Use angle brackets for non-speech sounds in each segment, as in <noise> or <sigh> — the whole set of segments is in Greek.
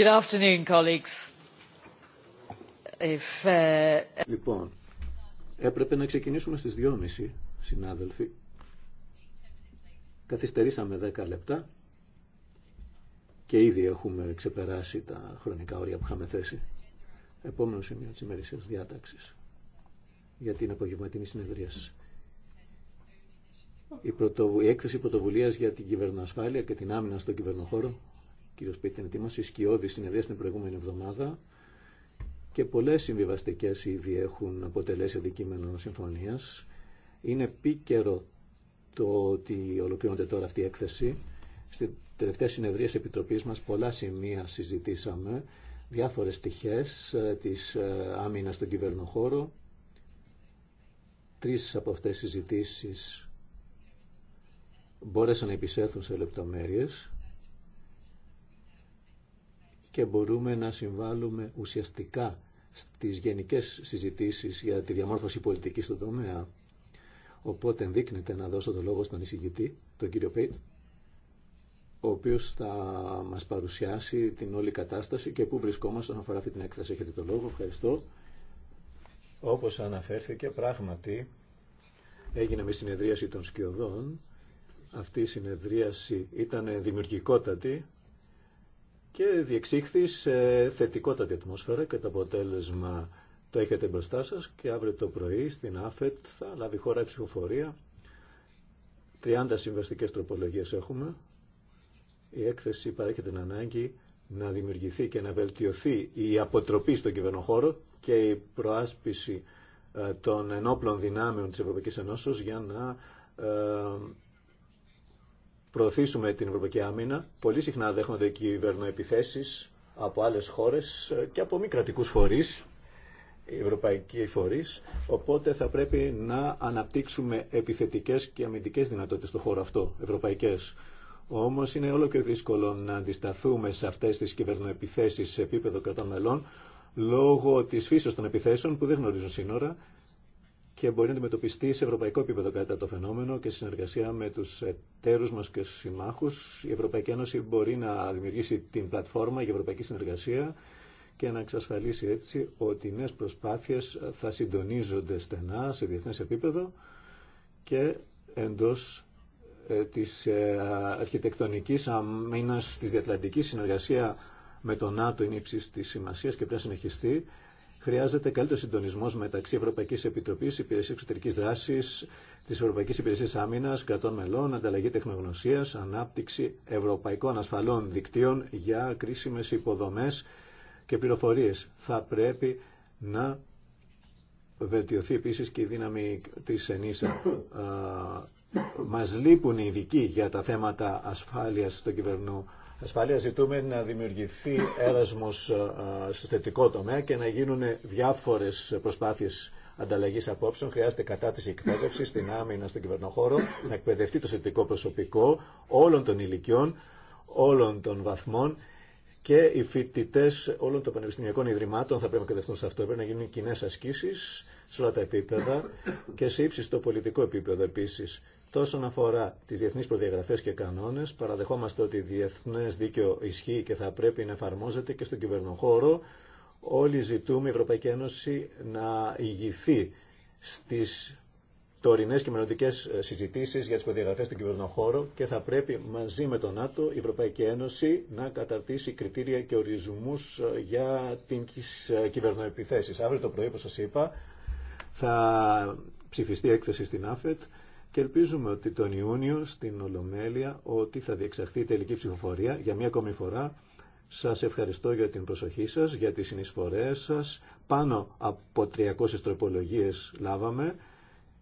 Uh, λοιπόν, έπρεπε να ξεκινήσουμε στις 2.30, συνάδελφοι. Καθυστερήσαμε 10 λεπτά και ήδη έχουμε ξεπεράσει τα χρονικά όρια που είχαμε θέσει. Επόμενο σημείο της ημερησίας διάταξης για την απογευματινή συνεδρίαση. Η, η έκθεση πρωτοβουλίας για την κυβερνοασφάλεια και την άμυνα στον κυβερνοχώρο κύριο Πίτεν Τίμας, η σκιώδη συνεδρία στην προηγούμενη εβδομάδα και πολλέ συμβιβαστικέ ήδη έχουν αποτελέσει αντικείμενο συμφωνία. Είναι επίκαιρο το ότι ολοκληρώνεται τώρα αυτή η έκθεση. Στι τελευταία συνεδρία τη Επιτροπής μας πολλά σημεία συζητήσαμε, διάφορε πτυχέ ε, τη ε, Άμυνα στον κυβερνοχώρο. Τρει από αυτέ τι συζητήσει μπόρεσαν να επισέλθουν σε λεπτομέρειες και μπορούμε να συμβάλλουμε ουσιαστικά στις γενικές συζητήσεις για τη διαμόρφωση πολιτικής στον τομέα. Οπότε ενδείκνεται να δώσω το λόγο στον εισηγητή, τον κύριο Πέιτ, ο οποίος θα μας παρουσιάσει την όλη κατάσταση και πού βρισκόμαστε όσον αφορά αυτή την έκθεση. Έχετε το λόγο, ευχαριστώ. Όπως αναφέρθηκε, πράγματι έγινε με συνεδρίαση των σκιωδών. Αυτή η συνεδρίαση ήταν δημιουργικότατη, και διεξήχθη σε θετικότατη ατμόσφαιρα και το αποτέλεσμα το έχετε μπροστά σας και αύριο το πρωί στην ΑΦΕΤ θα λάβει χώρα η ψηφοφορία. 30 συμβαστικές τροπολογίες έχουμε. Η έκθεση παρέχει την ανάγκη να δημιουργηθεί και να βελτιωθεί η αποτροπή στον κυβερνοχώρο και η προάσπιση ε, των ενόπλων δυνάμεων της Ευρωπαϊκής Ενώσεως για να ε, προωθήσουμε την Ευρωπαϊκή Άμυνα. Πολύ συχνά δέχονται κυβερνοεπιθέσει από άλλες χώρες και από μη κρατικού φορείς, ευρωπαϊκοί φορείς, οπότε θα πρέπει να αναπτύξουμε επιθετικές και αμυντικές δυνατότητες στον χώρο αυτό, ευρωπαϊκές. Όμως είναι όλο και δύσκολο να αντισταθούμε σε αυτές τις κυβερνοεπιθέσει σε επίπεδο κρατών μελών, λόγω τη φύση των επιθέσεων που δεν γνωρίζουν σύνορα και μπορεί να αντιμετωπιστεί σε ευρωπαϊκό επίπεδο κατά το φαινόμενο και σε συνεργασία με του εταίρου μα και συμμάχου. Η Ευρωπαϊκή Ένωση μπορεί να δημιουργήσει την πλατφόρμα για ευρωπαϊκή συνεργασία και να εξασφαλίσει έτσι ότι οι νέε προσπάθειε θα συντονίζονται στενά σε διεθνέ επίπεδο και εντό ε, τη ε, αρχιτεκτονική αμήνα τη διατλαντική συνεργασία με τον ΝΑΤΟ είναι ύψη τη σημασία και πρέπει να συνεχιστεί Χρειάζεται καλύτερο συντονισμό μεταξύ Ευρωπαϊκή Επιτροπή, Υπηρεσία Εξωτερική Δράση, τη Ευρωπαϊκή Υπηρεσία Άμυνα, κρατών μελών, ανταλλαγή τεχνογνωσία, ανάπτυξη ευρωπαϊκών ασφαλών δικτύων για κρίσιμε υποδομέ και πληροφορίε. Θα πρέπει να βελτιωθεί επίση και η δύναμη τη ΕΝΗΣΑ. Μα λείπουν οι ειδικοί για τα θέματα ασφάλεια στον κυβερνό ασφαλεία ζητούμε να δημιουργηθεί έρασμος ε, στο θετικό τομέα και να γίνουν διάφορες προσπάθειες ανταλλαγή απόψεων. Χρειάζεται κατά τη εκπαίδευση, στην άμυνα, στον κυβερνοχώρο, να εκπαιδευτεί το θετικό προσωπικό όλων των ηλικιών, όλων των βαθμών και οι φοιτητέ όλων των πανεπιστημιακών ιδρυμάτων θα πρέπει να εκπαιδευτούν σε αυτό. Πρέπει να γίνουν κοινέ ασκήσει σε όλα τα επίπεδα και σε ύψιστο πολιτικό επίπεδο επίση. Τόσον αφορά τι διεθνεί προδιαγραφέ και κανόνε, παραδεχόμαστε ότι διεθνέ δίκαιο ισχύει και θα πρέπει να εφαρμόζεται και στον κυβερνοχώρο. Όλοι ζητούμε η Ευρωπαϊκή Ένωση να ηγηθεί στι τωρινέ και μελλοντικέ συζητήσει για τι προδιαγραφέ στον κυβερνοχώρο και θα πρέπει μαζί με τον ΝΑΤΟ η Ευρωπαϊκή Ένωση να καταρτήσει κριτήρια και ορισμού για τι κυβερνοεπιθέσει. Αύριο το πρωί, όπω σα είπα, θα ψηφιστεί έκθεση στην ΑΦΕΤ και ελπίζουμε ότι τον Ιούνιο στην Ολομέλεια ότι θα διεξαχθεί η τελική ψηφοφορία για μία ακόμη φορά. Σας ευχαριστώ για την προσοχή σας, για τις συνεισφορές σας. Πάνω από 300 τροπολογίες λάβαμε.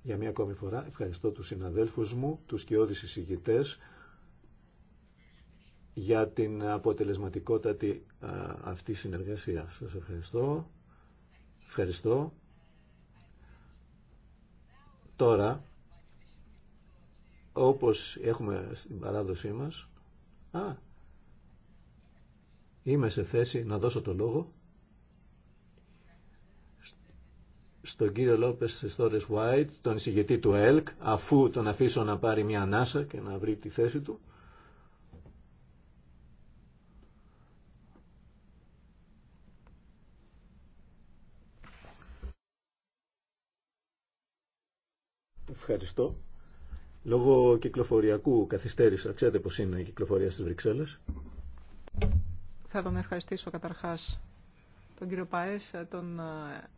Για μία ακόμη φορά ευχαριστώ τους συναδέλφους μου, τους κοιόδης εισηγητές, για την αποτελεσματικότατη αυτή συνεργασία. Σας ευχαριστώ. Ευχαριστώ. Τώρα όπως έχουμε στην παράδοσή μας, α, είμαι σε θέση να δώσω το λόγο στον κύριο Λόπες Στόρες Βάιτ, τον εισηγητή του ΕΛΚ, αφού τον αφήσω να πάρει μια ανάσα και να βρει τη θέση του. Ευχαριστώ. Λόγω κυκλοφοριακού καθυστέρησα. Ξέρετε πώς είναι η κυκλοφορία στις Βρυξέλλες. Θέλω να ευχαριστήσω καταρχάς τον κύριο Πάες, τον ε,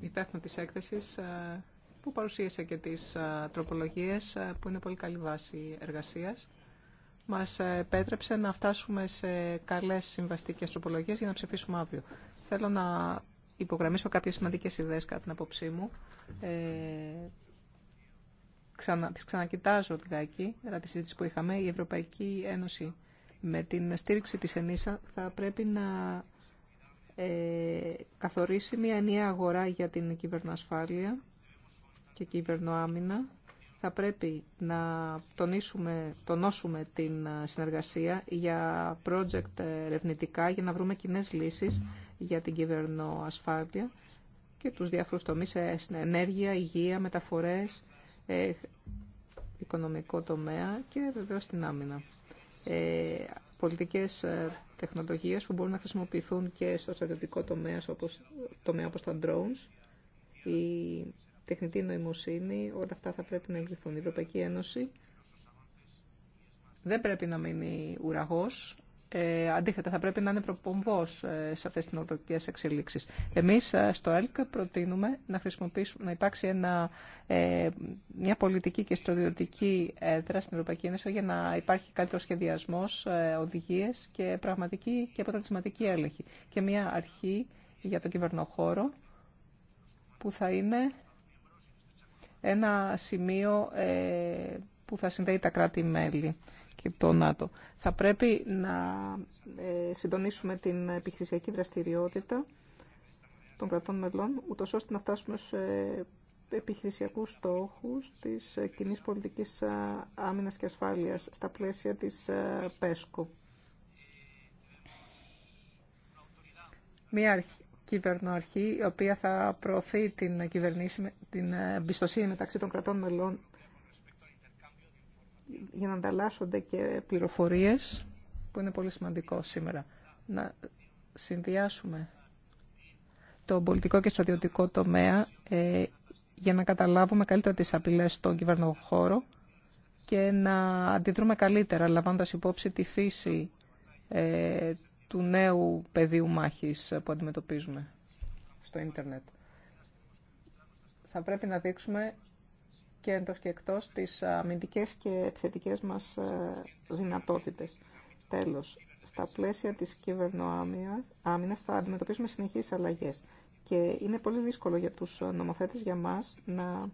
υπεύθυνο της έκθεσης, ε, που παρουσίασε και τις ε, τροπολογίες, που είναι πολύ καλή βάση εργασίας. Μας επέτρεψε να φτάσουμε σε καλές συμβαστικές τροπολογίες για να ψηφίσουμε αύριο. Θέλω να υπογραμμίσω κάποιες σημαντικές ιδέες κατά την απόψή μου ξανα, τις ξανακοιτάζω λιγάκι, τη συζήτηση που είχαμε, η Ευρωπαϊκή Ένωση με την στήριξη της ΕΝΗΣΑ θα πρέπει να ε, καθορίσει μια νέα αγορά για την κυβερνοασφάλεια και κυβερνοάμυνα. Θα πρέπει να τονίσουμε, τονώσουμε την συνεργασία για project ερευνητικά για να βρούμε κοινέ λύσεις για την κυβερνοασφάλεια και τους διάφορους τομείς, ε, ενέργεια, υγεία, μεταφορές, ε, οικονομικό τομέα και βεβαίως στην άμυνα. Ε, πολιτικές ε, τεχνολογίες που μπορούν να χρησιμοποιηθούν και στο στρατιωτικό τομέα όπως, τομέα όπως τα drones, η τεχνητή νοημοσύνη, όλα αυτά θα πρέπει να εγκριθούν Η Ευρωπαϊκή Ένωση δεν πρέπει να μείνει ουραγός, ε, αντίθετα, θα πρέπει να είναι προπομπό ε, σε αυτέ τι τεχνολογικέ εξελίξει. Εμεί ε, στο ΕΛΚ προτείνουμε να, χρησιμοποιήσουμε, να υπάρξει ένα, ε, μια πολιτική και στρατιωτική έδρα στην Ευρωπαϊκή Ένωση για να υπάρχει καλύτερο σχεδιασμό, οδηγίες οδηγίε και πραγματική και αποτελεσματική έλεγχη. Και μια αρχή για τον κυβερνοχώρο που θα είναι ένα σημείο που θα συνδέει τα κράτη-μέλη και Θα πρέπει να ε, συντονίσουμε την επιχειρησιακή δραστηριότητα των κρατών μελών, ούτω ώστε να φτάσουμε σε επιχειρησιακούς στόχους της κοινή πολιτικής ε, άμυνας και ασφάλειας στα πλαίσια της ε, ΠΕΣΚΟ. Μία κυβερνοαρχή, η οποία θα προωθεί την, την εμπιστοσύνη μεταξύ των κρατών μελών για να ανταλλάσσονται και πληροφορίες που είναι πολύ σημαντικό σήμερα. Να συνδυάσουμε το πολιτικό και στρατιωτικό τομέα ε, για να καταλάβουμε καλύτερα τις απειλές στον κυβερνοχώρο και να αντιδρούμε καλύτερα, λαμβάνοντας υπόψη τη φύση ε, του νέου πεδίου μάχης που αντιμετωπίζουμε στο ίντερνετ. Θα πρέπει να δείξουμε και εντός και εκτός τις αμυντικές και επιθετικές μας ε, δυνατότητες. Τέλος, στα πλαίσια της κυβερνοάμυνας θα αντιμετωπίσουμε συνεχείς αλλαγές και είναι πολύ δύσκολο για τους νομοθέτες για μας να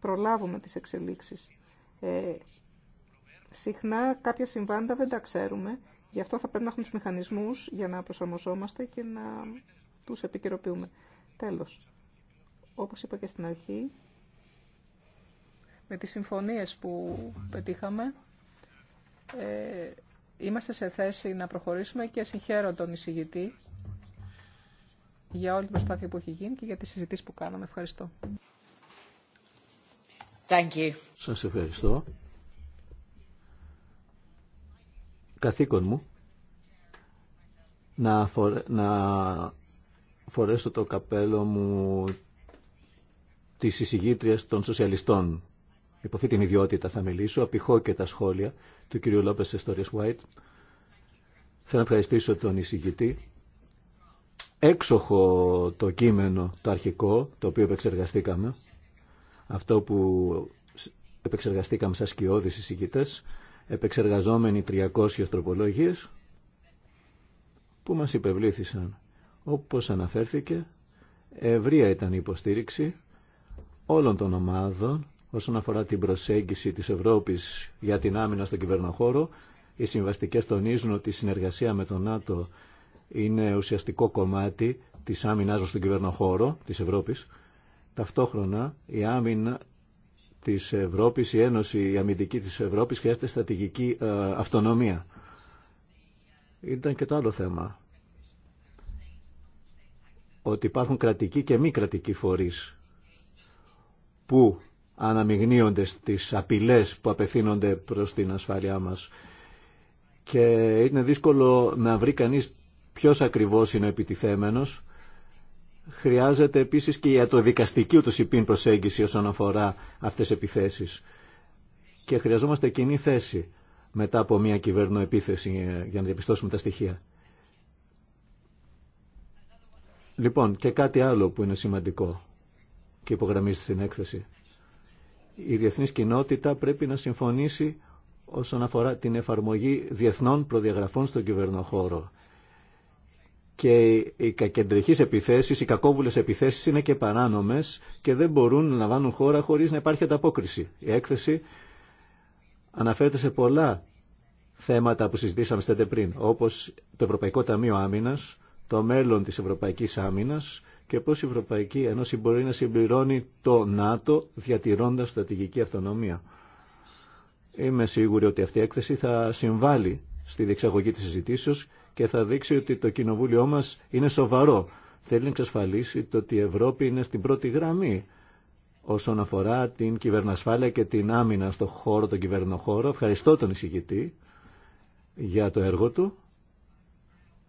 προλάβουμε τις εξελίξεις. Ε, συχνά κάποια συμβάντα δεν τα ξέρουμε, γι' αυτό θα πρέπει να έχουμε τους μηχανισμούς για να προσαρμοζόμαστε και να τους επικαιροποιούμε. Τέλος, όπως είπα και στην αρχή, με τις συμφωνίες που πετύχαμε ε, είμαστε σε θέση να προχωρήσουμε και συγχαίρω τον εισηγητή για όλη την προσπάθεια που έχει γίνει και για τις συζητήσεις που κάναμε. Ευχαριστώ. Thank you. Σας ευχαριστώ. Καθήκον μου να, να φορέσω το καπέλο μου της εισηγήτριας των σοσιαλιστών υπό αυτή την ιδιότητα θα μιλήσω, απηχώ και τα σχόλια του κ. Λόπες Εστορίας White. Θέλω να ευχαριστήσω τον εισηγητή. Έξοχο το κείμενο, το αρχικό, το οποίο επεξεργαστήκαμε. Αυτό που επεξεργαστήκαμε σαν σκιώδη εισηγητέ, επεξεργαζόμενοι 300 τροπολογίες, που μας υπευλήθησαν. Όπως αναφέρθηκε, ευρία ήταν η υποστήριξη όλων των ομάδων όσον αφορά την προσέγγιση της Ευρώπης για την άμυνα στον κυβερνοχώρο. Οι συμβαστικές τονίζουν ότι η συνεργασία με τον ΝΑΤΟ είναι ουσιαστικό κομμάτι της άμυνάς μας στον κυβερνοχώρο της Ευρώπης. Ταυτόχρονα η άμυνα της Ευρώπης, η Ένωση Αμυντική της Ευρώπης χρειάζεται στρατηγική ε, αυτονομία. Ήταν και το άλλο θέμα. Ότι υπάρχουν κρατικοί και μη κρατικοί φορείς που αναμειγνύονται στις απειλές που απευθύνονται προς την ασφάλειά μας. Και είναι δύσκολο να βρει κανείς ποιος ακριβώς είναι ο επιτιθέμενος. Χρειάζεται επίσης και η ατοδικαστική ούτως υπήν προσέγγιση όσον αφορά αυτές τις επιθέσεις. Και χρειαζόμαστε κοινή θέση μετά από μια κυβερνοεπίθεση για να διαπιστώσουμε τα στοιχεία. Λοιπόν, και κάτι άλλο που είναι σημαντικό και υπογραμμίζει στην έκθεση η διεθνής κοινότητα πρέπει να συμφωνήσει όσον αφορά την εφαρμογή διεθνών προδιαγραφών στον κυβερνοχώρο. Και οι κακεντρεχείς επιθέσεις, οι κακόβουλες επιθέσεις είναι και παράνομες και δεν μπορούν να λαμβάνουν χώρα χωρίς να υπάρχει ανταπόκριση. Η έκθεση αναφέρεται σε πολλά θέματα που συζητήσαμε στέντε πριν, όπως το Ευρωπαϊκό Ταμείο Άμυνας, το μέλλον της Ευρωπαϊκής Άμυνας, και πώς η Ευρωπαϊκή Ένωση μπορεί να συμπληρώνει το ΝΑΤΟ διατηρώντας στρατηγική αυτονομία. Είμαι σίγουρη ότι αυτή η έκθεση θα συμβάλλει στη διεξαγωγή της συζητήσεως και θα δείξει ότι το κοινοβούλιο μας είναι σοβαρό. Θέλει να εξασφαλίσει το ότι η Ευρώπη είναι στην πρώτη γραμμή όσον αφορά την κυβερνασφάλεια και την άμυνα στον χώρο, τον κυβερνοχώρο. Ευχαριστώ τον εισηγητή για το έργο του.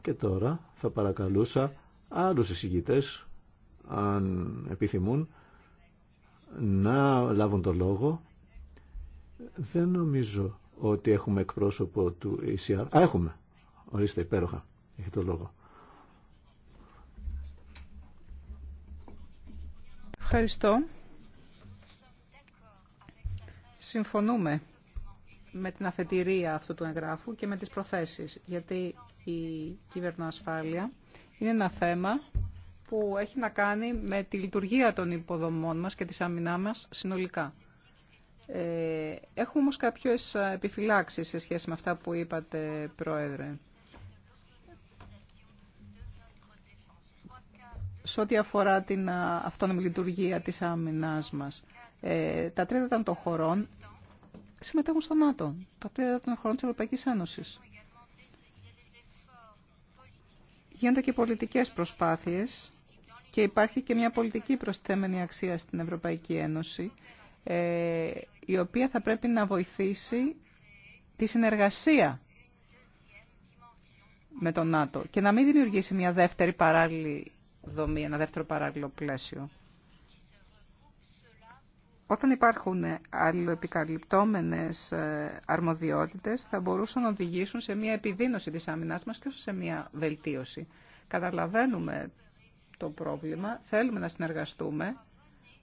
Και τώρα θα παρακαλούσα άλλους εισηγητές αν επιθυμούν, να λάβουν το λόγο. Δεν νομίζω ότι έχουμε εκπρόσωπο του ECR. Α, έχουμε. Ορίστε, υπέροχα. Έχει το λόγο. Ευχαριστώ. Συμφωνούμε με την αφετηρία αυτού του εγγράφου και με τις προθέσεις, γιατί η κυβερνοασφάλεια είναι ένα θέμα που έχει να κάνει με τη λειτουργία των υποδομών μας και της αμυνά μας συνολικά. Ε, έχουμε όμως κάποιες επιφυλάξεις σε σχέση με αυτά που είπατε, Πρόεδρε. Σε ό,τι αφορά την αυτόνομη λειτουργία της άμυνάς μας, ε, τα τρίτα των χωρών συμμετέχουν στο ΝΑΤΟ, τα τρίτα των χωρών της Ευρωπαϊκής Ένωσης. Γίνονται και πολιτικές προσπάθειες και υπάρχει και μια πολιτική προσθέμενη αξία στην Ευρωπαϊκή Ένωση, ε, η οποία θα πρέπει να βοηθήσει τη συνεργασία με τον ΝΑΤΟ και να μην δημιουργήσει μια δεύτερη παράλληλη δομή, ένα δεύτερο παράλληλο πλαίσιο. Όταν υπάρχουν αλληλοεπικαλυπτόμενες ε, αρμοδιότητες, θα μπορούσαν να οδηγήσουν σε μια επιδείνωση της άμυνάς μας και όσο σε μια βελτίωση. Καταλαβαίνουμε το πρόβλημα. Θέλουμε να συνεργαστούμε,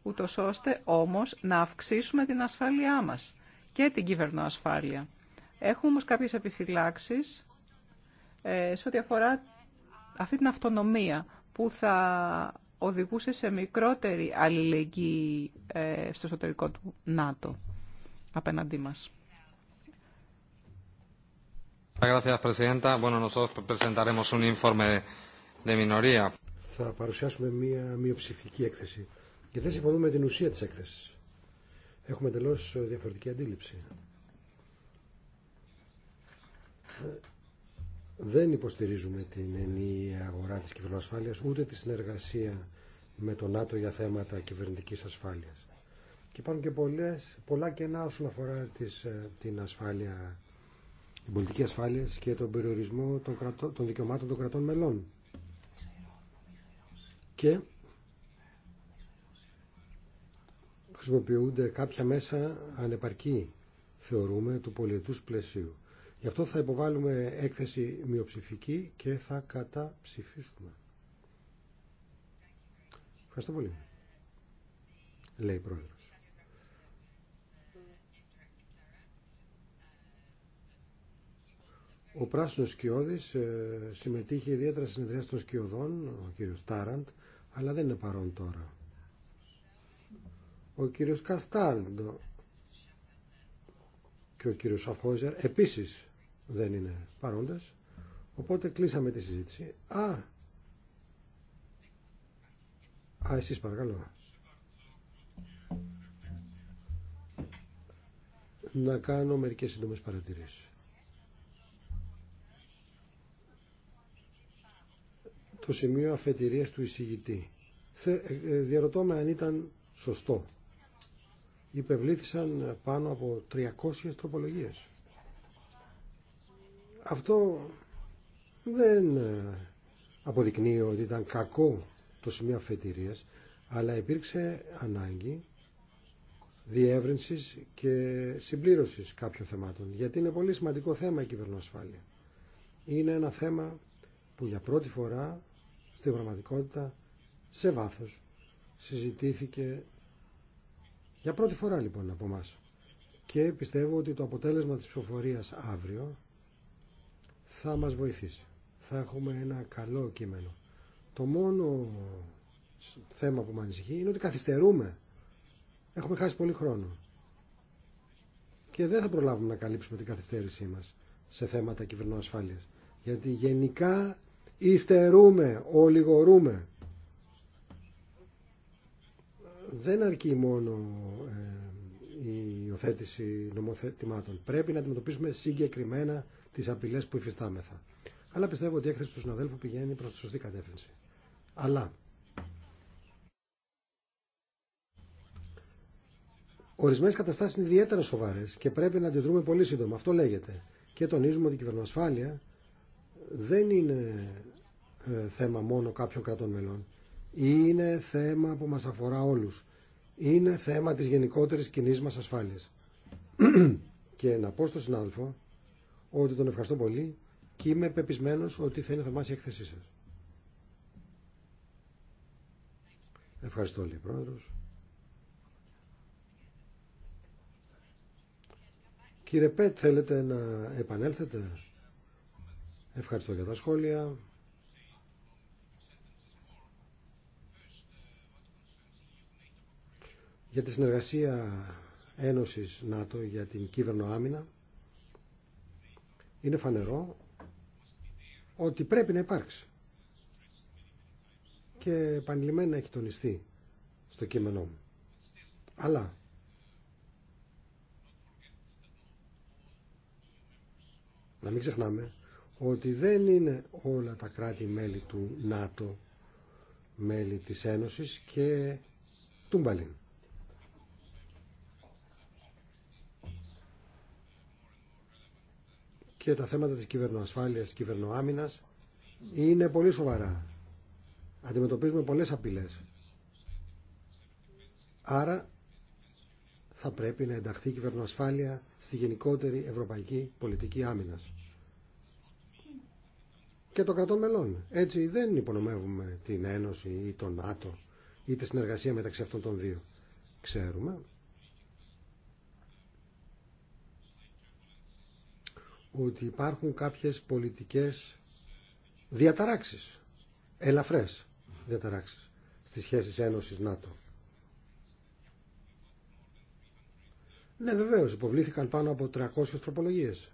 ούτω ώστε όμως να αυξήσουμε την ασφάλειά μας και την κυβερνοασφάλεια. Έχουμε όμως κάποιες επιφυλάξεις ε, σε ό,τι αφορά αυτή την αυτονομία που θα οδηγούσε σε μικρότερη αλληλεγγύη ε, στο εσωτερικό του ΝΑΤΟ απέναντί μας. Gracias, Presidenta θα παρουσιάσουμε μία μειοψηφική έκθεση. και δεν συμφωνούμε με την ουσία της έκθεσης. Έχουμε εντελώ διαφορετική αντίληψη. Δεν υποστηρίζουμε την ενιαία αγορά της κυβερνοασφάλειας, ούτε τη συνεργασία με τον ΝΑΤΟ για θέματα κυβερνητικής ασφάλειας. Και υπάρχουν και πολλές, πολλά κενά όσον αφορά ε, την ασφάλεια, την πολιτική ασφάλεια και τον περιορισμό των δικαιωμάτων των κρατών μελών και χρησιμοποιούνται κάποια μέσα ανεπαρκή θεωρούμε του πολιετούς πλαισίου. Γι' αυτό θα υποβάλουμε έκθεση μειοψηφική και θα καταψηφίσουμε. Ευχαριστώ πολύ. Λέει η Ο Πράσινος Σκιώδης ε, συμμετείχε ιδιαίτερα στις των Σκιωδών, ο κύριος Τάραντ, αλλά δεν είναι παρόν τώρα. Ο κύριος Καστάλντο και ο κύριος Σαφχόζερ επίσης δεν είναι παρόντες. Οπότε κλείσαμε τη συζήτηση. Α, α εσείς παρακαλώ. Να κάνω μερικές σύντομες παρατηρήσεις. το σημείο αφετηρίας του εισηγητή. Ε, ε, διαρωτώ με αν ήταν σωστό. Υπευλήθησαν πάνω από 300 τροπολογίες. Αυτό δεν ε, αποδεικνύει ότι ήταν κακό το σημείο αφετηρίας, αλλά υπήρξε ανάγκη διεύρυνσης και συμπλήρωσης κάποιων θεμάτων, γιατί είναι πολύ σημαντικό θέμα η κυβερνοασφάλεια. Είναι ένα θέμα που για πρώτη φορά στην πραγματικότητα σε βάθος συζητήθηκε για πρώτη φορά λοιπόν από εμά. Και πιστεύω ότι το αποτέλεσμα της ψηφοφορίας αύριο θα μας βοηθήσει. Θα έχουμε ένα καλό κείμενο. Το μόνο θέμα που με ανησυχεί είναι ότι καθυστερούμε. Έχουμε χάσει πολύ χρόνο. Και δεν θα προλάβουμε να καλύψουμε την καθυστέρησή μας σε θέματα ασφάλειας Γιατί γενικά Ιστερούμε, ολιγορούμε. Δεν αρκεί μόνο ε, η υιοθέτηση νομοθετημάτων. Πρέπει να αντιμετωπίσουμε συγκεκριμένα τις απειλές που υφιστάμεθα. Αλλά πιστεύω ότι η έκθεση του συναδέλφου πηγαίνει προς τη σωστή κατεύθυνση. Αλλά Ορισμένε καταστάσει είναι ιδιαίτερα σοβαρέ και πρέπει να αντιδρούμε πολύ σύντομα. Αυτό λέγεται. Και τονίζουμε ότι η κυβερνοασφάλεια δεν είναι ε, θέμα μόνο κάποιων κρατών μελών. Είναι θέμα που μας αφορά όλους. Είναι θέμα της γενικότερης κοινή μας ασφάλειας. <clears throat> και να πω στον συνάδελφο ότι τον ευχαριστώ πολύ και είμαι πεπισμένο ότι θα είναι θαυμάσια η έκθεσή σας. Ευχαριστώ όλοι, πρόεδρος. Κύριε Πέτ, θέλετε να επανέλθετε. Ευχαριστώ για τα σχόλια. Για τη συνεργασία Ένωσης ΝΑΤΟ για την κύβερνο άμυνα είναι φανερό ότι πρέπει να υπάρξει και επανειλημμένα έχει τονιστεί στο κείμενό μου. Αλλά να μην ξεχνάμε ότι δεν είναι όλα τα κράτη-μέλη του ΝΑΤΟ μέλη της Ένωσης και του Μπαλίν. Και τα θέματα της κυβερνοασφάλειας, της κυβερνοάμυνας είναι πολύ σοβαρά. Αντιμετωπίζουμε πολλές απειλές. Άρα θα πρέπει να ενταχθεί η κυβερνοασφάλεια στη γενικότερη ευρωπαϊκή πολιτική άμυνας και των κρατών μελών. Έτσι δεν υπονομεύουμε την Ένωση ή τον ΝΑΤΟ ή τη συνεργασία μεταξύ αυτών των δύο. Ξέρουμε ότι υπάρχουν κάποιες πολιτικές διαταράξεις, ελαφρές διαταράξεις στις σχέσεις Ένωσης ΝΑΤΟ. Ναι βεβαίως υποβλήθηκαν πάνω από 300 τροπολογίες.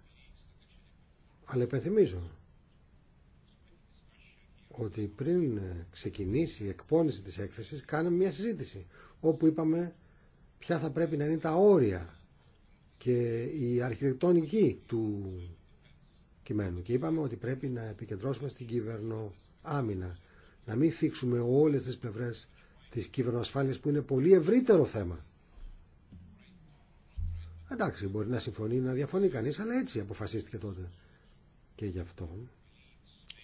Αλλά επενθυμίζω ότι πριν ξεκινήσει η εκπόνηση της έκθεσης κάναμε μια συζήτηση όπου είπαμε ποια θα πρέπει να είναι τα όρια και η αρχιτεκτονική του κειμένου και είπαμε ότι πρέπει να επικεντρώσουμε στην κυβερνό άμυνα να μην θίξουμε όλες τις πλευρές της κυβερνοασφάλειας που είναι πολύ ευρύτερο θέμα εντάξει μπορεί να συμφωνεί να διαφωνεί κανείς αλλά έτσι αποφασίστηκε τότε και γι' αυτό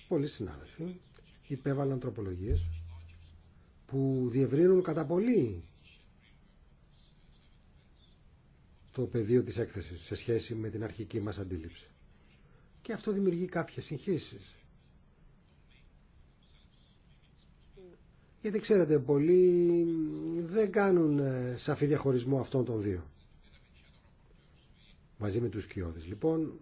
πολλοί συνάδελφοι υπέβαλαν τροπολογίες που διευρύνουν κατά πολύ το πεδίο της έκθεσης σε σχέση με την αρχική μας αντίληψη. Και αυτό δημιουργεί κάποιες συγχύσεις. Γιατί ξέρετε, πολλοί δεν κάνουν ε, σαφή διαχωρισμό αυτών των δύο. Μαζί με τους κοιόδης. Λοιπόν,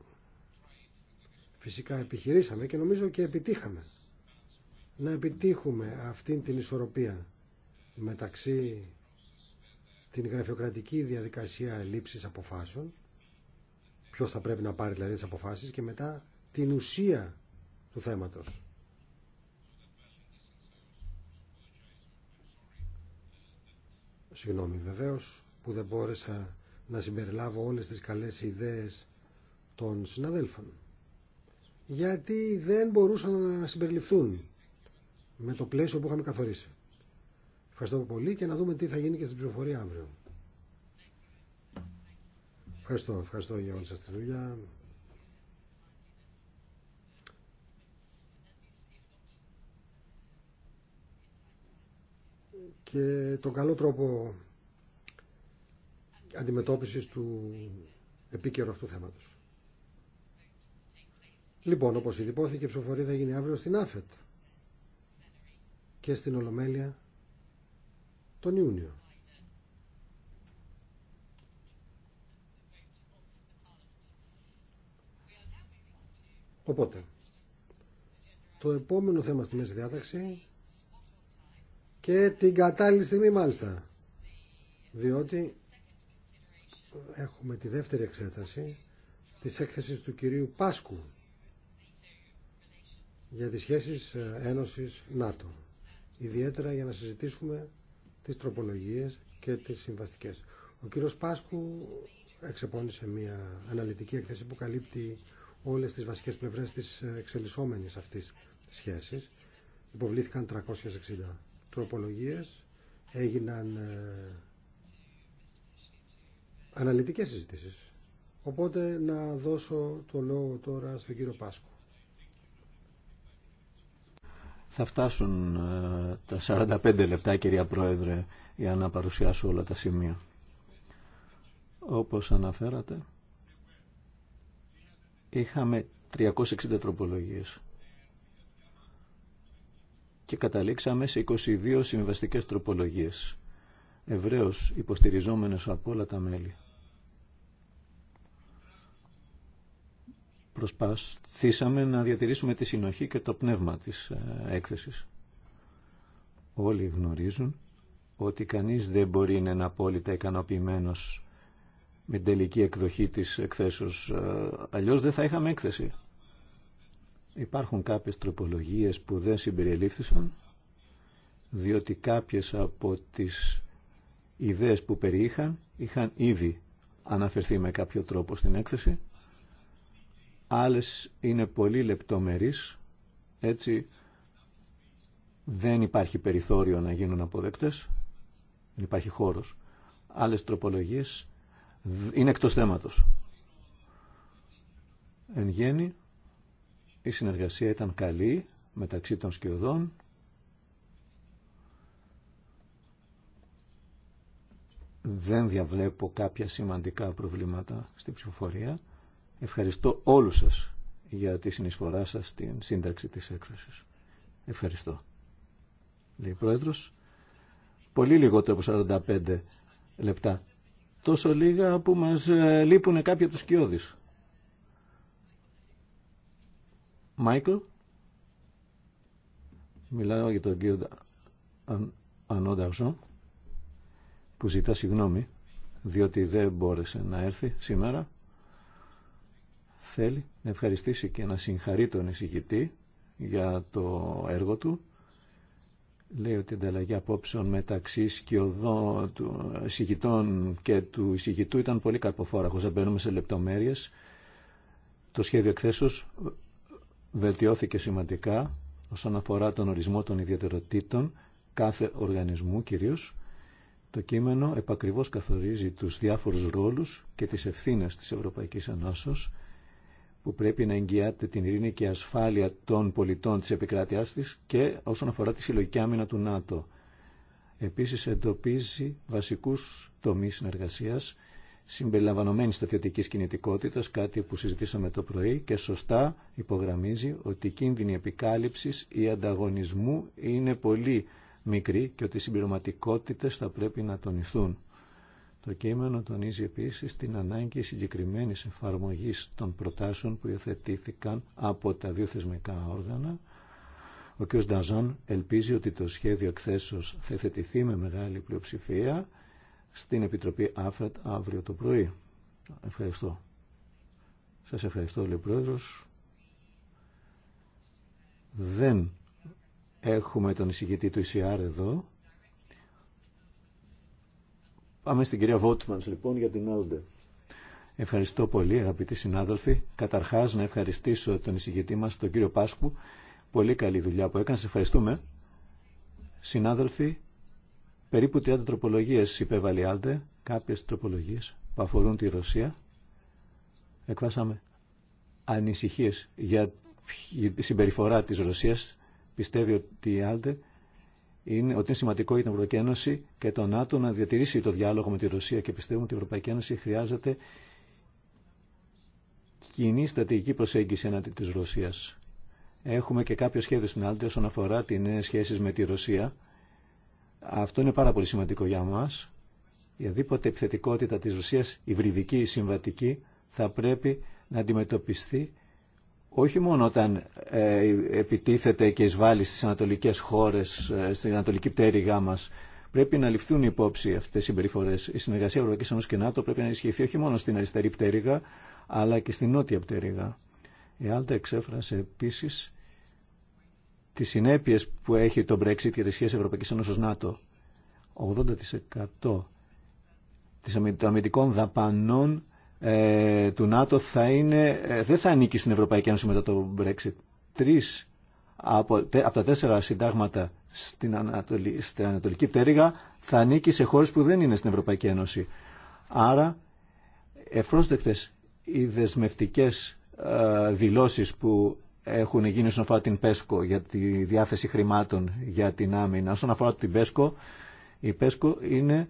φυσικά επιχειρήσαμε και νομίζω και επιτύχαμε να επιτύχουμε αυτήν την ισορροπία μεταξύ την γραφειοκρατική διαδικασία λήψης αποφάσεων ποιος θα πρέπει να πάρει δηλαδή τις αποφάσεις και μετά την ουσία του θέματος. Συγγνώμη βεβαίως που δεν μπόρεσα να συμπεριλάβω όλες τις καλές ιδέες των συναδέλφων γιατί δεν μπορούσαν να συμπεριληφθούν με το πλαίσιο που είχαμε καθορίσει. Ευχαριστώ πολύ και να δούμε τι θα γίνει και στην ψηφοφορία αύριο. Ευχαριστώ, ευχαριστώ για όλη σας τη δουλειά. Και τον καλό τρόπο αντιμετώπισης του επίκαιρου αυτού θέματος. Λοιπόν, όπως ήδη υπόθηκε, η ψηφοφορία θα γίνει αύριο στην ΑΦΕΤ και στην Ολομέλεια τον Ιούνιο. Οπότε, το επόμενο θέμα στη μέση διάταξη και την κατάλληλη στιγμή μάλιστα, διότι έχουμε τη δεύτερη εξέταση της έκθεσης του κυρίου Πάσκου για τις σχέσεις ε, Ένωσης ΝΑΤΟ ιδιαίτερα για να συζητήσουμε τις τροπολογίες και τις συμβαστικές. Ο κύριος Πάσκου εξεπώνησε μια αναλυτική εκθέση που καλύπτει όλες τις βασικές πλευρές της εξελισσόμενης αυτής σχέσης. Υποβλήθηκαν 360 τροπολογίες, έγιναν ε, αναλυτικές συζητήσεις. Οπότε να δώσω το λόγο τώρα στον κύριο Πάσκου. Θα φτάσουν ε, τα 45 λεπτά, κυρία Πρόεδρε, για να παρουσιάσω όλα τα σημεία. Όπως αναφέρατε, είχαμε 360 τροπολογίες και καταλήξαμε σε 22 συμβαστικές τροπολογίες, ευρέως υποστηριζόμενες από όλα τα μέλη. Προσπαθήσαμε να διατηρήσουμε τη συνοχή και το πνεύμα της ε, έκθεσης. Όλοι γνωρίζουν ότι κανείς δεν μπορεί να είναι απόλυτα ικανοποιημένος με την τελική εκδοχή της εκθέσεως. Ε, αλλιώς δεν θα είχαμε έκθεση. Υπάρχουν κάποιες τροπολογίες που δεν συμπεριελήφθησαν, διότι κάποιες από τις ιδέες που περιείχαν είχαν ήδη αναφερθεί με κάποιο τρόπο στην έκθεση άλλες είναι πολύ λεπτομερείς, έτσι δεν υπάρχει περιθώριο να γίνουν αποδεκτές, δεν υπάρχει χώρος. Άλλες τροπολογίες είναι εκτός θέματος. Εν γέννη, η συνεργασία ήταν καλή μεταξύ των σκιωδών. Δεν διαβλέπω κάποια σημαντικά προβλήματα στην ψηφοφορία. Ευχαριστώ όλους σας για τη συνεισφορά σας στην σύνταξη της έκθεσης. Ευχαριστώ. Λέει ο Πρόεδρος. Πολύ λιγότερο από 45 λεπτά. Τόσο λίγα που μας ε, λείπουν κάποιοι από τους σκιώδεις. Μάικλ. Μιλάω για τον κύριο Ζω. που ζητά συγγνώμη διότι δεν μπόρεσε να έρθει σήμερα θέλει να ευχαριστήσει και να συγχαρεί τον εισηγητή για το έργο του. Λέει ότι η ανταλλαγή απόψεων μεταξύ σκιωδών του εισηγητών και του εισηγητού ήταν πολύ καρποφόρα, χωρίς να μπαίνουμε σε λεπτομέρειες. Το σχέδιο εκθέσεως βελτιώθηκε σημαντικά όσον αφορά τον ορισμό των ιδιαιτεροτήτων κάθε οργανισμού κυρίως. Το κείμενο επακριβώς καθορίζει τους διάφορους ρόλους και τις ευθύνες της Ευρωπαϊκής Ενώσεως που πρέπει να εγγυάται την ειρήνη και ασφάλεια των πολιτών της επικράτειάς της και όσον αφορά τη συλλογική άμυνα του ΝΑΤΟ. Επίσης εντοπίζει βασικούς τομείς συνεργασίας συμπεριλαμβανομένη στρατιωτικής κινητικότητας, κάτι που συζητήσαμε το πρωί και σωστά υπογραμμίζει ότι η κίνδυνη επικάλυψης ή ανταγωνισμού είναι πολύ μικρή και ότι οι συμπληρωματικότητε θα πρέπει να τονιστούν. Το κείμενο τονίζει επίσης την ανάγκη συγκεκριμένης εφαρμογής των προτάσεων που υιοθετήθηκαν από τα δύο θεσμικά όργανα. Ο κ. Νταζόν ελπίζει ότι το σχέδιο εκθέσεως θα υιοθετηθεί με μεγάλη πλειοψηφία στην Επιτροπή αφετ αύριο το πρωί. Ευχαριστώ. Σας ευχαριστώ, λέει Πρόεδρος. Δεν έχουμε τον εισηγητή του ΙΣΙΑΡ εδώ. Πάμε στην κυρία Βότμανς λοιπόν για την Άλντε. Ευχαριστώ πολύ αγαπητοί συνάδελφοι. Καταρχάς να ευχαριστήσω τον εισηγητή μας, τον κύριο Πάσκου. Πολύ καλή δουλειά που έκανε. Σε ευχαριστούμε. Συνάδελφοι, περίπου 30 τροπολογίες υπέβαλε η Άλντε, κάποιες τροπολογίες που αφορούν τη Ρωσία. Εκφράσαμε ανησυχίες για τη συμπεριφορά της Ρωσίας. Πιστεύει ότι η Άλντε είναι ότι είναι σημαντικό για την Ευρωπαϊκή Ένωση και το ΝΑΤΟ να διατηρήσει το διάλογο με τη Ρωσία και πιστεύουμε ότι η Ευρωπαϊκή Ένωση χρειάζεται κοινή στρατηγική προσέγγιση εναντί της Ρωσίας. Έχουμε και κάποιο σχέδιο στην Άλτη όσον αφορά τι νέε σχέσει με τη Ρωσία. Αυτό είναι πάρα πολύ σημαντικό για μα. Η αδίποτε επιθετικότητα τη Ρωσία, υβριδική ή συμβατική, θα πρέπει να αντιμετωπιστεί όχι μόνο όταν ε, επιτίθεται και εισβάλλει στις ανατολικές χώρες, ε, στην ανατολική πτέρυγά μας, πρέπει να ληφθούν υπόψη αυτές οι συμπεριφορές. Η συνεργασία Ευρωπαϊκής Ένωσης και ΝΑΤΟ πρέπει να ισχυθεί όχι μόνο στην αριστερή πτέρυγα, αλλά και στην νότια πτέρυγα. Η Άλτα εξέφρασε επίσης τις συνέπειες που έχει το Brexit για τις σχέσεις Ευρωπαϊκής Ένωσης ΝΑΤΟ. 80% των αμυντικών δαπανών ε, του ΝΑΤΟ θα είναι, ε, δεν θα ανήκει στην Ευρωπαϊκή Ένωση μετά το Brexit. Τρεις από, από τα τέσσερα συντάγματα στην, Ανατολική Πτέρυγα θα ανήκει σε χώρες που δεν είναι στην Ευρωπαϊκή Ένωση. Άρα ευπρόσδεκτες οι δεσμευτικές ε, δηλώσεις που έχουν γίνει όσον αφορά την ΠΕΣΚΟ για τη διάθεση χρημάτων για την άμυνα. Όσον αφορά την ΠΕΣΚΟ, η ΠΕΣΚΟ είναι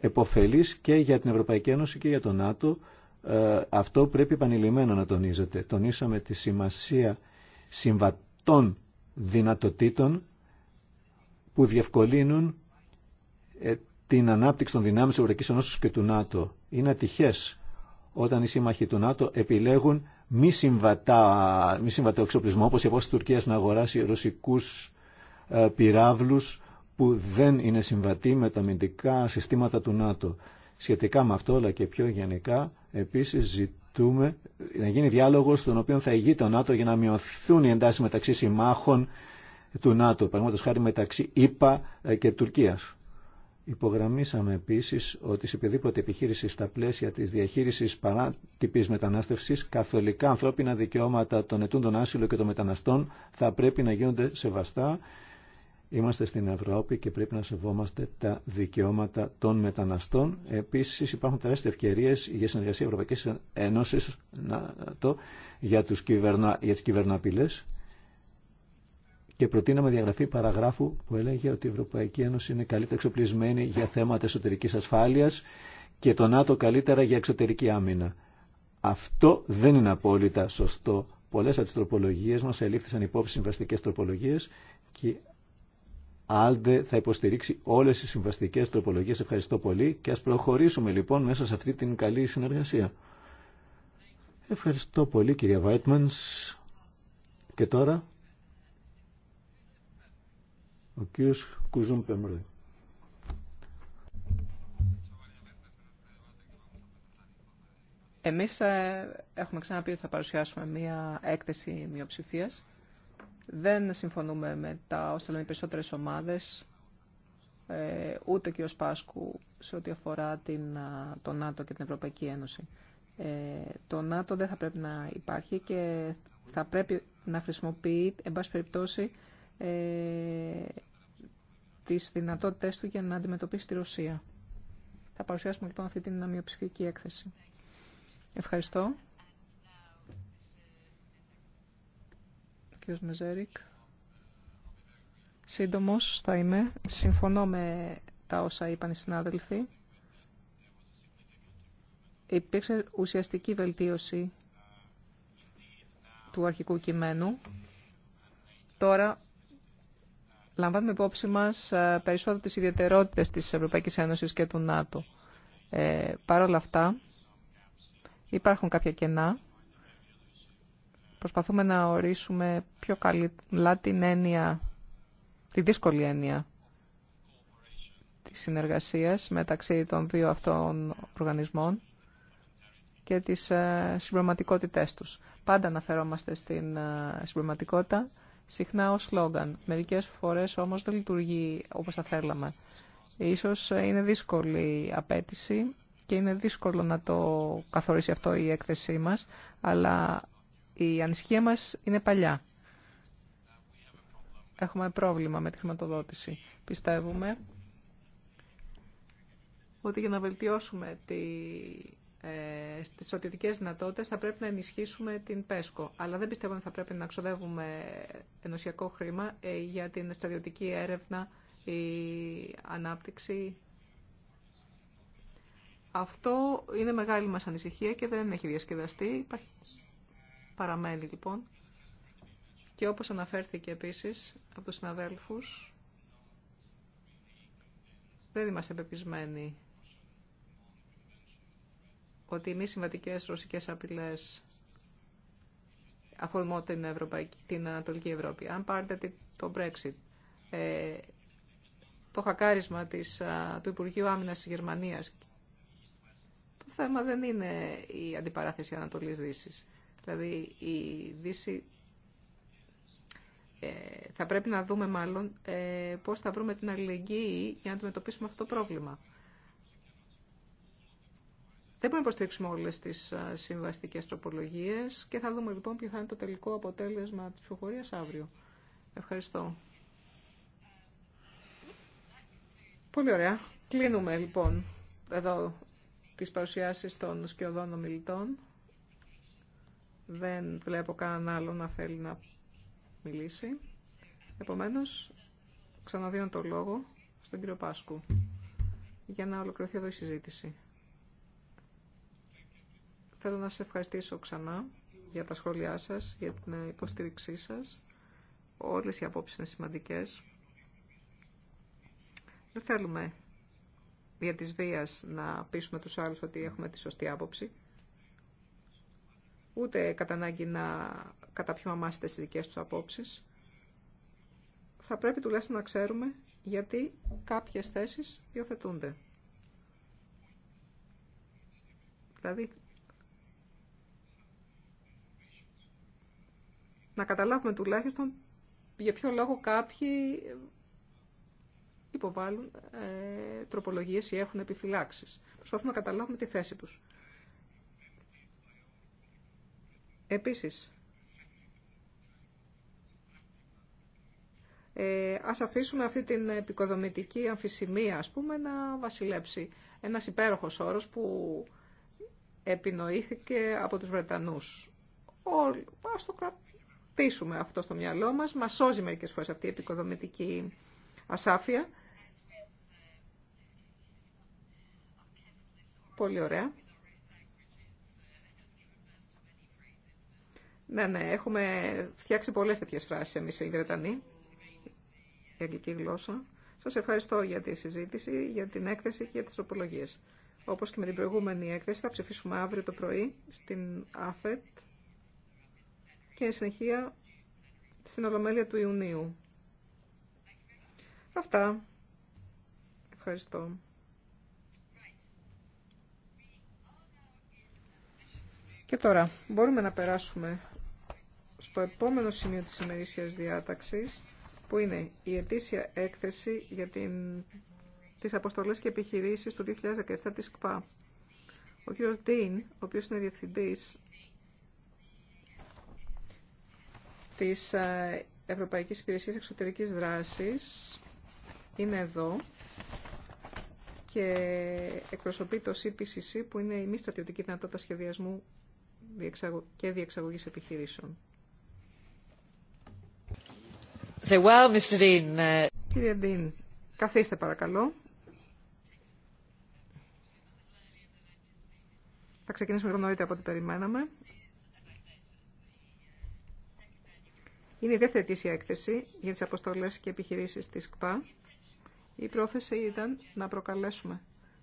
εποφελής και για την Ευρωπαϊκή Ένωση και για τον ΝΑΤΟ. Ε, αυτό πρέπει επανειλημμένα να τονίζεται. Τονίσαμε τη σημασία συμβατών δυνατοτήτων που διευκολύνουν ε, την ανάπτυξη των δυνάμεων της Ευρωπαϊκής Ένωσης και του ΝΑΤΟ. Είναι ατυχές όταν οι σύμμαχοι του ΝΑΤΟ επιλέγουν μη, συμβατά, μη συμβατό εξοπλισμό, όπως η απόσταση της Τουρκίας να αγοράσει ρωσικούς ε, πυράβλους που δεν είναι συμβατή με τα αμυντικά συστήματα του ΝΑΤΟ. Σχετικά με αυτό, αλλά και πιο γενικά, επίσης ζητούμε να γίνει διάλογος στον οποίο θα ηγεί το ΝΑΤΟ για να μειωθούν οι εντάσεις μεταξύ συμμάχων του ΝΑΤΟ, παραδείγματος χάρη μεταξύ ΙΠΑ ε, και Τουρκίας. Υπογραμμίσαμε επίσης ότι σε οποιαδήποτε επιχείρηση στα πλαίσια της διαχείρισης παράτυπης μετανάστευσης, καθολικά ανθρώπινα δικαιώματα των ετούντων άσυλων και των μεταναστών θα πρέπει να γίνονται σεβαστά Είμαστε στην Ευρώπη και πρέπει να σεβόμαστε τα δικαιώματα των μεταναστών. Επίση, υπάρχουν τεράστιε ευκαιρίε για συνεργασία Ευρωπαϊκή Ένωση για, τους κυβερνα, για τι κυβερναπηλέ. Και προτείναμε διαγραφή παραγράφου που έλεγε ότι η Ευρωπαϊκή Ένωση είναι καλύτερα εξοπλισμένη για θέματα εσωτερική ασφάλεια και το ΝΑΤΟ καλύτερα για εξωτερική άμυνα. Αυτό δεν είναι απόλυτα σωστό. Πολλέ από τι τροπολογίε μα ελήφθησαν υπόψη συμβαστικέ τροπολογίε και Άλτε θα υποστηρίξει όλες τι συμβαστικές τροπολογίες. Ευχαριστώ πολύ και α προχωρήσουμε λοιπόν μέσα σε αυτή την καλή συνεργασία. Ευχαριστώ πολύ κυρία Βάιτμανς. Και τώρα ο κύριος Κουζούν Πεμρούι. Εμείς ε, έχουμε ξαναπεί ότι θα παρουσιάσουμε μία έκθεση μειοψηφίας δεν συμφωνούμε με τα όσα λένε οι περισσότερες ομάδες, ε, ούτε και ο Σπάσκου σε ό,τι αφορά την, το ΝΑΤΟ και την Ευρωπαϊκή Ένωση. Ε, το ΝΑΤΟ δεν θα πρέπει να υπάρχει και θα πρέπει να χρησιμοποιεί, εν πάση περιπτώσει, ε, τις του για να αντιμετωπίσει τη Ρωσία. Θα παρουσιάσουμε λοιπόν αυτή την αμοιοψηφική έκθεση. Ευχαριστώ. κύριος Μεζέρικ. Σύντομος θα είμαι. Συμφωνώ με τα όσα είπαν οι συνάδελφοι. Υπήρξε ουσιαστική βελτίωση του αρχικού κειμένου. Τώρα λαμβάνουμε υπόψη μας ε, περισσότερο τις ιδιαιτερότητες της Ευρωπαϊκής Ένωσης και του ΝΑΤΟ. Ε, Παρ' όλα αυτά υπάρχουν κάποια κενά Προσπαθούμε να ορίσουμε πιο καλά την έννοια, τη δύσκολη έννοια της συνεργασίας μεταξύ των δύο αυτών οργανισμών και τις ε, συμπληρωματικότητές τους. Πάντα αναφερόμαστε στην ε, συμπληρωματικότητα, συχνά ως σλόγγαν. Μερικές φορές όμως δεν λειτουργεί όπως θα θέλαμε. Ίσως είναι δύσκολη η απέτηση και είναι δύσκολο να το καθορίσει αυτό η έκθεσή μας, αλλά η ανησυχία μας είναι παλιά. Έχουμε πρόβλημα με τη χρηματοδότηση. Πιστεύουμε ότι για να βελτιώσουμε τη, ε, στις δυνατότητες θα πρέπει να ενισχύσουμε την ΠΕΣΚΟ. Αλλά δεν πιστεύω ότι θα πρέπει να ξοδεύουμε ενωσιακό χρήμα ε, για την στρατιωτική έρευνα, η ανάπτυξη. Αυτό είναι μεγάλη μας ανησυχία και δεν έχει διασκεδαστεί. Υπάρχει παραμένει λοιπόν. Και όπως αναφέρθηκε επίσης από τους συναδέλφους, δεν είμαστε πεπισμένοι ότι οι μη συμβατικές ρωσικές απειλές αφορμό την, την Ανατολική Ευρώπη. Αν πάρετε το Brexit, ε, το χακάρισμα της, του Υπουργείου Άμυνας της Γερμανίας, το θέμα δεν είναι η αντιπαράθεση Ανατολής-Δύσης. Δηλαδή η Δύση ε, θα πρέπει να δούμε μάλλον ε, πώς θα βρούμε την αλληλεγγύη για να αντιμετωπίσουμε αυτό το πρόβλημα. Δεν μπορούμε να υποστηρίξουμε όλες τις συμβαστικές τροπολογίες και θα δούμε λοιπόν ποιο θα είναι το τελικό αποτέλεσμα της ψηφοφορία αύριο. Ευχαριστώ. Πολύ ωραία. Κλείνουμε λοιπόν εδώ τις παρουσιάσεις των σκιωδών ομιλητών. Δεν βλέπω κανέναν άλλο να θέλει να μιλήσει. Επομένως, ξαναδίνω το λόγο στον κύριο Πάσκου για να ολοκληρωθεί εδώ η συζήτηση. Θέλω να σας ευχαριστήσω ξανά για τα σχόλιά σας, για την υποστήριξή σας. Όλες οι απόψεις είναι σημαντικές. Δεν θέλουμε για της βίας να πείσουμε τους άλλους ότι έχουμε τη σωστή άποψη ούτε κατά ανάγκη να καταπιούμε στις τι δικέ του απόψει. Θα πρέπει τουλάχιστον να ξέρουμε γιατί κάποιες θέσεις υιοθετούνται. Δηλαδή, να καταλάβουμε τουλάχιστον για ποιο λόγο κάποιοι υποβάλλουν ε, τροπολογίες ή έχουν επιφυλάξεις. Προσπαθούμε να καταλάβουμε τη θέση τους. Επίσης, ε, ας αφήσουμε αυτή την επικοδομητική αμφισημία, ας πούμε, να βασιλέψει. Ένας υπέροχος όρος που επινοήθηκε από τους Βρετανούς. Ο, ας το κρατήσουμε αυτό στο μυαλό μας. Μας σώζει μερικές φορές αυτή η επικοδομητική ασάφεια. Πολύ ωραία. Ναι, ναι, έχουμε φτιάξει πολλές τέτοιες φράσεις εμεί οι Βρετανοί, η αγγλική γλώσσα. Σας ευχαριστώ για τη συζήτηση, για την έκθεση και για τις τροπολογίε. Όπως και με την προηγούμενη έκθεση θα ψηφίσουμε αύριο το πρωί στην ΑΦΕΤ και συνεχεία στην Ολομέλεια του Ιουνίου. Αυτά. Ευχαριστώ. Και τώρα μπορούμε να περάσουμε στο επόμενο σημείο της ημερήσιας διάταξης, που είναι η ετήσια έκθεση για την, τις αποστολές και επιχειρήσεις του 2017 της ΚΠΑ. Ο κύριος Ντίν, ο οποίος είναι διευθυντής της ε, Ευρωπαϊκής Υπηρεσίας Εξωτερικής Δράσης, είναι εδώ και εκπροσωπεί το CPCC που είναι η μη στρατιωτική δυνατότητα σχεδιασμού και διεξαγωγής επιχειρήσεων. Uh, Κύριε Ντίν, καθίστε παρακαλώ. Θα ξεκινήσουμε λίγο νωρίτερα από ό,τι περιμέναμε. Είναι η δεύτερη ετήσια έκθεση για τις αποστολές και επιχειρήσεις της ΚΠΑ. Η πρόθεση ήταν να προκαλέσουμε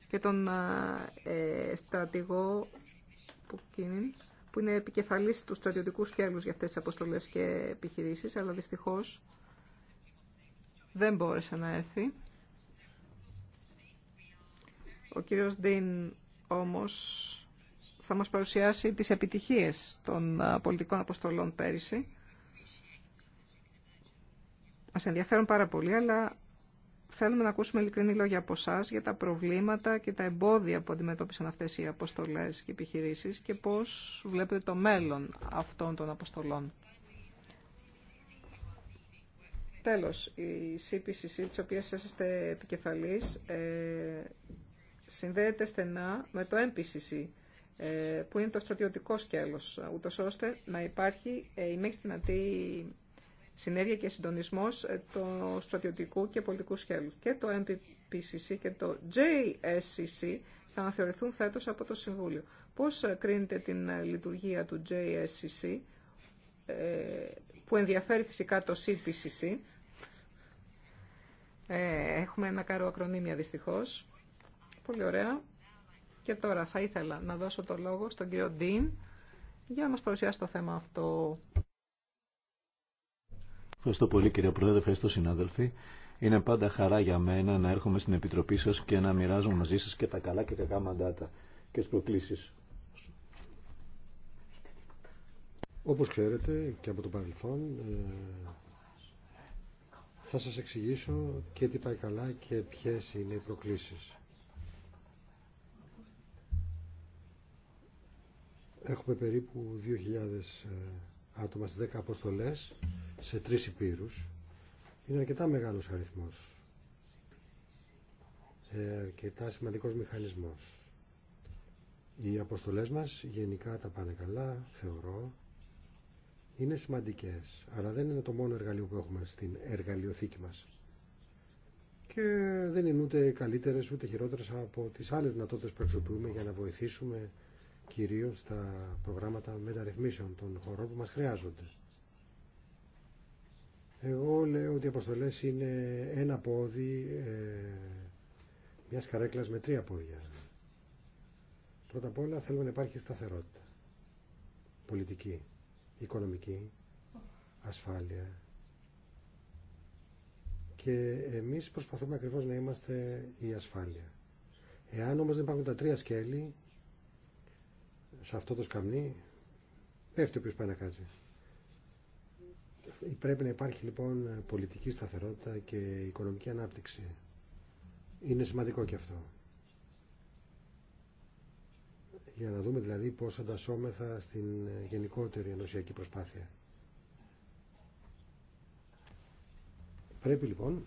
και τον ε, στρατηγό που είναι επικεφαλής του στρατιωτικού σκέλους για αυτές τις αποστολές και επιχειρήσεις, αλλά δυστυχώς δεν μπόρεσε να έρθει. Ο κύριος Ντίν όμως θα μας παρουσιάσει τις επιτυχίες των πολιτικών αποστολών πέρυσι. Μας ενδιαφέρουν πάρα πολύ, αλλά θέλουμε να ακούσουμε ειλικρινή λόγια από εσά για τα προβλήματα και τα εμπόδια που αντιμετώπισαν αυτές οι αποστολές και επιχειρήσεις και πώς βλέπετε το μέλλον αυτών των αποστολών. Τέλος, η CPCC, της οποίας είστε επικεφαλής, ε, συνδέεται στενά με το MPCC, ε, που είναι το στρατιωτικό σκέλος, ούτως ώστε να υπάρχει ε, η μέχρι δυνατή συνέργεια και συντονισμός το στρατιωτικού και πολιτικού σκέλους. Και το MPCC και το JSCC θα αναθεωρηθούν φέτος από το Συμβούλιο. Πώς κρίνεται την λειτουργία του JSCC, που ενδιαφέρει φυσικά το CPCC, ε, έχουμε ένα καρό ακρονίμια δυστυχώς. Πολύ ωραία. Και τώρα θα ήθελα να δώσω το λόγο στον κύριο Ντίν για να μας παρουσιάσει το θέμα αυτό. Ευχαριστώ πολύ κύριε Πρόεδρε, ευχαριστώ συνάδελφοι. Είναι πάντα χαρά για μένα να έρχομαι στην Επιτροπή σας και να μοιράζομαι μαζί σας και τα καλά και κακά μαντάτα και τις προκλήσεις. Όπως ξέρετε και από το παρελθόν, ε, θα σας εξηγήσω και τι πάει καλά και ποιες είναι οι προκλήσεις. Έχουμε περίπου 2.000 ε, άτομα στις 10 αποστολές σε τρεις υπήρους. Είναι αρκετά μεγάλος αριθμός. Ε, αρκετά σημαντικός μηχανισμός. Οι αποστολές μας γενικά τα πάνε καλά, θεωρώ είναι σημαντικές, αλλά δεν είναι το μόνο εργαλείο που έχουμε στην εργαλειοθήκη μας. Και δεν είναι ούτε καλύτερες ούτε χειρότερες από τις άλλες δυνατότητες που χρησιμοποιούμε για να βοηθήσουμε κυρίως τα προγράμματα μεταρρυθμίσεων των χωρών που μας χρειάζονται. Εγώ λέω ότι οι αποστολές είναι ένα πόδι ε, μιας καρέκλας με τρία πόδια. Πρώτα απ' όλα θέλουμε να υπάρχει σταθερότητα πολιτική οικονομική ασφάλεια. Και εμείς προσπαθούμε ακριβώς να είμαστε η ασφάλεια. Εάν όμως δεν υπάρχουν τα τρία σκέλη σε αυτό το σκαμνί, πέφτει όποιος πάει να κάτσει. Πρέπει να υπάρχει λοιπόν πολιτική σταθερότητα και οικονομική ανάπτυξη. Είναι σημαντικό και αυτό για να δούμε δηλαδή πώς αντασσόμεθα στην γενικότερη ενωσιακή προσπάθεια. Πρέπει λοιπόν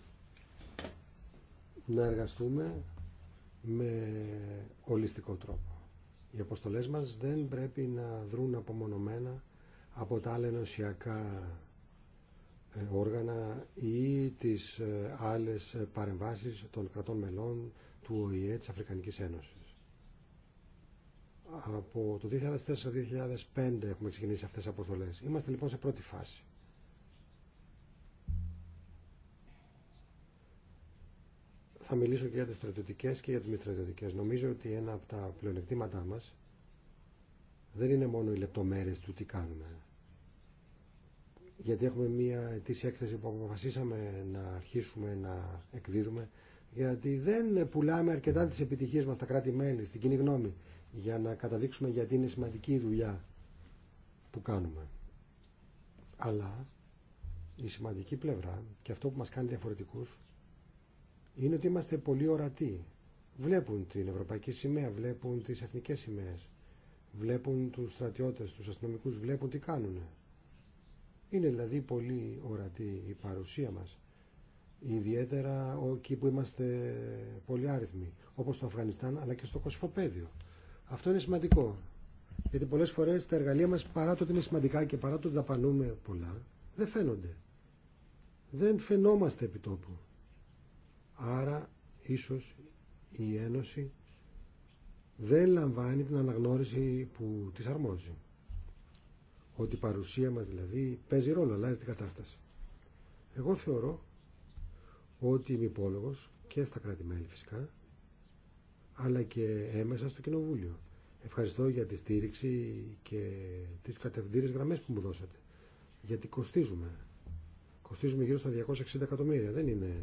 να εργαστούμε με ολιστικό τρόπο. Οι αποστολές μας δεν πρέπει να δρούν απομονωμένα από τα άλλα ενωσιακά ε, όργανα ή τις ε, άλλες παρεμβάσεις των κρατών μελών του ΟΗΕ της Αφρικανικής Ένωσης. Από το 2004-2005 έχουμε ξεκινήσει αυτές τις αποστολές. Είμαστε λοιπόν σε πρώτη φάση. Θα μιλήσω και για τις στρατιωτικές και για τις μη στρατιωτικές. Νομίζω ότι ένα από τα πλεονεκτήματά μας δεν είναι μόνο οι λεπτομέρειες του τι κάνουμε. Γιατί έχουμε μία ετήσια έκθεση που αποφασίσαμε να αρχίσουμε να εκδίδουμε γιατί δεν πουλάμε αρκετά τις επιτυχίες μας στα κράτη-μέλη, στην κοινή γνώμη για να καταδείξουμε γιατί είναι σημαντική η δουλειά που κάνουμε. Αλλά η σημαντική πλευρά και αυτό που μας κάνει διαφορετικούς είναι ότι είμαστε πολύ ορατοί. Βλέπουν την ευρωπαϊκή σημαία, βλέπουν τις εθνικές σημαίες, βλέπουν τους στρατιώτες, τους αστυνομικούς, βλέπουν τι κάνουν. Είναι δηλαδή πολύ ορατή η παρουσία μας. Ιδιαίτερα εκεί που είμαστε πολύ άριθμοι, όπως στο Αφγανιστάν αλλά και στο Κωσυφοπαίδιο. Αυτό είναι σημαντικό. Γιατί πολλέ φορέ τα εργαλεία μα, παρά το ότι είναι σημαντικά και παρά το ότι δαπανούμε πολλά, δεν φαίνονται. Δεν φαινόμαστε επί Άρα, ίσω η Ένωση δεν λαμβάνει την αναγνώριση που της αρμόζει. Ότι η παρουσία μα δηλαδή παίζει ρόλο, αλλάζει την κατάσταση. Εγώ θεωρώ ότι είμαι υπόλογο και στα κράτη-μέλη φυσικά αλλά και έμεσα στο Κοινοβούλιο. Ευχαριστώ για τη στήριξη και τις κατευθυντήρες γραμμές που μου δώσατε. Γιατί κοστίζουμε. Κοστίζουμε γύρω στα 260 εκατομμύρια. Δεν είναι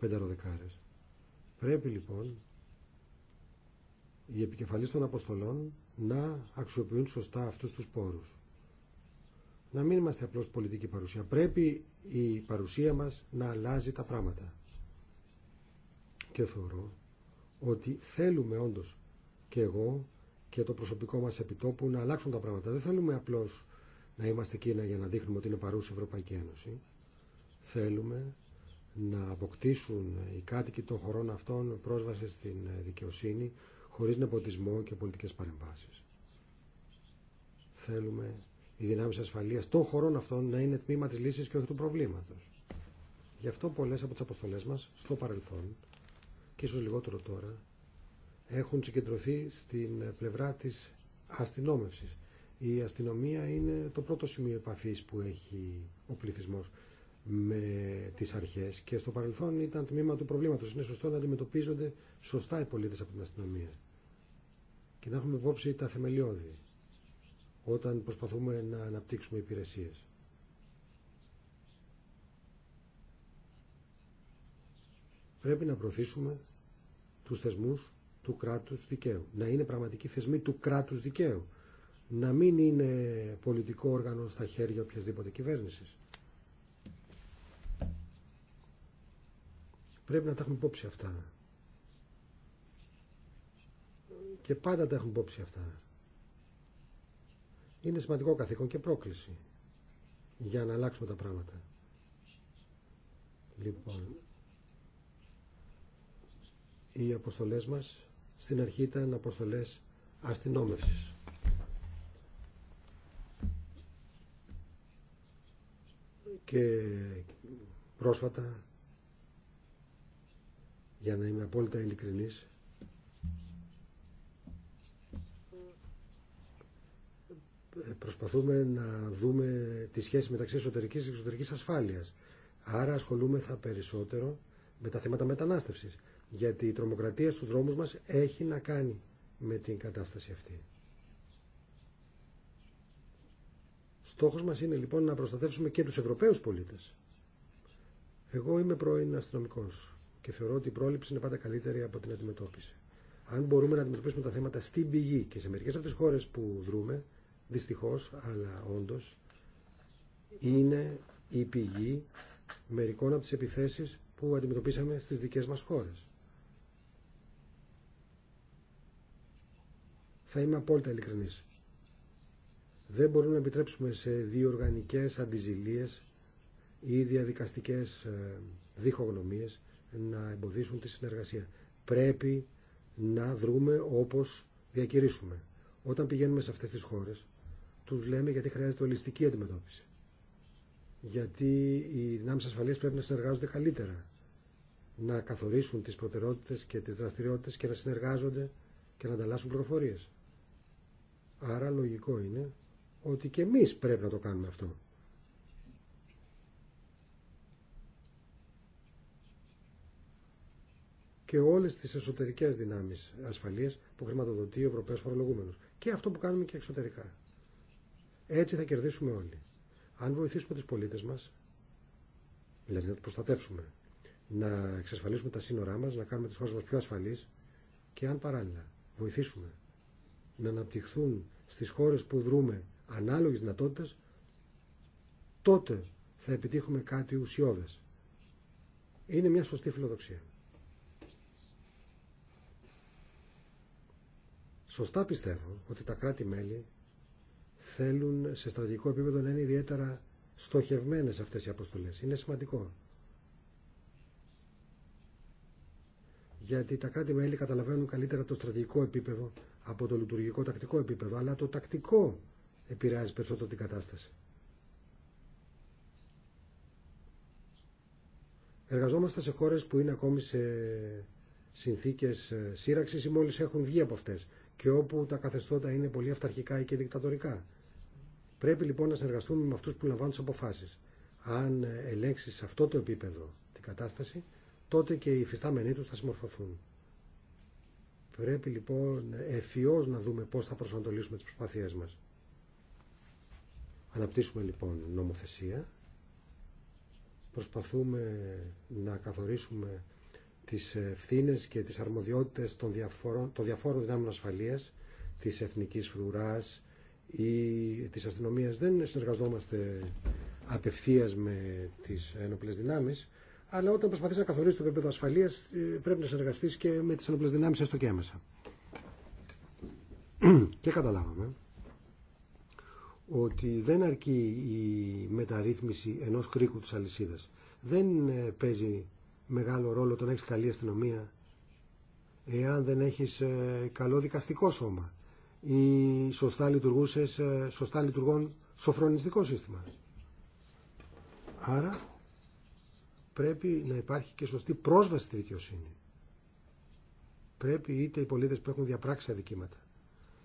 πενταροδεκάρες. Πρέπει λοιπόν οι επικεφαλείς των αποστολών να αξιοποιούν σωστά αυτούς τους πόρους. Να μην είμαστε απλώς πολιτική παρουσία. Πρέπει η παρουσία μας να αλλάζει τα πράγματα. Και θεωρώ ότι θέλουμε όντω και εγώ και το προσωπικό μας επιτόπου να αλλάξουν τα πράγματα. Δεν θέλουμε απλώς να είμαστε Κίνα για να δείχνουμε ότι είναι παρούσα η Ευρωπαϊκή Ένωση. Θέλουμε να αποκτήσουν οι κάτοικοι των χωρών αυτών πρόσβαση στην ε, δικαιοσύνη χωρίς νεποτισμό και πολιτικές παρεμβάσει. Θέλουμε οι δυνάμει ασφαλείας των χωρών αυτών να είναι τμήμα τη λύση και όχι του προβλήματο. Γι' αυτό πολλέ από τι αποστολέ μα στο παρελθόν και ίσως λιγότερο τώρα έχουν συγκεντρωθεί στην πλευρά της αστυνόμευσης. Η αστυνομία είναι το πρώτο σημείο επαφής που έχει ο πληθυσμός με τις αρχές και στο παρελθόν ήταν τμήμα του προβλήματος. Είναι σωστό να αντιμετωπίζονται σωστά οι πολίτες από την αστυνομία και να έχουμε υπόψη τα θεμελιώδη όταν προσπαθούμε να αναπτύξουμε υπηρεσίες. Πρέπει να προωθήσουμε τους θεσμούς του κράτους δικαίου. Να είναι πραγματικοί θεσμοί του κράτους δικαίου. Να μην είναι πολιτικό όργανο στα χέρια οποιασδήποτε κυβέρνησης. Πρέπει να τα έχουμε υπόψη αυτά. Και πάντα τα έχουμε υπόψη αυτά. Είναι σημαντικό καθήκον και πρόκληση για να αλλάξουμε τα πράγματα. Λοιπόν, οι αποστολές μας στην αρχή ήταν αποστολές αστυνόμευσης. Και πρόσφατα, για να είμαι απόλυτα ειλικρινής, προσπαθούμε να δούμε τη σχέση μεταξύ εσωτερικής και εξωτερικής ασφάλειας. Άρα ασχολούμεθα περισσότερο με τα θέματα μετανάστευσης. Γιατί η τρομοκρατία στους δρόμους μας έχει να κάνει με την κατάσταση αυτή. Στόχος μας είναι λοιπόν να προστατεύσουμε και τους Ευρωπαίους πολίτες. Εγώ είμαι πρώην αστυνομικό και θεωρώ ότι η πρόληψη είναι πάντα καλύτερη από την αντιμετώπιση. Αν μπορούμε να αντιμετωπίσουμε τα θέματα στην πηγή και σε μερικέ από τι χώρε που δρούμε, δυστυχώ, αλλά όντω, είναι η πηγή μερικών από τι επιθέσει που αντιμετωπίσαμε στις δικές μας χώρες. Θα είμαι απόλυτα ειλικρινής. Δεν μπορούμε να επιτρέψουμε σε διοργανικέ αντιζηλίες ή διαδικαστικές ε, διχογνωμίες να εμποδίσουν τη συνεργασία. Πρέπει να δρούμε όπως διακηρύσουμε. Όταν πηγαίνουμε σε αυτές τις χώρες, τους λέμε γιατί χρειάζεται ολιστική αντιμετώπιση. Γιατί οι δυνάμεις ασφαλείας πρέπει να συνεργάζονται καλύτερα. Να καθορίσουν τις προτεραιότητες και τις δραστηριότητες και να συνεργάζονται και να ανταλλάσσουν πληροφορίες. Άρα λογικό είναι ότι και εμείς πρέπει να το κάνουμε αυτό. και όλες τις εσωτερικές δυνάμεις ασφαλείας που χρηματοδοτεί ο Ευρωπαίος Φορολογούμενος. Και αυτό που κάνουμε και εξωτερικά. Έτσι θα κερδίσουμε όλοι. Αν βοηθήσουμε τους πολίτες μας, δηλαδή να τους προστατεύσουμε, να εξασφαλίσουμε τα σύνορά μας, να κάνουμε τις χώρες μας πιο ασφαλείς και αν παράλληλα βοηθήσουμε να αναπτυχθούν στις χώρες που δρούμε ανάλογες δυνατότητε, τότε θα επιτύχουμε κάτι ουσιώδες. Είναι μια σωστή φιλοδοξία. Σωστά πιστεύω ότι τα κράτη-μέλη θέλουν σε στρατηγικό επίπεδο να είναι ιδιαίτερα στοχευμένες αυτές οι αποστολές. Είναι σημαντικό. Γιατί τα κράτη-μέλη καταλαβαίνουν καλύτερα το στρατηγικό επίπεδο από το λειτουργικό τακτικό επίπεδο, αλλά το τακτικό επηρεάζει περισσότερο την κατάσταση. Εργαζόμαστε σε χώρες που είναι ακόμη σε συνθήκες ε, σύραξης ή μόλις έχουν βγει από αυτές και όπου τα καθεστώτα είναι πολύ αυταρχικά ή και δικτατορικά. Πρέπει λοιπόν να συνεργαστούμε με αυτούς που λαμβάνουν τις αποφάσεις. Αν ελέγξεις σε αυτό το επίπεδο την κατάσταση, τότε και οι φυστάμενοι τους θα συμμορφωθούν. Πρέπει λοιπόν εφιώς να δούμε πώς θα προσανατολίσουμε τις προσπάθειές μας. Αναπτύσσουμε λοιπόν νομοθεσία, προσπαθούμε να καθορίσουμε τις ευθύνε και τις αρμοδιότητες των διαφόρων, των διαφόρων δυνάμεων ασφαλείας, της εθνικής φρουράς ή της αστυνομίας. Δεν συνεργαζόμαστε απευθείας με τις ένοπλες δυνάμεις, αλλά όταν προσπαθεί να καθορίσει το επίπεδο ασφαλεία, ε, πρέπει να συνεργαστεί και με τι ενόπλε δυνάμει, έστω και εμέσα. <clears throat> και καταλάβαμε ότι δεν αρκεί η μεταρρύθμιση ενό κρίκου τη αλυσίδα. Δεν ε, παίζει μεγάλο ρόλο το να έχει καλή αστυνομία εάν δεν έχεις ε, καλό δικαστικό σώμα ή σωστά σωστά λειτουργών σοφρονιστικό σύστημα. Άρα πρέπει να υπάρχει και σωστή πρόσβαση στη δικαιοσύνη. Πρέπει είτε οι πολίτες που έχουν διαπράξει αδικήματα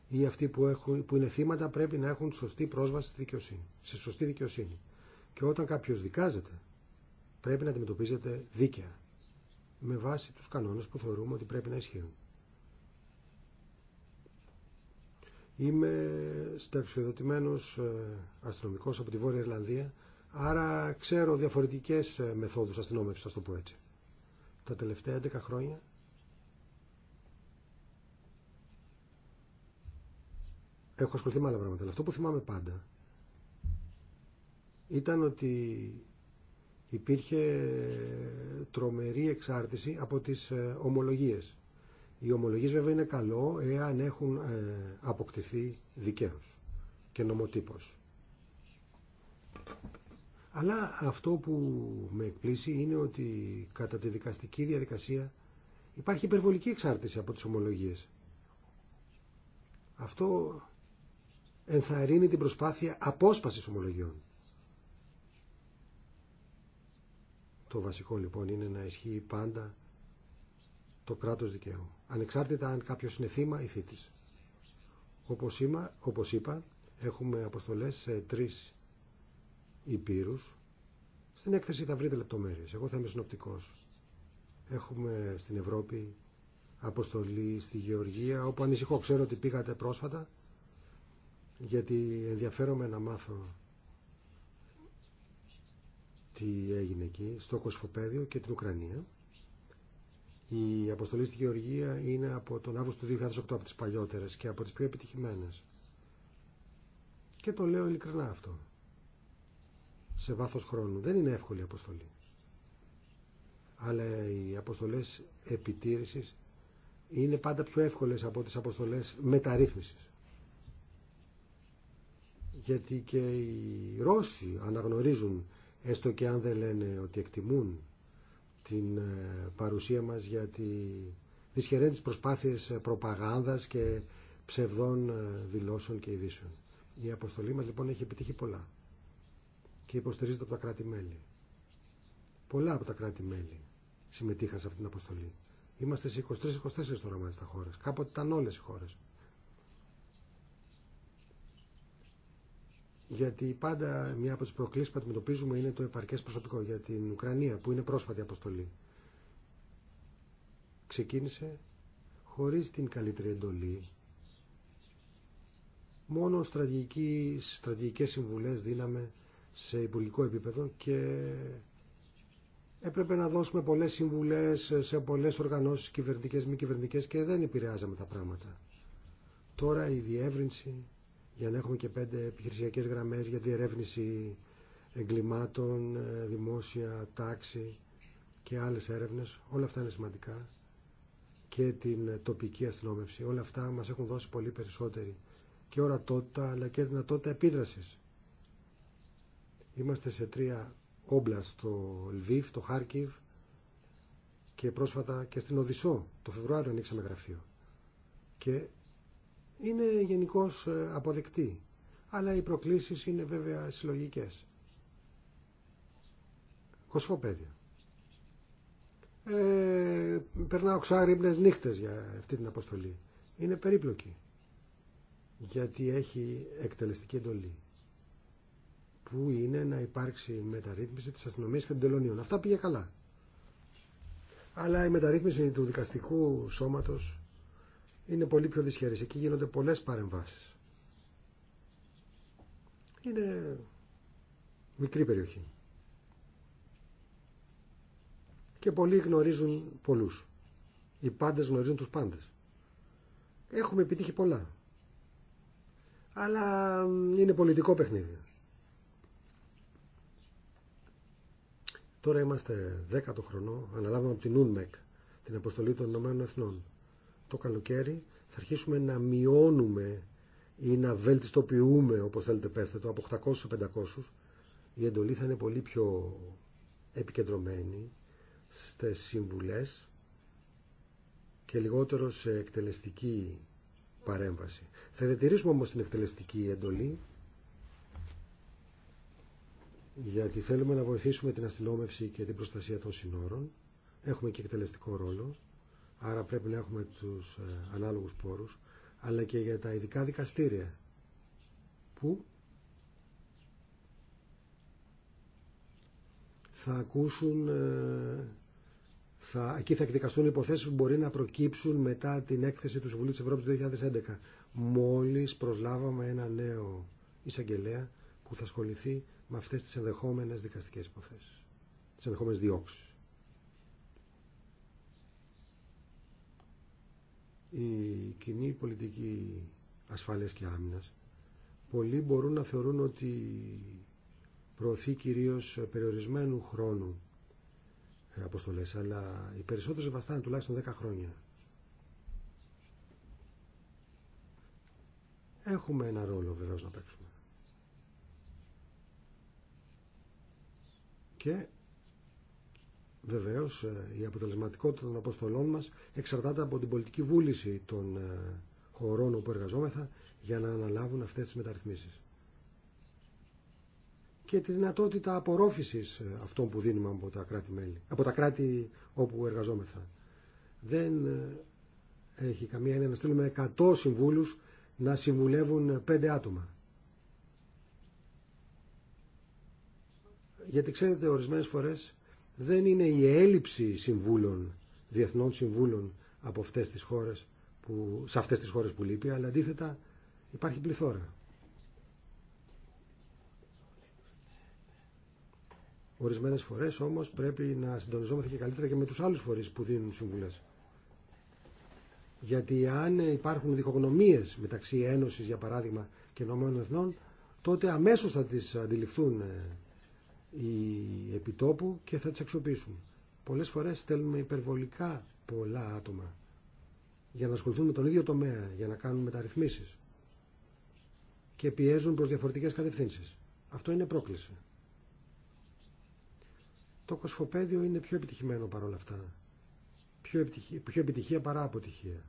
ή αυτοί που, έχουν, που είναι θύματα πρέπει να έχουν σωστή πρόσβαση στη δικαιοσύνη, σε σωστή δικαιοσύνη. Και όταν κάποιος δικάζεται πρέπει να αντιμετωπίζεται δίκαια με βάση τους κανόνες που θεωρούμε ότι πρέπει να ισχύουν. Είμαι συνταξιοδοτημένος ε, αστυνομικός από τη Βόρεια Ιρλανδία Άρα ξέρω διαφορετικές ε, μεθόδους αστυνόμευσης, θα το πω έτσι. Τα τελευταία 11 χρόνια έχω ασχοληθεί με άλλα πράγματα. Αλλά αυτό που θυμάμαι πάντα ήταν ότι υπήρχε τρομερή εξάρτηση από τις ε, ομολογίες. Οι ομολογίες βέβαια είναι καλό εάν έχουν ε, αποκτηθεί δικαίως και νομοτύπως. Αλλά αυτό που με εκπλήσει είναι ότι κατά τη δικαστική διαδικασία υπάρχει υπερβολική εξάρτηση από τις ομολογίες. Αυτό ενθαρρύνει την προσπάθεια απόσπασης ομολογιών. Το βασικό λοιπόν είναι να ισχύει πάντα το κράτος δικαίου, ανεξάρτητα αν κάποιος είναι θύμα ή θήτης. Όπως, είπα, έχουμε αποστολές σε τρεις υπήρους. Στην έκθεση θα βρείτε λεπτομέρειες. Εγώ θα είμαι συνοπτικός. Έχουμε στην Ευρώπη αποστολή στη Γεωργία, όπου ανησυχώ. Ξέρω ότι πήγατε πρόσφατα, γιατί ενδιαφέρομαι να μάθω τι έγινε εκεί, στο Κοσφοπέδιο και την Ουκρανία. Η αποστολή στη Γεωργία είναι από τον Αύγουστο του 2008 από τις παλιότερες και από τις πιο επιτυχημένες. Και το λέω ειλικρινά αυτό σε βάθος χρόνου. Δεν είναι εύκολη η αποστολή. Αλλά οι αποστολές επιτήρησης είναι πάντα πιο εύκολες από τις αποστολές μεταρρύθμισης. Γιατί και οι Ρώσοι αναγνωρίζουν, έστω και αν δεν λένε ότι εκτιμούν την ε, παρουσία μας, γιατί δυσχεραίνει τις προσπάθειες ε, προπαγάνδας και ψευδών ε, δηλώσεων και ειδήσεων. Η αποστολή μας λοιπόν έχει επιτύχει πολλά και υποστηρίζεται από τα κράτη-μέλη. Πολλά από τα κράτη-μέλη συμμετείχαν σε αυτή την αποστολή. Είμαστε σε 23-24 τώρα στα χώρες. Κάποτε ήταν όλες οι χώρες. Γιατί πάντα μια από τις προκλήσεις που αντιμετωπίζουμε είναι το επαρκές προσωπικό για την Ουκρανία που είναι πρόσφατη αποστολή. Ξεκίνησε χωρίς την καλύτερη εντολή. Μόνο στρατηγικές συμβουλές δίναμε σε υπουργικό επίπεδο και έπρεπε να δώσουμε πολλές συμβουλές σε πολλές οργανώσεις κυβερνητικές, μη κυβερνητικές και δεν επηρεάζαμε τα πράγματα. Τώρα η διεύρυνση για να έχουμε και πέντε επιχειρησιακές γραμμές για διερεύνηση εγκλημάτων, ε, δημόσια, τάξη και άλλες έρευνες, όλα αυτά είναι σημαντικά και την τοπική αστυνόμευση. Όλα αυτά μας έχουν δώσει πολύ περισσότερη και ορατότητα αλλά και δυνατότητα επίδρασης. Είμαστε σε τρία όμπλα στο Λβίβ, το Χάρκιβ και πρόσφατα και στην Οδυσσό. Το Φεβρουάριο ανοίξαμε γραφείο. Και είναι γενικώ ε, αποδεκτή. Αλλά οι προκλήσεις είναι βέβαια συλλογικέ. Κοσμοπέδια. Ε, περνάω ξάριμπνες νύχτες για αυτή την αποστολή. Είναι περίπλοκη. Γιατί έχει εκτελεστική εντολή που είναι να υπάρξει μεταρρύθμιση της αστυνομίας και των τελωνίων. Αυτά πήγε καλά. Αλλά η μεταρρύθμιση του δικαστικού σώματος είναι πολύ πιο δυσχερή. Εκεί γίνονται πολλές παρεμβάσεις. Είναι μικρή περιοχή. Και πολλοί γνωρίζουν πολλούς. Οι πάντες γνωρίζουν τους πάντες. Έχουμε επιτύχει πολλά. Αλλά είναι πολιτικό παιχνίδι. Τώρα είμαστε δέκατο χρονό, αναλάβαμε από την UNMEC, την αποστολή των Ηνωμένων Εθνών. Το καλοκαίρι θα αρχίσουμε να μειώνουμε ή να βελτιστοποιούμε, όπως θέλετε πέστε το, από 800 500. Η εντολή θα είναι πολύ πιο επικεντρωμένη στις συμβουλές και λιγότερο σε εκτελεστική παρέμβαση. Θα διατηρήσουμε όμως την εκτελεστική εντολή γιατί θέλουμε να βοηθήσουμε την αστυνόμευση και την προστασία των συνόρων. Έχουμε και εκτελεστικό ρόλο, άρα πρέπει να έχουμε τους ε, ανάλογους πόρους, αλλά και για τα ειδικά δικαστήρια, που θα ακούσουν, ε, θα, εκεί θα εκδικαστούν υποθέσεις που μπορεί να προκύψουν μετά την έκθεση του Συμβουλίου της Ευρώπης του 2011. Μόλις προσλάβαμε ένα νέο εισαγγελέα που θα ασχοληθεί με αυτέ τι ενδεχόμενε δικαστικές υποθέσεις, τι ενδεχομένε διώξει. Η κοινή πολιτική ασφάλεια και άμυνας πολλοί μπορούν να θεωρούν ότι προωθεί κυρίω περιορισμένου χρόνου ε, αποστολές, αλλά οι περισσότερε βαστάνε τουλάχιστον 10 χρόνια. Έχουμε ένα ρόλο βεβαίω να παίξουμε. και βεβαίως ε, η αποτελεσματικότητα των αποστολών μας εξαρτάται από την πολιτική βούληση των ε, χωρών όπου εργαζόμεθα για να αναλάβουν αυτές τις μεταρρυθμίσεις. Και τη δυνατότητα απορρόφησης ε, αυτών που δίνουμε από τα κράτη-μέλη, από τα κράτη όπου εργαζόμεθα. Δεν έχει καμία έννοια να στείλουμε 100 συμβούλους να συμβουλεύουν 5 άτομα. γιατί ξέρετε ορισμένες φορές δεν είναι η έλλειψη συμβούλων, διεθνών συμβούλων από αυτές τις χώρες που, σε αυτές τις χώρες που λείπει, αλλά αντίθετα υπάρχει πληθώρα. Ορισμένες φορές όμως πρέπει να συντονιζόμαστε και καλύτερα και με τους άλλους φορεί που δίνουν συμβουλέ. Γιατί αν υπάρχουν διχογνωμίες μεταξύ Ένωση, για παράδειγμα, και Νομών Εθνών, τότε αμέσω θα τι αντιληφθούν ε, οι επιτόπου και θα τι αξιοποιήσουν. Πολλέ φορές στέλνουμε υπερβολικά πολλά άτομα για να ασχοληθούν με τον ίδιο τομέα, για να κάνουν μεταρρυθμίσεις και πιέζουν προς διαφορετικές κατευθύνσεις. Αυτό είναι πρόκληση. Το Κοσμοπέδιο είναι πιο επιτυχημένο παρόλα αυτά. Πιο επιτυχία, πιο επιτυχία παρά αποτυχία.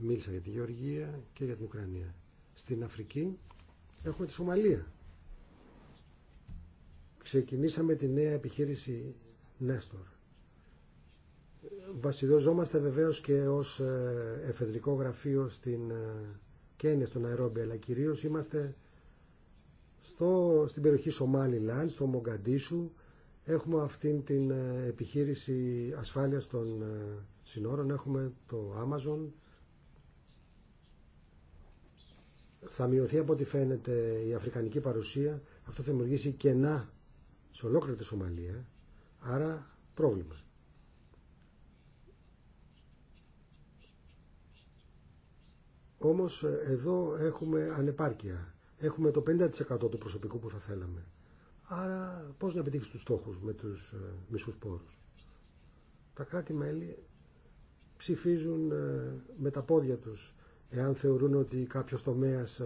Μίλησα για τη Γεωργία και για την Ουκρανία. Στην Αφρική έχουμε τη Σομαλία ξεκινήσαμε τη νέα επιχείρηση Νέστορ. Βασιδόζόμαστε βεβαίως και ως ε, εφεδρικό γραφείο στην ε, Κένια, στον Αερόμπι, αλλά κυρίως είμαστε στο, στην περιοχή Σομάλι Λάν, στο Μογκαντίσου. Έχουμε αυτήν την ε, επιχείρηση ασφάλειας των συνόρων, έχουμε το Amazon. Θα μειωθεί από ό,τι φαίνεται η αφρικανική παρουσία. Αυτό θα δημιουργήσει κενά σε ολόκληρη τη Σομαλία, άρα πρόβλημα. Όμως ε, εδώ έχουμε ανεπάρκεια. Έχουμε το 50% του προσωπικού που θα θέλαμε. Άρα πώς να επιτύχεις τους στόχους με τους ε, μισούς πόρους. Τα κράτη-μέλη ψηφίζουν ε, με τα πόδια τους εάν θεωρούν ότι κάποιος τομέας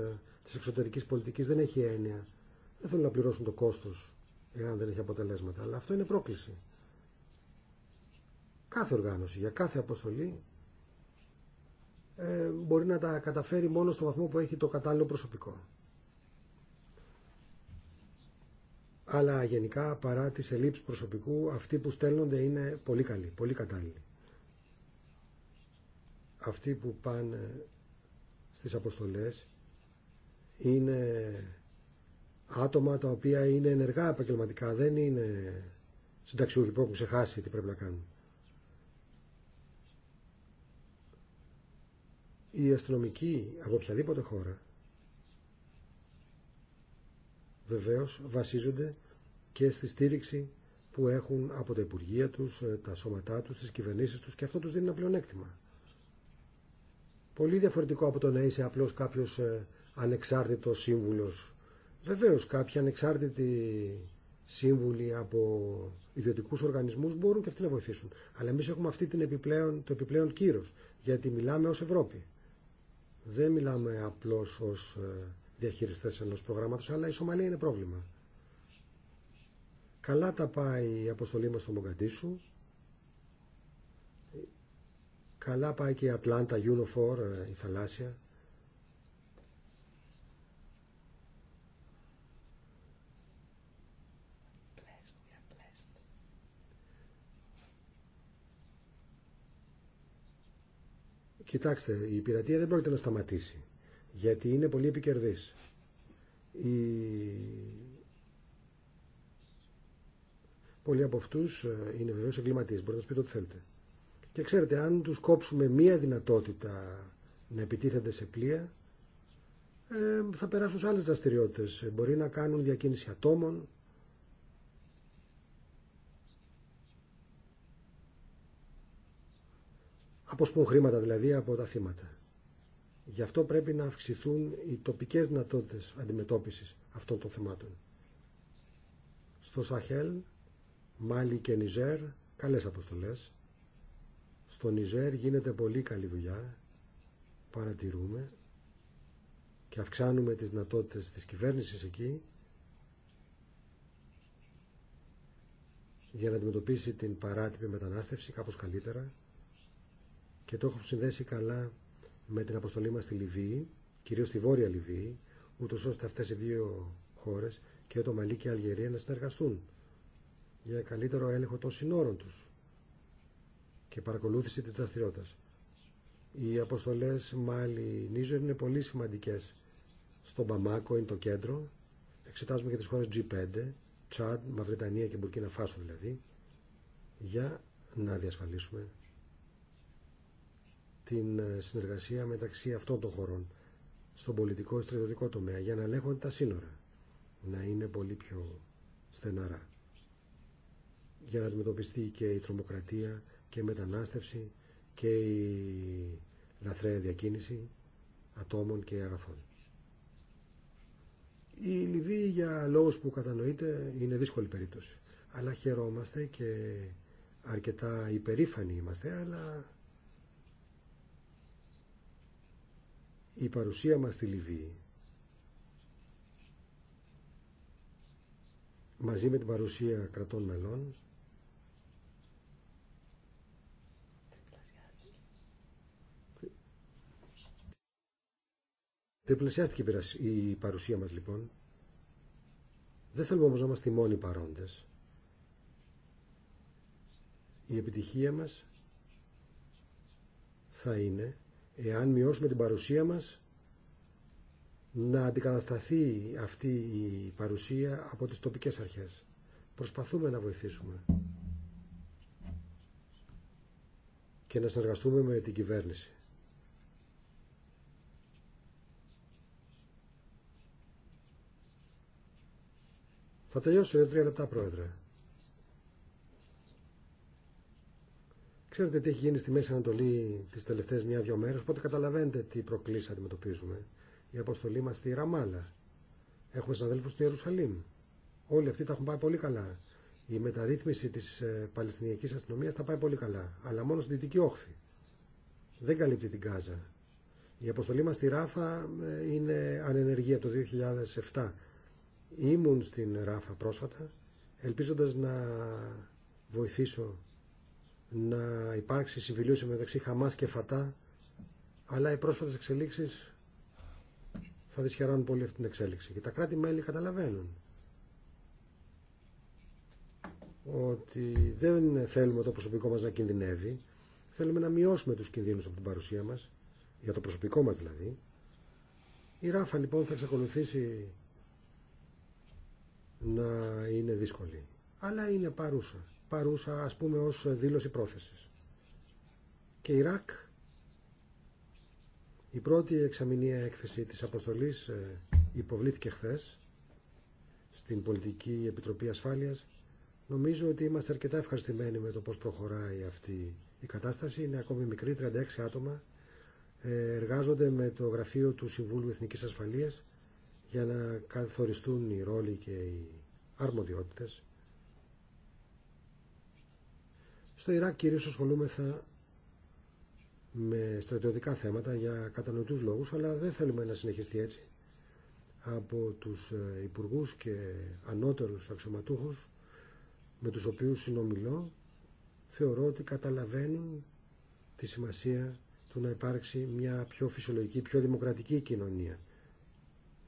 της εξωτερικής πολιτικής δεν έχει έννοια. Δεν θέλουν να πληρώσουν το κόστος εάν δεν έχει αποτελέσματα. Αλλά αυτό είναι πρόκληση. Κάθε οργάνωση, για κάθε αποστολή ε, μπορεί να τα καταφέρει μόνο στο βαθμό που έχει το κατάλληλο προσωπικό. Αλλά γενικά παρά τις ελλείψεις προσωπικού αυτοί που στέλνονται είναι πολύ καλοί, πολύ κατάλληλοι. Αυτοί που πάνε στις αποστολές είναι άτομα τα οποία είναι ενεργά επαγγελματικά, δεν είναι συνταξιούχοι που έχουν ξεχάσει τι πρέπει να κάνουν. Οι αστυνομικοί από οποιαδήποτε χώρα βεβαίως βασίζονται και στη στήριξη που έχουν από τα Υπουργεία τους, ε, τα σώματά τους, τις κυβερνήσεις τους και αυτό τους δίνει ένα πλεονέκτημα. Πολύ διαφορετικό από το να είσαι απλώς κάποιος ε, ανεξάρτητος σύμβουλος Βεβαίως κάποιοι ανεξάρτητοι σύμβουλοι από ιδιωτικούς οργανισμούς μπορούν και αυτοί να βοηθήσουν. Αλλά εμείς έχουμε αυτή την επιπλέον, το επιπλέον κύρος, γιατί μιλάμε ως Ευρώπη. Δεν μιλάμε απλώς ως ε, διαχειριστές ενός προγράμματος, αλλά η Σομαλία είναι πρόβλημα. Καλά τα πάει η αποστολή μας στο Μογκαντήσου. Καλά πάει και η Ατλάντα, η Unifor, ε, η θαλάσσια. Κοιτάξτε, η πειρατεία δεν πρόκειται να σταματήσει, γιατί είναι πολύ επικερδής. Πολλοί από αυτού ε, είναι βεβαίω εγκληματίε, μπορείτε να σου πείτε ό,τι θέλετε. Και ξέρετε, αν τους κόψουμε μία δυνατότητα να επιτίθενται σε πλοία, ε, θα περάσουν σε άλλες δραστηριότητε. Μπορεί να κάνουν διακίνηση ατόμων, αποσπούν χρήματα δηλαδή από τα θύματα. Γι' αυτό πρέπει να αυξηθούν οι τοπικές δυνατότητες αντιμετώπισης αυτών των θεμάτων. Στο Σαχέλ, Μάλι και Νιζέρ, καλές αποστολές. Στο Νιζέρ γίνεται πολύ καλή δουλειά, παρατηρούμε και αυξάνουμε τις δυνατότητες της κυβέρνησης εκεί για να αντιμετωπίσει την παράτυπη μετανάστευση κάπως καλύτερα και το έχω συνδέσει καλά με την αποστολή μας στη Λιβύη, κυρίως στη Βόρεια Λιβύη, ούτω ώστε αυτές οι δύο χώρες και το Μαλί και η Αλγερία να συνεργαστούν για καλύτερο έλεγχο των συνόρων τους και παρακολούθηση της δραστηριότητα. Οι αποστολές Μάλι Νίζερ είναι πολύ σημαντικές. Στον Παμάκο είναι το κέντρο. Εξετάζουμε και τις χώρες G5, Τσάντ, Μαυρετανία και Μπουρκίνα Φάσο δηλαδή, για να διασφαλίσουμε την ε, συνεργασία μεταξύ αυτών των χωρών στον πολιτικό και στρατιωτικό τομέα για να ελέγχονται τα σύνορα να είναι πολύ πιο στεναρά για να αντιμετωπιστεί και η τρομοκρατία και η μετανάστευση και η λαθρέα διακίνηση ατόμων και αγαθών. Η Λιβύη για λόγους που κατανοείται είναι δύσκολη περίπτωση. Αλλά χαιρόμαστε και αρκετά υπερήφανοι είμαστε, αλλά η παρουσία μας στη Λιβύη μαζί με την παρουσία κρατών μελών Τριπλασιάστηκε η παρουσία μας λοιπόν. Δεν θέλουμε όμως να είμαστε οι μόνοι παρόντες. Η επιτυχία μας θα είναι εάν μειώσουμε την παρουσία μας, να αντικατασταθεί αυτή η παρουσία από τις τοπικές αρχές. Προσπαθούμε να βοηθήσουμε και να συνεργαστούμε με την κυβέρνηση. Θα τελειώσω για τρία λεπτά, Πρόεδρε. Ξέρετε τι έχει γίνει στη Μέση Ανατολή τι τελευταίε μία-δύο μέρε, οπότε καταλαβαίνετε τι προκλήσει αντιμετωπίζουμε. Η αποστολή μα στη Ραμάλα. Έχουμε συναδέλφου στη Ιερουσαλήμ. Όλοι αυτοί τα έχουν πάει πολύ καλά. Η μεταρρύθμιση τη ε, Παλαιστινιακή αστυνομία τα πάει πολύ καλά. Αλλά μόνο στην Δυτική Όχθη. Δεν καλύπτει την Γάζα. Η αποστολή μα στη Ράφα ε, είναι ανενεργία το 2007. Ήμουν στην Ράφα πρόσφατα, ελπίζοντα να βοηθήσω να υπάρξει συμφιλίωση μεταξύ Χαμάς και Φατά, αλλά οι πρόσφατες εξελίξεις θα δυσχεράνουν πολύ αυτή την εξέλιξη. Και τα κράτη-μέλη καταλαβαίνουν ότι δεν θέλουμε το προσωπικό μας να κινδυνεύει, θέλουμε να μειώσουμε τους κινδύνους από την παρουσία μας, για το προσωπικό μας δηλαδή. Η Ράφα λοιπόν θα εξακολουθήσει να είναι δύσκολη, αλλά είναι παρούσα παρούσα ας πούμε ως δήλωση πρόθεσης. Και Ιράκ, η πρώτη εξαμηνία έκθεση της αποστολής ε, υποβλήθηκε χθες στην Πολιτική Επιτροπή Ασφάλειας. Νομίζω ότι είμαστε αρκετά ευχαριστημένοι με το πώς προχωράει αυτή η κατάσταση. Είναι ακόμη μικρή, 36 άτομα. Ε, εργάζονται με το γραφείο του Συμβούλου Εθνικής Ασφαλείας για να καθοριστούν οι ρόλοι και οι αρμοδιότητες Στο Ιράκ κυρίως ασχολούμεθα με στρατιωτικά θέματα για κατανοητούς λόγους, αλλά δεν θέλουμε να συνεχιστεί έτσι. Από τους ε, υπουργούς και ανώτερους αξιωματούχους με τους οποίους συνομιλώ, θεωρώ ότι καταλαβαίνουν τη σημασία του να υπάρξει μια πιο φυσιολογική, πιο δημοκρατική κοινωνία.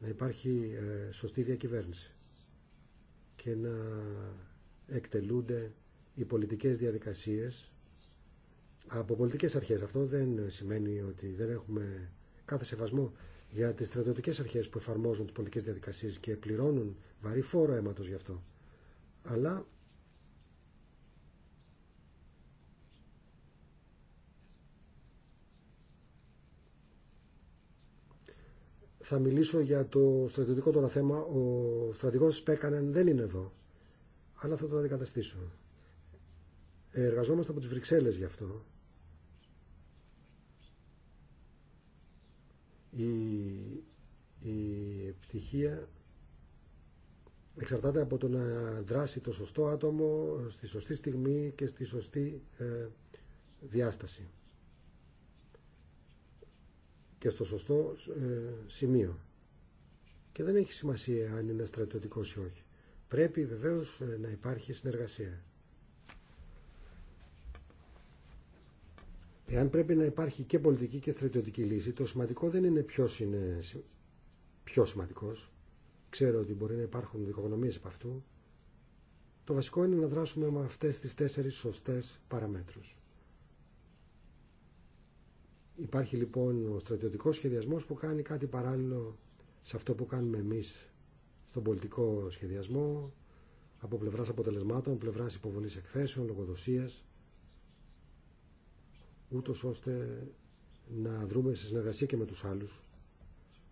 Να υπάρχει ε, σωστή διακυβέρνηση και να εκτελούνται οι πολιτικές διαδικασίες από πολιτικές αρχές. Αυτό δεν σημαίνει ότι δεν έχουμε κάθε σεβασμό για τις στρατιωτικές αρχές που εφαρμόζουν τις πολιτικές διαδικασίες και πληρώνουν βαρύ φόρο αίματος γι' αυτό. Αλλά θα μιλήσω για το στρατιωτικό τώρα θέμα. Ο στρατηγός Σπέκανεν δεν είναι εδώ, αλλά θα το αντικαταστήσω. Εργαζόμαστε από τις Βρυξέλλες γι' αυτό. Η, η επιτυχία εξαρτάται από το να δράσει το σωστό άτομο στη σωστή στιγμή και στη σωστή ε, διάσταση και στο σωστό ε, σημείο. Και δεν έχει σημασία αν είναι στρατιωτικός ή όχι. Πρέπει βεβαίως ε, να υπάρχει συνεργασία. Εάν πρέπει να υπάρχει και πολιτική και στρατιωτική λύση, το σημαντικό δεν είναι ποιο είναι πιο σημαντικό. Ξέρω ότι μπορεί να υπάρχουν δικογνωμίε από αυτού. Το βασικό είναι να δράσουμε με αυτέ τι τέσσερι σωστέ παραμέτρου. Υπάρχει λοιπόν ο στρατιωτικό σχεδιασμό που κάνει κάτι παράλληλο σε αυτό που κάνουμε εμεί στον πολιτικό σχεδιασμό, από πλευρά αποτελεσμάτων, πλευρά υποβολή εκθέσεων, λογοδοσία ούτως ώστε να δρούμε σε συνεργασία και με τους άλλους,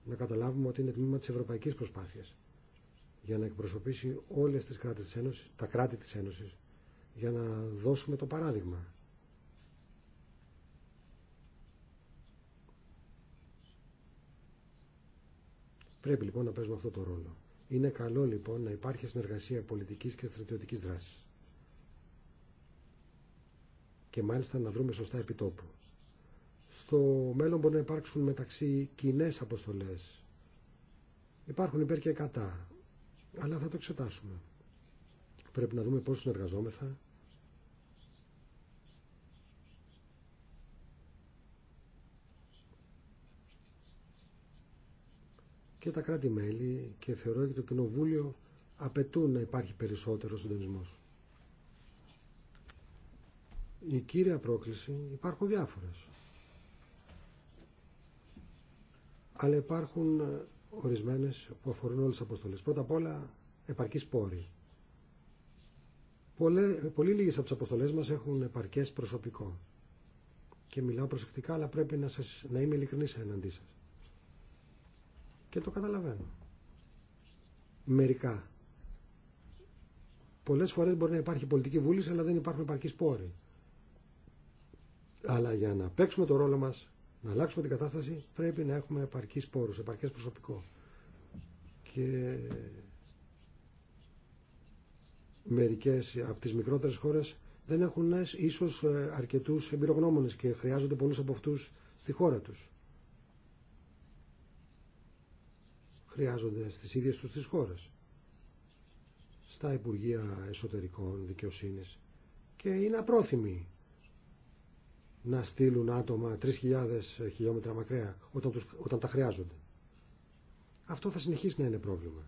να καταλάβουμε ότι είναι τμήμα της ευρωπαϊκής προσπάθειας για να εκπροσωπήσει όλες τις κράτη της Ένωσης, τα κράτη της Ένωσης, για να δώσουμε το παράδειγμα. Πρέπει λοιπόν να παίζουμε αυτό το ρόλο. Είναι καλό λοιπόν να υπάρχει συνεργασία πολιτικής και στρατιωτικής δράσης και μάλιστα να βρούμε σωστά επιτόπου. Στο μέλλον μπορεί να υπάρξουν μεταξύ κοινέ αποστολέ. Υπάρχουν υπέρ και κατά, αλλά θα το εξετάσουμε. Πρέπει να δούμε πώς συνεργαζόμεθα. Και τα κράτη-μέλη και θεωρώ και το Κοινοβούλιο απαιτούν να υπάρχει περισσότερο συντονισμός η κύρια πρόκληση υπάρχουν διάφορες. Αλλά υπάρχουν ορισμένες που αφορούν όλες τις αποστολές. Πρώτα απ' όλα επαρκή πόροι. πολύ λίγες από τις αποστολές μας έχουν επαρκές προσωπικό. Και μιλάω προσεκτικά, αλλά πρέπει να, σας, να είμαι ειλικρινής εναντί σας. Και το καταλαβαίνω. Μερικά. Πολλές φορές μπορεί να υπάρχει πολιτική βούληση, αλλά δεν υπάρχουν επαρκείς πόροι. Αλλά για να παίξουμε το ρόλο μας, να αλλάξουμε την κατάσταση, πρέπει να έχουμε επαρκείς πόρους, επαρκές προσωπικό. Και μερικές από τις μικρότερες χώρες δεν έχουν ε, ίσως ε, αρκετούς εμπειρογνώμονες και χρειάζονται πολλούς από αυτούς στη χώρα τους. Χρειάζονται στις ίδιες τους τις χώρες. Στα Υπουργεία Εσωτερικών Δικαιοσύνης. Και είναι απρόθυμοι να στείλουν άτομα 3.000 χιλιόμετρα μακριά όταν, τους, όταν τα χρειάζονται. Αυτό θα συνεχίσει να είναι πρόβλημα.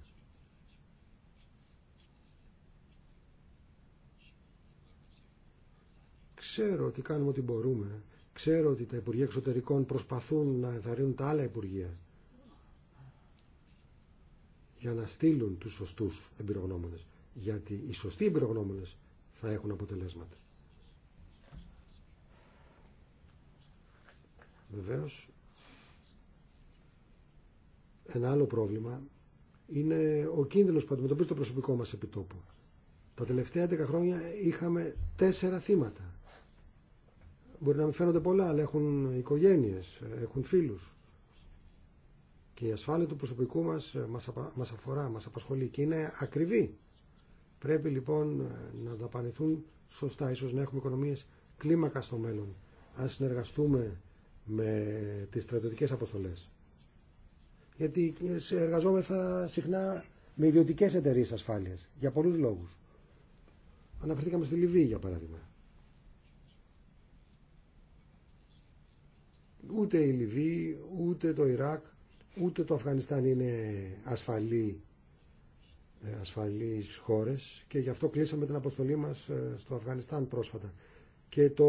Ξέρω ότι κάνουμε ό,τι μπορούμε. Ξέρω ότι τα Υπουργεία Εξωτερικών προσπαθούν να ενθαρρύνουν τα άλλα Υπουργεία για να στείλουν τους σωστούς εμπειρογνώμονες. Γιατί οι σωστοί εμπειρογνώμονες θα έχουν αποτελέσματα. Βεβαίως, ένα άλλο πρόβλημα είναι ο κίνδυνος που αντιμετωπίζει το προσωπικό μας επιτόπου. Τα τελευταία δέκα χρόνια είχαμε τέσσερα θύματα. Μπορεί να μην φαίνονται πολλά, αλλά έχουν οικογένειες, έχουν φίλους. Και η ασφάλεια του προσωπικού μας ε, μας αφορά, μας απασχολεί και είναι ακριβή. Πρέπει λοιπόν ε, να δαπανηθούν σωστά, ίσως να έχουμε οικονομίες κλίμακα στο μέλλον. Αν συνεργαστούμε με τις στρατιωτικές αποστολές. Γιατί εργαζόμεθα συχνά με ιδιωτικέ εταιρείε ασφάλεια για πολλού λόγου. Αναφερθήκαμε στη Λιβύη για παράδειγμα. Ούτε η Λιβύη, ούτε το Ιράκ, ούτε το Αφγανιστάν είναι ασφαλή, ε, ασφαλείς χώρες και γι' αυτό κλείσαμε την αποστολή μας ε, στο Αφγανιστάν πρόσφατα. Και το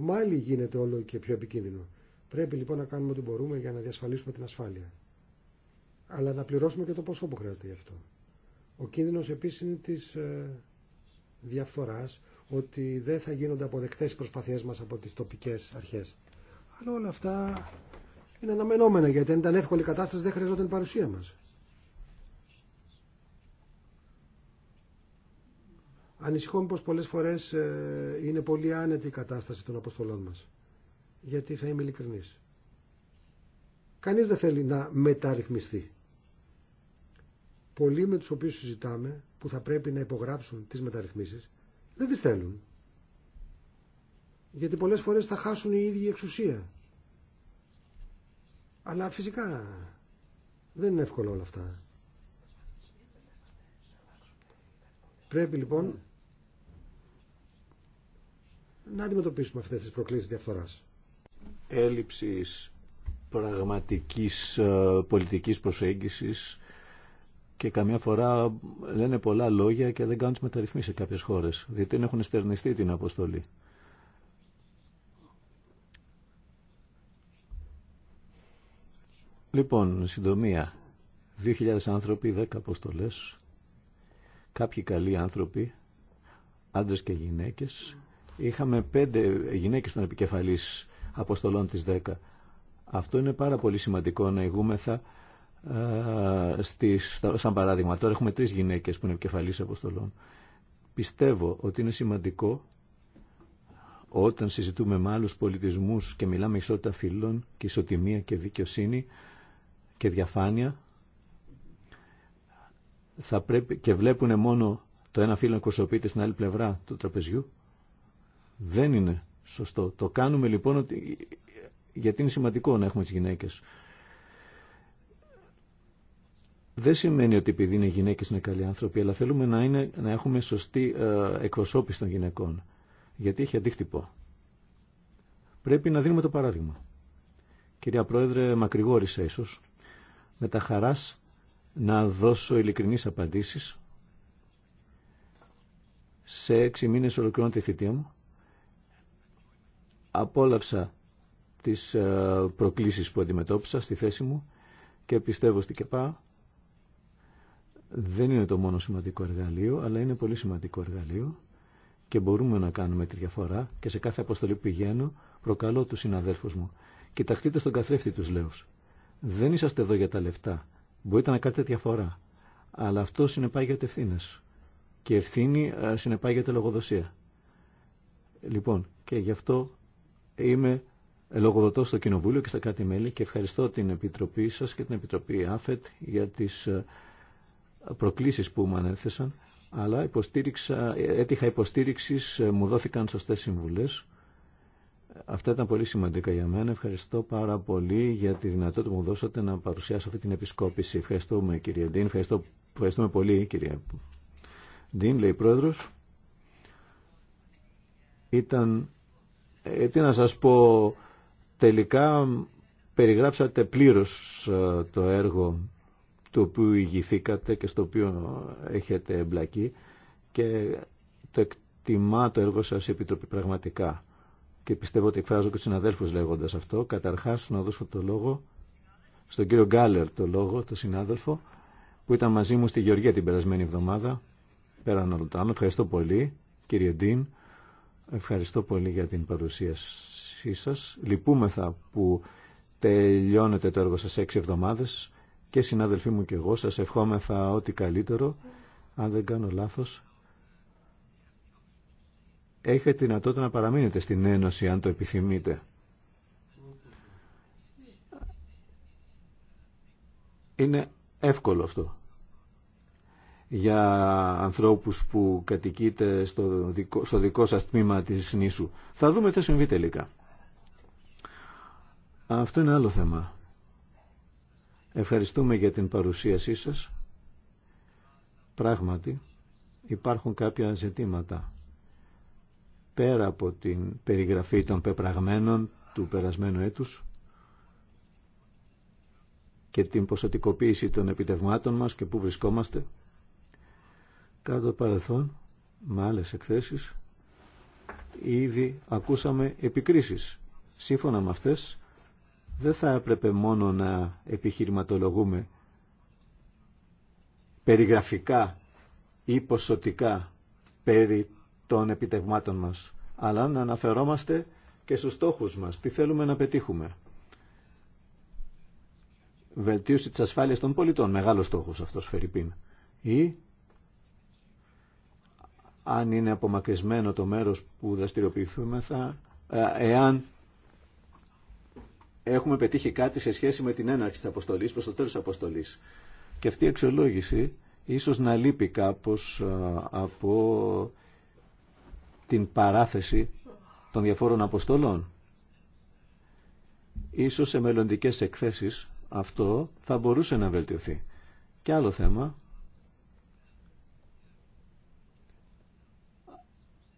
Μάλι γίνεται όλο και πιο επικίνδυνο. Πρέπει λοιπόν να κάνουμε ό,τι μπορούμε για να διασφαλίσουμε την ασφάλεια. Αλλά να πληρώσουμε και το ποσό που χρειάζεται γι' αυτό. Ο κίνδυνος επίσης είναι της ε, διαφθοράς, ότι δεν θα γίνονται αποδεκτές οι προσπαθίε μας από τις τοπικές αρχές. Αλλά όλα αυτά είναι αναμενόμενα, γιατί αν ήταν εύκολη κατάσταση δεν χρειαζόταν η παρουσία μα. Ανησυχώ πως πολλές φορές ε, είναι πολύ άνετη η κατάσταση των αποστολών μας γιατί θα είμαι ειλικρινής. Κανείς δεν θέλει να μεταρρυθμιστεί. Πολλοί με τους οποίους συζητάμε που θα πρέπει να υπογράψουν τις μεταρρυθμίσεις δεν τις θέλουν. Γιατί πολλές φορές θα χάσουν ίδια η εξουσία. Αλλά φυσικά δεν είναι εύκολο όλα αυτά. Πρέπει λοιπόν να αντιμετωπίσουμε αυτές τις προκλήσεις διαφθοράς έλλειψης πραγματικής ε, πολιτικής προσέγγισης και καμιά φορά λένε πολλά λόγια και δεν κάνουν τις μεταρρυθμίσεις σε κάποιες χώρες, διότι δεν έχουν στερνιστεί την αποστολή. Λοιπόν, συντομία, 2.000 άνθρωποι, 10 αποστολές, κάποιοι καλοί άνθρωποι, άντρες και γυναίκες. Είχαμε πέντε γυναίκες στον επικεφαλής αποστολών της 10. Αυτό είναι πάρα πολύ σημαντικό να ηγούμεθα στις, σαν παράδειγμα. Τώρα έχουμε τρεις γυναίκες που είναι επικεφαλής αποστολών. Πιστεύω ότι είναι σημαντικό όταν συζητούμε με άλλους πολιτισμούς και μιλάμε ισότητα φίλων, και ισοτιμία και δικαιοσύνη και διαφάνεια θα πρέπει, και βλέπουν μόνο το ένα να εκπροσωπείται στην άλλη πλευρά του τραπεζιού δεν είναι Σωστό. Το κάνουμε λοιπόν ότι... γιατί είναι σημαντικό να έχουμε τις γυναίκες. Δεν σημαίνει ότι επειδή είναι γυναίκες είναι καλοί άνθρωποι, αλλά θέλουμε να, είναι, να έχουμε σωστή ε, εκπροσώπηση των γυναικών. Γιατί έχει αντίκτυπο. Πρέπει να δίνουμε το παράδειγμα. Κυρία Πρόεδρε, μακρηγόρησα ίσως. Με τα χαράς να δώσω ειλικρινείς απαντήσεις. Σε έξι μήνες ολοκληρώνω τη θητεία μου απόλαυσα τις ε, προκλήσεις που αντιμετώπισα στη θέση μου και πιστεύω στη ΚΕΠΑ δεν είναι το μόνο σημαντικό εργαλείο, αλλά είναι πολύ σημαντικό εργαλείο και μπορούμε να κάνουμε τη διαφορά και σε κάθε αποστολή που πηγαίνω προκαλώ τους συναδέλφους μου. Κοιταχτείτε στον καθρέφτη τους λέω. Δεν είσαστε εδώ για τα λεφτά. Μπορείτε να κάνετε διαφορά. Αλλά αυτό συνεπάγεται ευθύνε. Και ευθύνη ε, συνεπάγεται λογοδοσία. Λοιπόν, και γι' αυτό Είμαι λογοδοτό στο Κοινοβούλιο και στα κράτη-μέλη και ευχαριστώ την Επιτροπή σας και την Επιτροπή ΑΦΕΤ για τις ε, προκλήσεις που μου ανέθεσαν, αλλά υποστήριξα, έτυχα υποστήριξης, ε, μου δόθηκαν σωστές συμβουλές. Αυτά ήταν πολύ σημαντικά για μένα. Ευχαριστώ πάρα πολύ για τη δυνατότητα που μου δώσατε να παρουσιάσω αυτή την επισκόπηση. Ευχαριστούμε κύριε Ντίν, ευχαριστούμε πολύ κύριε Ντίν, λέει πρόεδρος. Ήταν ε, τι να σας πω, τελικά περιγράψατε πλήρως ε, το έργο το οποίο ηγηθήκατε και στο οποίο έχετε εμπλακεί και το εκτιμά το έργο σας η Επιτροπή πραγματικά. Και πιστεύω ότι εκφράζω και του συναδέλφους λέγοντας αυτό. Καταρχάς να δώσω το λόγο στον κύριο Γκάλερ το λόγο, το συνάδελφο, που ήταν μαζί μου στη Γεωργία την περασμένη εβδομάδα, πέραν όλων Ευχαριστώ πολύ, κύριε Ντίν. Ευχαριστώ πολύ για την παρουσίασή σας. Λυπούμεθα που τελειώνετε το έργο σας έξι εβδομάδες και συνάδελφοί μου και εγώ σας ευχόμεθα ό,τι καλύτερο. Αν δεν κάνω λάθος, έχετε δυνατότητα να παραμείνετε στην Ένωση αν το επιθυμείτε. Είναι εύκολο αυτό για ανθρώπους που κατοικείτε στο δικό, στο δικό σας τμήμα της νήσου. Θα δούμε τι θα συμβεί τελικά. Αυτό είναι άλλο θέμα. Ευχαριστούμε για την παρουσίασή σας. Πράγματι υπάρχουν κάποια ζητήματα πέρα από την περιγραφή των πεπραγμένων του περασμένου έτους και την ποσοτικοποίηση των επιτευγμάτων μας και πού βρισκόμαστε. Κάτω το παρελθόν, με άλλες εκθέσεις, ήδη ακούσαμε επικρίσεις. Σύμφωνα με αυτές, δεν θα έπρεπε μόνο να επιχειρηματολογούμε περιγραφικά ή ποσοτικά περί των επιτευγμάτων μας, αλλά να αναφερόμαστε και στους στόχους μας, τι θέλουμε να πετύχουμε. Βελτίωση της ασφάλειας των πολιτών, μεγάλος στόχος αυτός Φερρυπίν. Ή αν είναι απομακρυσμένο το μέρος που δραστηριοποιηθούμε θα, ε, εάν έχουμε πετύχει κάτι σε σχέση με την έναρξη της αποστολής προς το τέλος της αποστολής. Και αυτή η αξιολόγηση ίσως να λείπει κάπως ε, από την παράθεση των διαφόρων αποστολών. Ίσως σε μελλοντικές εκθέσεις αυτό θα μπορούσε να βελτιωθεί. Και άλλο θέμα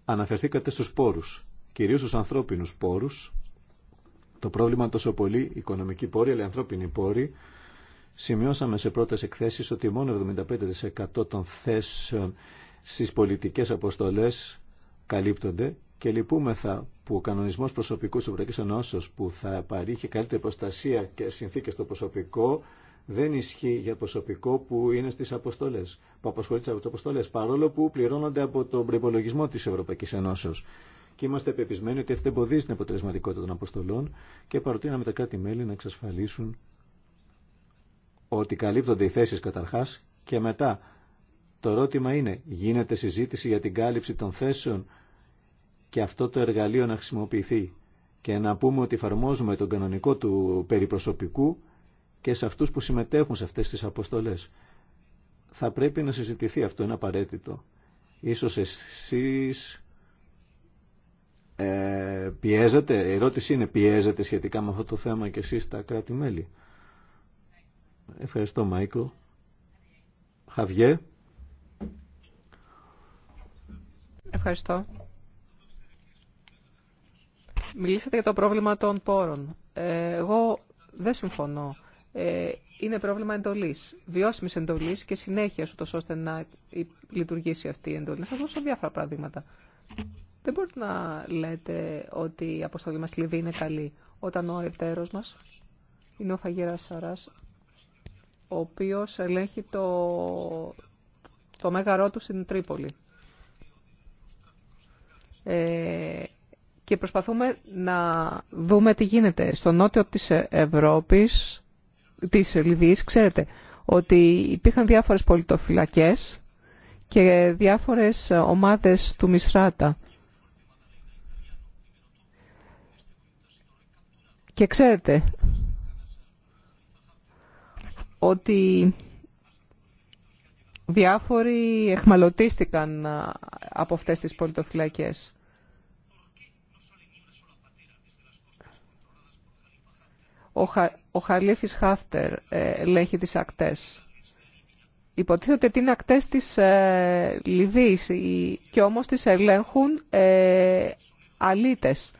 Αναφερθήκατε στους πόρους, κυρίως στους ανθρώπινους πόρους. Το πρόβλημα τόσο πολύ οικονομική πόρη, αλλά οι Σημειώσαμε σε πρώτες εκθέσεις ότι μόνο 75% των θέσεων στις πολιτικές αποστολές καλύπτονται και λυπούμεθα που ο κανονισμός προσωπικού της Ευρωπαϊκής Ενώσεως που θα παρήχε καλύτερη προστασία και συνθήκες στο προσωπικό δεν ισχύει για προσωπικό που είναι στις αποστολές, που αποσχολείται από τι αποστολές, παρόλο που πληρώνονται από τον προπολογισμό της Ευρωπαϊκής Ενώσεως. Και είμαστε πεπισμένοι ότι αυτό εμποδίζει την αποτελεσματικότητα των αποστολών και παροτείναμε τα κράτη-μέλη να εξασφαλίσουν ότι καλύπτονται οι θέσεις καταρχάς και μετά. Το ρώτημα είναι, γίνεται συζήτηση για την κάλυψη των θέσεων και αυτό το εργαλείο να χρησιμοποιηθεί και να πούμε ότι εφαρμόζουμε τον κανονικό του περιπροσωπικού και σε αυτούς που συμμετέχουν σε αυτές τις αποστολές. Θα πρέπει να συζητηθεί αυτό, είναι απαραίτητο. Ίσως εσείς ε, πιέζετε, η ερώτηση είναι πιέζετε σχετικά με αυτό το θέμα και εσείς τα κράτη-μέλη. Ευχαριστώ Μάικλ. Χαβιέ. Ευχαριστώ. Μιλήσατε για το πρόβλημα των πόρων. Ε, εγώ δεν συμφωνώ ε, είναι πρόβλημα εντολής, βιώσιμη εντολή και συνέχεια ούτω ώστε να λειτουργήσει αυτή η εντολή. Να σας δώσω διάφορα παραδείγματα. Δεν μπορείτε να λέτε ότι η αποστολή μα στη Λιβύη είναι καλή όταν ο ευτέρο μας είναι ο Φαγέρα σαρά, ο οποίος ελέγχει το, το μέγαρό του στην Τρίπολη. Ε, και προσπαθούμε να δούμε τι γίνεται. Στο νότιο της Ευρώπης της Λιβύης, ξέρετε ότι υπήρχαν διάφορες πολιτοφυλακές και διάφορες ομάδες του Μισράτα. Και ξέρετε ότι διάφοροι εχμαλωτίστηκαν από αυτές τις πολιτοφυλακές. ο Χαλίφης Χάφτερ ε, ελέγχει τις ακτές. Υποτίθεται ότι είναι ακτές της ε, Λιβύης και όμως τις ελέγχουν ε, αλίτες.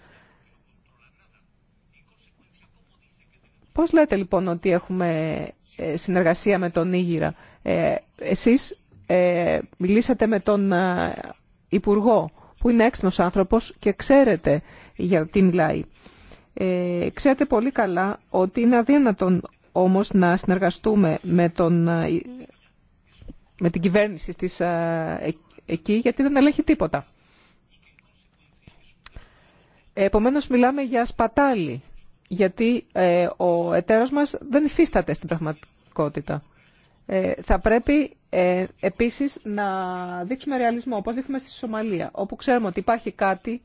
Πώς λέτε λοιπόν ότι έχουμε ε, συνεργασία με τον Ήγηρα. Ε, εσείς ε, μιλήσατε με τον Υπουργό που είναι έξινος άνθρωπος και ξέρετε για τι μιλάει. Ε, ξέρετε πολύ καλά ότι είναι αδύνατον όμως να συνεργαστούμε με, τον, ε, με την κυβέρνηση της, ε, ε, εκεί γιατί δεν ελέγχει τίποτα. Επομένως μιλάμε για σπατάλη, γιατί ο εταίρος μας δεν υφίσταται στην πραγματικότητα. θα πρέπει ε, επίσης να δείξουμε ρεαλισμό, όπως δείχνουμε στη Σομαλία, όπου ξέρουμε ότι υπάρχει κάτι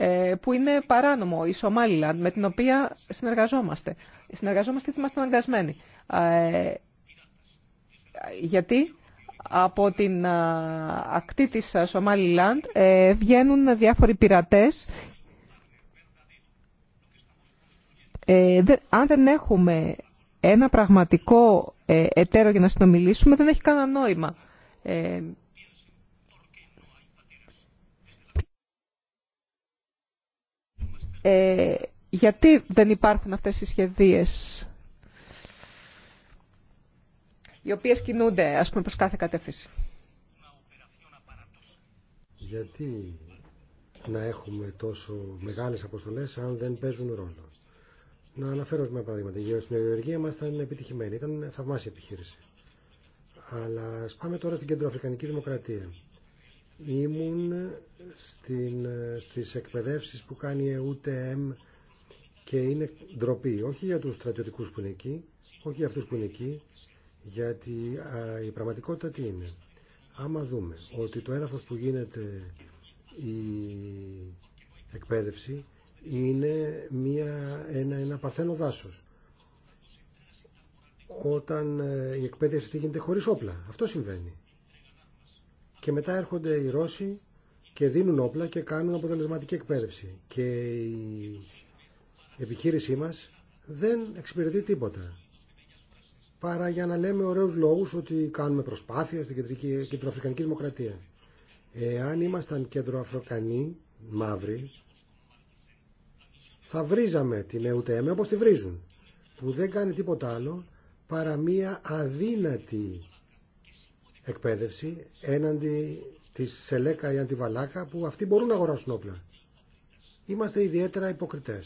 ε, που είναι παράνομο, η Σομάλιλαντ, με την οποία συνεργαζόμαστε. Συνεργαζόμαστε γιατί είμαστε αναγκασμένοι. Ε, γιατί από την ακτή της Σομάλιλαντ ε, βγαίνουν διάφοροι πειρατές. Αν δεν έχουμε ένα πραγματικό εταίρο για να συνομιλήσουμε, δεν έχει κανένα νόημα Ε, γιατί δεν υπάρχουν αυτές οι σχεδίες οι οποίες κινούνται ας πούμε προς κάθε κατεύθυνση. Γιατί να έχουμε τόσο μεγάλες αποστολές αν δεν παίζουν ρόλο. Να αναφέρω με παράδειγμα, Η γεωσυνογεωργία μας ήταν επιτυχημένη, ήταν θαυμάσια επιχείρηση. Αλλά ας πάμε τώρα στην Κεντροαφρικανική Δημοκρατία. Ήμουν στην, στις εκπαιδεύσεις που κάνει η ΕΟΤΕΜ και είναι ντροπή, όχι για τους στρατιωτικούς που είναι εκεί, όχι για αυτούς που είναι εκεί, γιατί η πραγματικότητα τι είναι. Άμα δούμε ότι το έδαφος που γίνεται η εκπαίδευση είναι μια, ένα, ένα παρθένο δάσος. Όταν ε, η εκπαίδευση γίνεται χωρίς όπλα. Αυτό συμβαίνει. Και μετά έρχονται οι Ρώσοι και δίνουν όπλα και κάνουν αποτελεσματική εκπαίδευση. Και η επιχείρησή μας δεν εξυπηρετεί τίποτα. Παρά για να λέμε ωραίους λόγους ότι κάνουμε προσπάθεια στην κεντρική, κεντροαφρικανική δημοκρατία. Εάν ήμασταν κεντροαφρικανοί, μαύροι, θα βρίζαμε την ΕΟΤΕΜΕ όπως τη βρίζουν, που δεν κάνει τίποτα άλλο παρά μία αδύνατη εκπαίδευση έναντι της Σελέκα ή Αντιβαλάκα που αυτοί μπορούν να αγοράσουν όπλα. Είμαστε ιδιαίτερα υποκριτέ.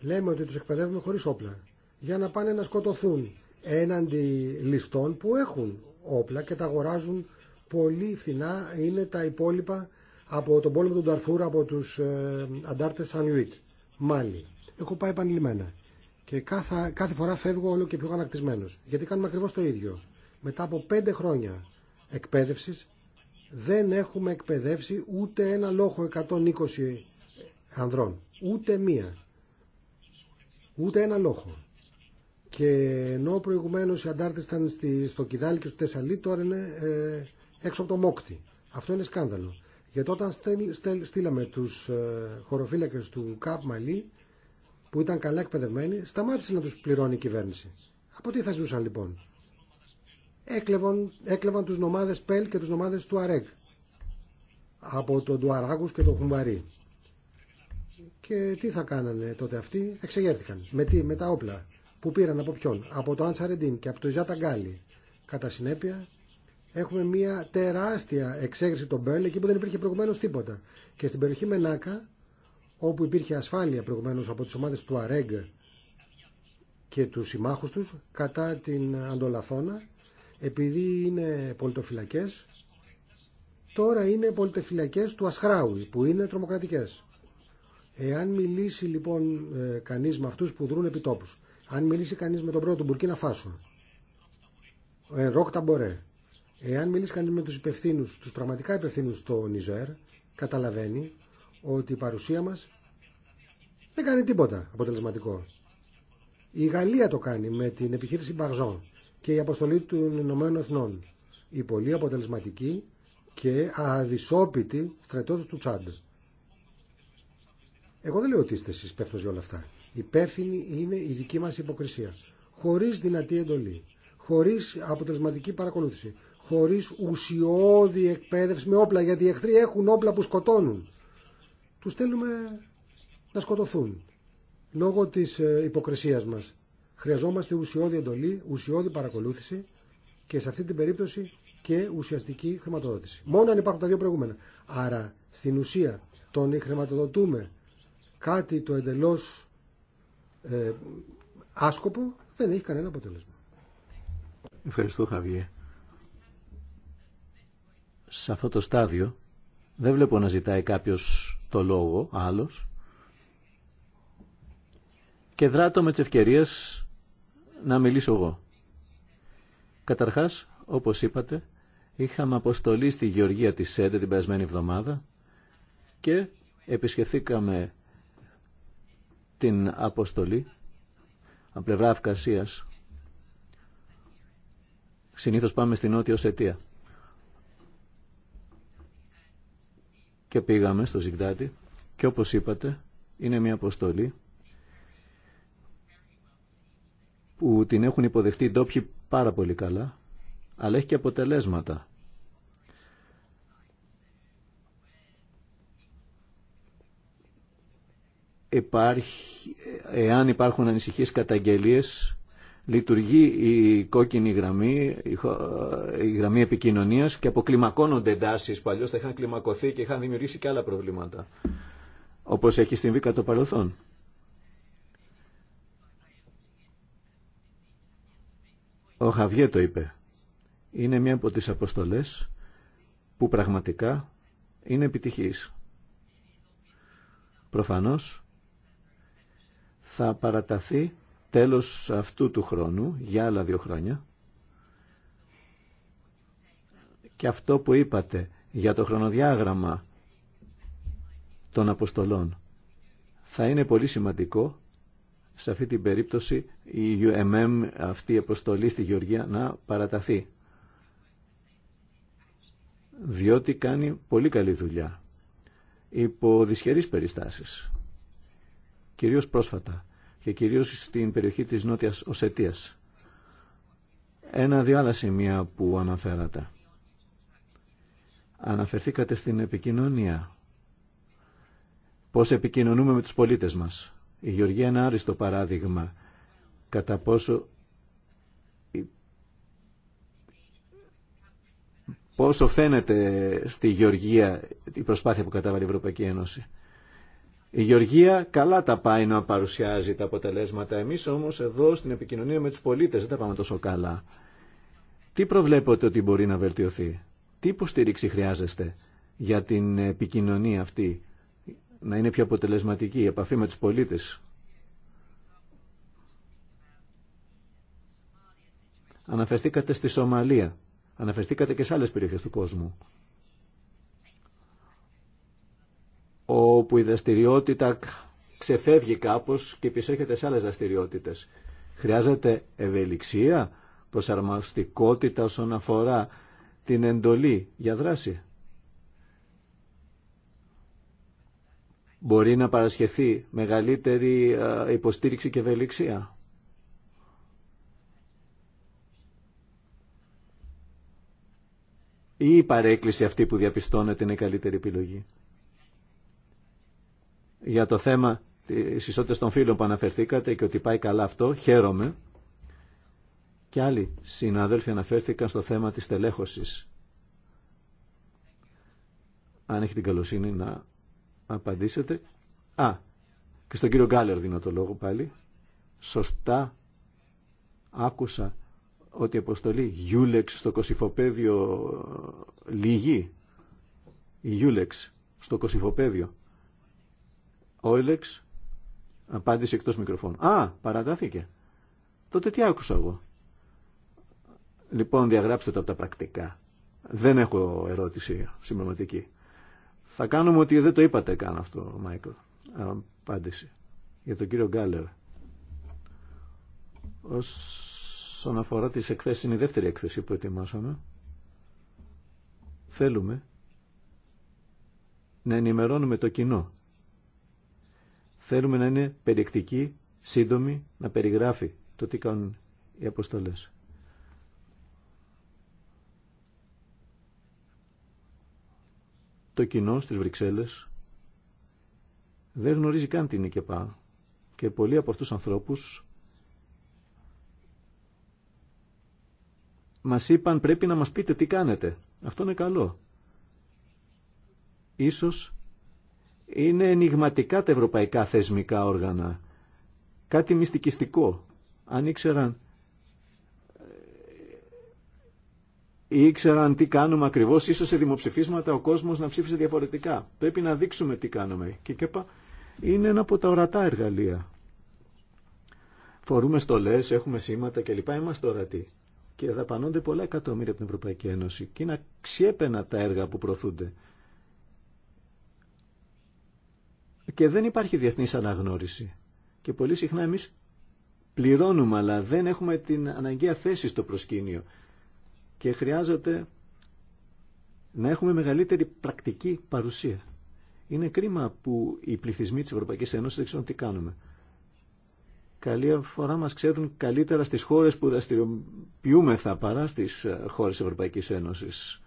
Λέμε ότι τους εκπαιδεύουμε χωρίς όπλα για να πάνε να σκοτωθούν έναντι ληστών που έχουν όπλα και τα αγοράζουν πολύ φθηνά είναι τα υπόλοιπα από τον πόλεμο του Νταρφούρ από τους ε, αντάρτες Σανιουίτ. Μάλι. Έχω πάει επανειλημμένα. Και κάθε, κάθε φορά φεύγω όλο και πιο ανακτισμένος. Γιατί κάνουμε ακριβώς το ίδιο μετά από πέντε χρόνια εκπαίδευσης δεν έχουμε εκπαιδεύσει ούτε ένα λόγο 120 ανδρών, ούτε μία, ούτε ένα λόγο. Και ενώ προηγουμένω οι αντάρτες ήταν στο Κιδάλι και στο Τεσσαλί, τώρα είναι ε, έξω από το Μόκτη. Αυτό είναι σκάνδαλο. Γιατί όταν στείλαμε τους ε, χωροφύλακε του ΚΑΠ Μαλή, που ήταν καλά εκπαιδευμένοι, σταμάτησε να του πληρώνει η κυβέρνηση. Από τι θα ζούσαν λοιπόν έκλεβαν, έκλεβαν τους νομάδες Πέλ και τους νομάδες του Αρέγ από τον Τουαράγου και τον Χουμβαρί. Και τι θα κάνανε τότε αυτοί, εξεγέρθηκαν. Με τι, με τα όπλα που πήραν από ποιον, από το Αντσαρεντίν και από το Ιζάτα Γκάλι. Κατά συνέπεια, έχουμε μια τεράστια εξέγερση των Μπέλ εκεί που δεν υπήρχε προηγουμένω τίποτα. Και στην περιοχή Μενάκα, όπου υπήρχε ασφάλεια προηγουμένω από τι ομάδε του Αρέγ και του συμμάχου του κατά την Αντολαθώνα, επειδή είναι πολιτοφυλακές, τώρα είναι πολιτοφυλακές του Ασχράουι, που είναι τρομοκρατικές. Εάν μιλήσει λοιπόν ε, κανείς με αυτούς που δρούν επιτόπους, αν μιλήσει κανείς με τον πρώτο του Μπουρκίνα Φάσο, ε, Ροκ εάν μιλήσει κανείς με τους υπευθύνους, τους πραγματικά υπευθύνους στο Νιζέρ, καταλαβαίνει ότι η παρουσία μας δεν κάνει τίποτα αποτελεσματικό. Η Γαλλία το κάνει με την επιχείρηση Μπαγζόν και η αποστολή των Ηνωμένων Εθνών. Η πολύ αποτελεσματική και αδυσόπιτη στρατιώτη του Τσάντ. Εγώ δεν λέω ότι είστε εσεί για όλα αυτά. Υπεύθυνη είναι η δική μα υποκρισία. Χωρί δυνατή εντολή. Χωρί αποτελεσματική παρακολούθηση. Χωρί ουσιώδη εκπαίδευση με όπλα. Γιατί οι εχθροί έχουν όπλα που σκοτώνουν. Του στέλνουμε να σκοτωθούν. Λόγω τη ε, υποκρισία μα Χρειαζόμαστε ουσιώδη εντολή, ουσιώδη παρακολούθηση και σε αυτή την περίπτωση και ουσιαστική χρηματοδότηση. Μόνο αν υπάρχουν τα δύο προηγούμενα. Άρα στην ουσία τον χρηματοδοτούμε κάτι το εντελώς ε, άσκοπο δεν έχει κανένα αποτέλεσμα. Ευχαριστώ Χαβιέ. Σε αυτό το στάδιο δεν βλέπω να ζητάει κάποιος το λόγο άλλος και δράτω με τις ευκαιρίες να μιλήσω εγώ. Καταρχάς, όπως είπατε, είχαμε αποστολή στη Γεωργία της ΣΕΝΤΕ την περασμένη εβδομάδα και επισκεφθήκαμε την αποστολή από πλευρά Αυκασίας. Συνήθως πάμε στην Νότια Σετία. Και πήγαμε στο Ζιγδάτι και όπως είπατε είναι μια αποστολή που την έχουν υποδεχτεί οι ντόπιοι πάρα πολύ καλά, αλλά έχει και αποτελέσματα. εάν υπάρχουν ανησυχίες καταγγελίες, λειτουργεί η κόκκινη γραμμή, η γραμμή επικοινωνίας και αποκλιμακώνονται εντάσεις που αλλιώς θα είχαν κλιμακωθεί και είχαν δημιουργήσει και άλλα προβλήματα, όπως έχει συμβεί κατά το παρελθόν. Ο Χαβιέ το είπε. Είναι μία από τις αποστολές που πραγματικά είναι επιτυχής. Προφανώς θα παραταθεί τέλος αυτού του χρόνου για άλλα δύο χρόνια. Και αυτό που είπατε για το χρονοδιάγραμμα των αποστολών θα είναι πολύ σημαντικό σε αυτή την περίπτωση η UMM, αυτή η αποστολή στη Γεωργία, να παραταθεί. Διότι κάνει πολύ καλή δουλειά. Υπό δυσχερείς περιστάσεις. Κυρίως πρόσφατα και κυρίως στην περιοχή της Νότιας Οσετίας. Ένα-δύο άλλα σημεία που αναφέρατε. Αναφερθήκατε στην επικοινωνία. Πώς επικοινωνούμε με τους πολίτες μας η Γεωργία είναι άριστο παράδειγμα κατά πόσο πόσο φαίνεται στη Γεωργία η προσπάθεια που κατάβαλε η Ευρωπαϊκή Ένωση. Η Γεωργία καλά τα πάει να παρουσιάζει τα αποτελέσματα. Εμείς όμως εδώ στην επικοινωνία με τους πολίτες δεν τα πάμε τόσο καλά. Τι προβλέπετε ότι μπορεί να βελτιωθεί. Τι υποστήριξη χρειάζεστε για την επικοινωνία αυτή να είναι πιο αποτελεσματική η επαφή με τους πολίτες. Αναφερθήκατε στη Σομαλία. Αναφερθήκατε και σε άλλες περιοχές του κόσμου. Όπου η δραστηριότητα ξεφεύγει κάπως και επισέρχεται σε άλλες δραστηριότητες. Χρειάζεται ευελιξία, προσαρμοστικότητα όσον αφορά την εντολή για δράση. Μπορεί να παρασχεθεί μεγαλύτερη υποστήριξη και ευελιξία. Ή η παρέκκληση αυτή που διαπιστώνεται είναι η καλύτερη επιλογή. Για το θέμα της ισότητας των φίλων που αναφερθήκατε και ότι πάει καλά αυτό, χαίρομαι. Και άλλοι συνάδελφοι αναφέρθηκαν στο θέμα της τελέχωσης. Αν έχει την καλοσύνη να απαντήσετε. Α, και στον κύριο Γκάλερ δίνω το λόγο πάλι. Σωστά άκουσα ότι η αποστολή Γιούλεξ στο Κωσυφοπαίδιο ε, λίγη Η Γιούλεξ στο Ο όλεξ απάντησε εκτός μικροφώνου. Α, παρατάθηκε. Τότε τι άκουσα εγώ. Λοιπόν, διαγράψτε το από τα πρακτικά. Δεν έχω ερώτηση συμπληρωματική. Θα κάνουμε ότι δεν το είπατε καν αυτό, Μάικλ. Απάντηση. Για τον κύριο Γκάλερ. Όσον αφορά τις εκθέσεις, είναι η δεύτερη εκθέση που ετοιμάσαμε. Θέλουμε να ενημερώνουμε το κοινό. Θέλουμε να είναι περιεκτική, σύντομη, να περιγράφει το τι κάνουν οι αποστολές. το κοινό στις Βρυξέλλες δεν γνωρίζει καν την ΙΚΕΠΑ και πολλοί από αυτούς τους ανθρώπους μας είπαν πρέπει να μας πείτε τι κάνετε. Αυτό είναι καλό. Ίσως είναι ενηγματικά τα ευρωπαϊκά θεσμικά όργανα. Κάτι μυστικιστικό. Αν ήξεραν ήξεραν τι κάνουμε ακριβώ ίσω σε δημοψηφίσματα ο κόσμο να ψήφισε διαφορετικά. Πρέπει να δείξουμε τι κάνουμε. Και ΚΕΠΑ είναι ένα από τα ορατά εργαλεία. Φορούμε στολέ, έχουμε σήματα κλπ. Είμαστε ορατοί. Και δαπανώνται πολλά εκατομμύρια από την Ευρωπαϊκή Ένωση. Και είναι αξιέπαινα τα έργα που προωθούνται. Και δεν υπάρχει διεθνή αναγνώριση. Και πολύ συχνά εμεί πληρώνουμε, αλλά δεν έχουμε την αναγκαία θέση στο προσκήνιο και χρειάζεται να έχουμε μεγαλύτερη πρακτική παρουσία. Είναι κρίμα που οι πληθυσμοί της Ευρωπαϊκής Ένωσης δεν ξέρουν τι κάνουμε. Καλή φορά μας ξέρουν καλύτερα στις χώρες που δραστηριοποιούμεθα παρά στις ε, χώρες της Ευρωπαϊκής Ένωσης.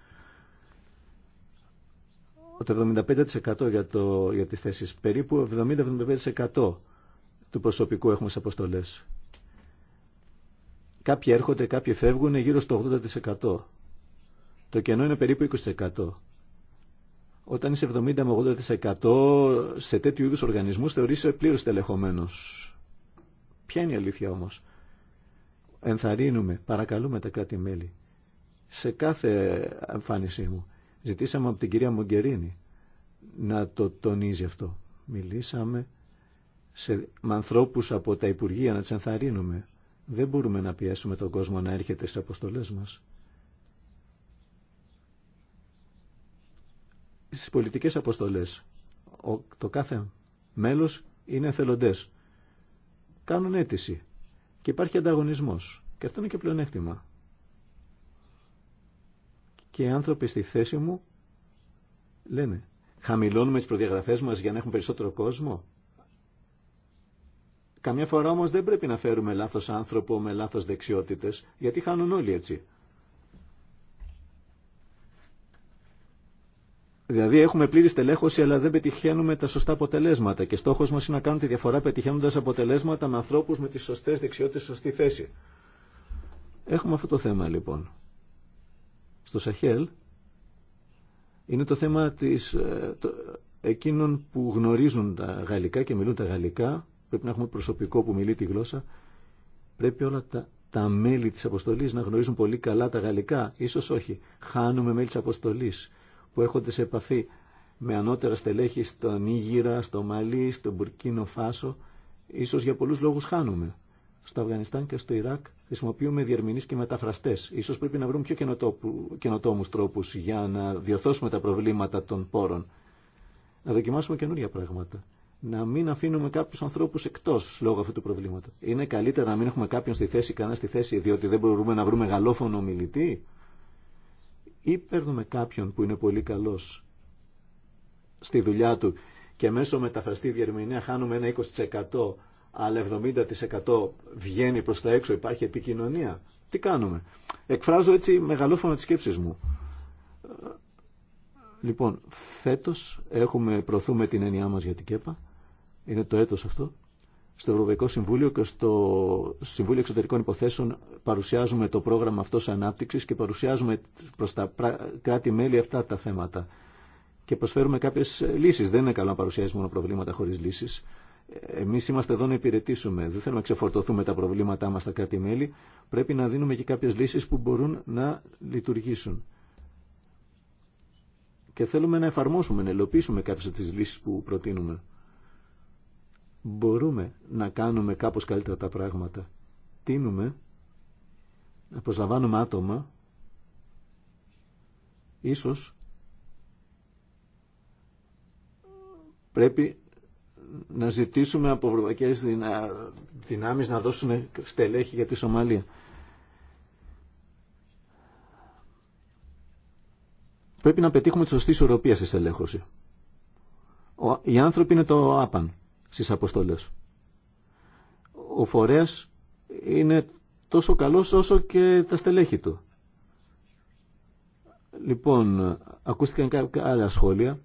Το 75% για, το, για τις θέσεις, περίπου 70-75% του προσωπικού έχουμε σε αποστολές. Κάποιοι έρχονται, κάποιοι φεύγουν γύρω στο 80%. Το κενό είναι περίπου 20%. Όταν είσαι 70 με 80% σε τέτοιου είδους οργανισμούς θεωρείσαι πλήρως τελεχωμένος. Ποια είναι η αλήθεια όμως. Ενθαρρύνουμε, παρακαλούμε τα κράτη-μέλη. Σε κάθε εμφάνισή μου ζητήσαμε από την κυρία Μογκερίνη να το τονίζει αυτό. Μιλήσαμε σε, με ανθρώπους από τα Υπουργεία να τους ενθαρρύνουμε δεν μπορούμε να πιέσουμε τον κόσμο να έρχεται στις αποστολές μας. Στις πολιτικές αποστολές, το κάθε μέλος είναι θελοντές. Κάνουν αίτηση και υπάρχει ανταγωνισμός. Και αυτό είναι και πλεονέκτημα. Και οι άνθρωποι στη θέση μου λένε, χαμηλώνουμε τις προδιαγραφές μας για να έχουμε περισσότερο κόσμο. Καμιά φορά όμως δεν πρέπει να φέρουμε λάθος άνθρωπο με λάθος δεξιότητες, γιατί χάνουν όλοι έτσι. Δηλαδή έχουμε πλήρη στελέχωση αλλά δεν πετυχαίνουμε τα σωστά αποτελέσματα και στόχος μας είναι να κάνουμε τη διαφορά πετυχαίνοντας αποτελέσματα με ανθρώπους με τις σωστές δεξιότητες, σωστή θέση. Έχουμε αυτό το θέμα λοιπόν. Στο Σαχέλ είναι το θέμα της, ε, εκείνων που γνωρίζουν τα γαλλικά και μιλούν τα γαλλικά πρέπει να έχουμε προσωπικό που μιλεί τη γλώσσα, πρέπει όλα τα, μέλη της αποστολής να γνωρίζουν πολύ καλά τα γαλλικά, ίσως όχι. Χάνουμε μέλη της αποστολής που έρχονται σε επαφή με ανώτερα στελέχη στο Νίγηρα, στο Μαλί, στο Μπουρκίνο Φάσο, ίσως για πολλούς λόγους χάνουμε. Στο Αφγανιστάν και στο Ιράκ χρησιμοποιούμε διερμηνείς και μεταφραστέ. Σω πρέπει να βρούμε πιο καινοτόμου τρόπου για να διορθώσουμε τα προβλήματα των πόρων. Να δοκιμάσουμε καινούργια πράγματα να μην αφήνουμε κάποιου ανθρώπου εκτό λόγω αυτού του προβλήματο. Είναι καλύτερα να μην έχουμε κάποιον στη θέση, κανένα στη θέση, διότι δεν μπορούμε να βρούμε γαλλόφωνο μιλητή. Ή παίρνουμε κάποιον που είναι πολύ καλό στη δουλειά του και μέσω μεταφραστή διερμηνία χάνουμε ένα 20% αλλά 70% βγαίνει προς τα έξω, υπάρχει επικοινωνία. Τι κάνουμε. Εκφράζω έτσι μεγαλόφωνα τις σκέψεις μου. Λοιπόν, φέτος έχουμε προωθούμε την έννοιά μας για την ΚΕΠΑ. Είναι το έτος αυτό. Στο Ευρωπαϊκό Συμβούλιο και στο Συμβούλιο Εξωτερικών Υποθέσεων παρουσιάζουμε το πρόγραμμα αυτό ανάπτυξη και παρουσιάζουμε προ τα κράτη-μέλη αυτά τα θέματα. Και προσφέρουμε κάποιε λύσει. Δεν είναι καλό να παρουσιάζει μόνο προβλήματα χωρί λύσει. Εμεί είμαστε εδώ να υπηρετήσουμε. Δεν θέλουμε να ξεφορτωθούμε τα προβλήματά μα στα κράτη-μέλη. Πρέπει να δίνουμε και κάποιε λύσει που μπορούν να λειτουργήσουν και θέλουμε να εφαρμόσουμε, να ελοπίσουμε κάποιες από τις λύσεις που προτείνουμε. Μπορούμε να κάνουμε κάπως καλύτερα τα πράγματα. Τίνουμε να προσλαμβάνουμε άτομα ίσως πρέπει να ζητήσουμε από ευρωπαϊκές δυνάμεις να δώσουν στελέχη για τη Σομαλία. Πρέπει να πετύχουμε τη σωστή ισορροπία στη στελέχωση. Οι άνθρωποι είναι το άπαν στις αποστολές. Ο φορέας είναι τόσο καλός όσο και τα στελέχη του. Λοιπόν, ακούστηκαν κάποια άλλα σχόλια.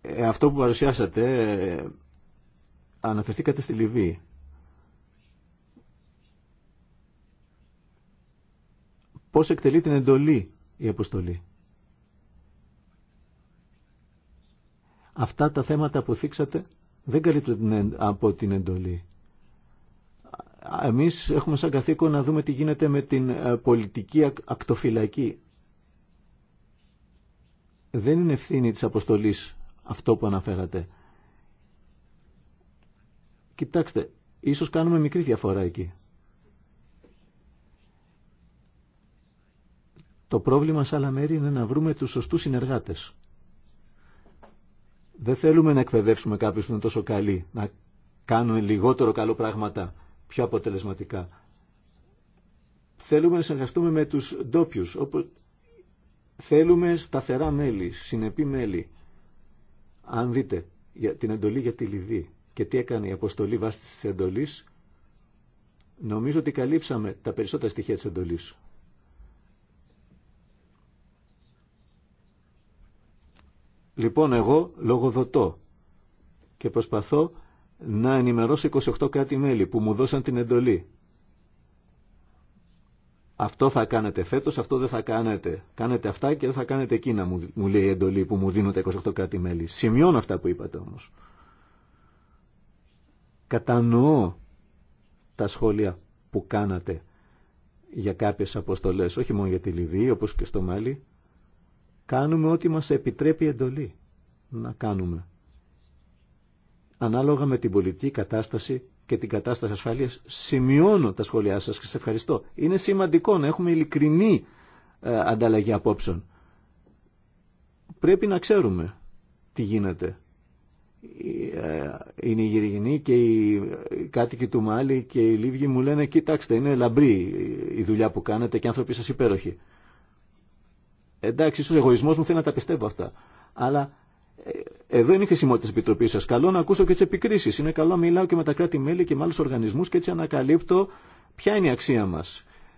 Ε, αυτό που παρουσιάσατε, ε, αναφερθήκατε στη Λιβύη. πώς εκτελεί την εντολή η αποστολή. Αυτά τα θέματα που θίξατε δεν καλύπτουν από την εντολή. Εμείς έχουμε σαν καθήκον να δούμε τι γίνεται με την ε, πολιτική ακτοφυλακή. Δεν είναι ευθύνη της αποστολής αυτό που αναφέρατε. Κοιτάξτε, ίσως κάνουμε μικρή διαφορά εκεί. Το πρόβλημα σε άλλα μέρη είναι να βρούμε τους σωστούς συνεργάτες. Δεν θέλουμε να εκπαιδεύσουμε κάποιους που είναι τόσο καλοί, να κάνουν λιγότερο καλό πράγματα, πιο αποτελεσματικά. Θέλουμε να συνεργαστούμε με τους ντόπιου, όπου θέλουμε σταθερά μέλη, συνεπή μέλη. Αν δείτε για την εντολή για τη Λιβύη και τι έκανε η αποστολή βάσει της εντολής, νομίζω ότι καλύψαμε τα περισσότερα στοιχεία της εντολής. Λοιπόν, εγώ λογοδοτώ και προσπαθώ να ενημερώσω 28 κράτη-μέλη που μου δώσαν την εντολή. Αυτό θα κάνετε φέτος, αυτό δεν θα κάνετε. Κάνετε αυτά και δεν θα κάνετε εκείνα, μου λέει η εντολή που μου δίνουν τα 28 κράτη-μέλη. Σημειώνω αυτά που είπατε όμως. Κατανοώ τα σχόλια που κάνατε για κάποιες αποστολές, όχι μόνο για τη Λιβύη, όπως και στο Μάλι, Κάνουμε ό,τι μας επιτρέπει η εντολή να κάνουμε. Ανάλογα με την πολιτική κατάσταση και την κατάσταση ασφαλείας, σημειώνω τα σχόλιά σας και σε ευχαριστώ. Είναι σημαντικό να έχουμε ειλικρινή ε, ανταλλαγή απόψεων. Πρέπει να ξέρουμε τι γίνεται. Ε, οι Γυριγινή και οι κάτοικοι του Μάλι και οι Λίβγοι μου λένε «Κοιτάξτε, είναι λαμπρή η δουλειά που κάνετε και οι άνθρωποι σας υπέροχοι». Εντάξει, ίσω ο εγωισμό μου θέλει να τα πιστεύω αυτά. Αλλά ε, εδώ είναι η χρησιμότητα τη Επιτροπή σα. Καλό να ακούσω και τι επικρίσει. Είναι καλό να μιλάω και με τα κράτη-μέλη και με άλλου οργανισμού και έτσι ανακαλύπτω ποια είναι η αξία μα.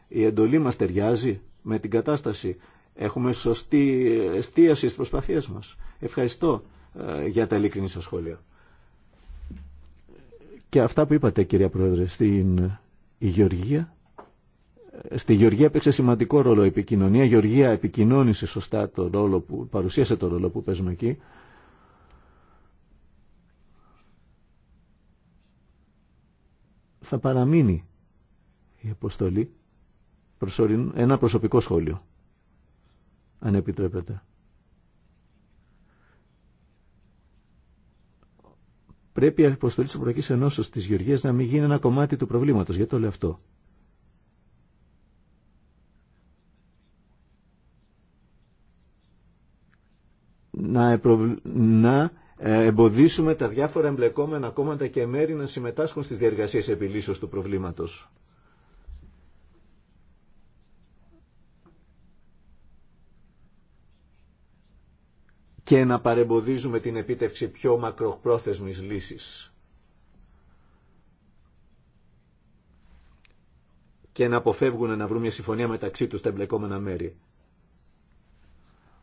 Η εντολή μα ταιριάζει με την κατάσταση. Έχουμε σωστή εστίαση στι προσπαθίε μα. Ευχαριστώ ε, για τα ειλικρινή σα σχόλια. Και αυτά που είπατε, κυρία Πρόεδρε, στην ε, η Γεωργία Στη Γεωργία έπαιξε σημαντικό ρόλο η επικοινωνία. Η Γεωργία επικοινώνησε σωστά το ρόλο που, παρουσίασε το ρόλο που παίζουμε εκεί. Θα παραμείνει η αποστολή. Ένα προσωπικό σχόλιο, αν επιτρέπετε. Πρέπει η αποστολή τη Ευρωπαϊκή Ενώσεω τη Γεωργία να μην γίνει ένα κομμάτι του προβλήματο. Γιατί το λέω αυτό. να ε, εμποδίσουμε τα διάφορα εμπλεκόμενα κόμματα και μέρη να συμμετάσχουν στις διεργασίες επιλύσεως του προβλήματος. και να παρεμποδίζουμε την επίτευξη πιο μακροπρόθεσμης λύσης. Και να αποφεύγουν να βρουν μια συμφωνία μεταξύ τους τα εμπλεκόμενα μέρη.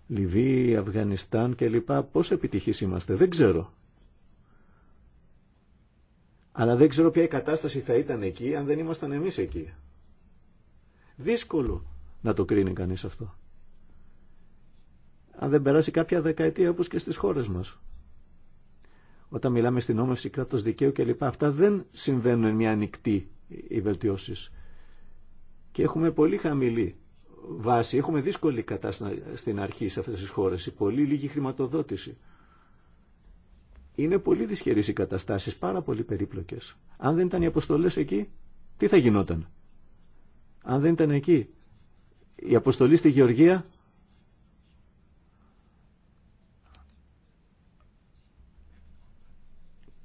Λιβύη, Αφγανιστάν λοιπά. Πόσο επιτυχείς είμαστε, δεν ξέρω. Αλλά δεν ξέρω ποια η κατάσταση θα ήταν εκεί αν δεν ήμασταν εμείς εκεί. Δύσκολο να το κρίνει κανείς αυτό. Αν δεν περάσει κάποια δεκαετία όπως και στις χώρες μας. Όταν μιλάμε στην όμευση κράτος δικαίου κλπ. Αυτά δεν συμβαίνουν μια ανοιχτή οι βελτιώσεις. Και έχουμε πολύ χαμηλή βάση. Έχουμε δύσκολη κατάσταση στην αρχή σε αυτές τις χώρες, η πολύ λίγη χρηματοδότηση. Είναι πολύ δυσχερείς οι καταστάσεις, πάρα πολύ περίπλοκες. Αν δεν ήταν οι αποστολές εκεί, τι θα γινόταν. Αν δεν ήταν εκεί, η αποστολή στη Γεωργία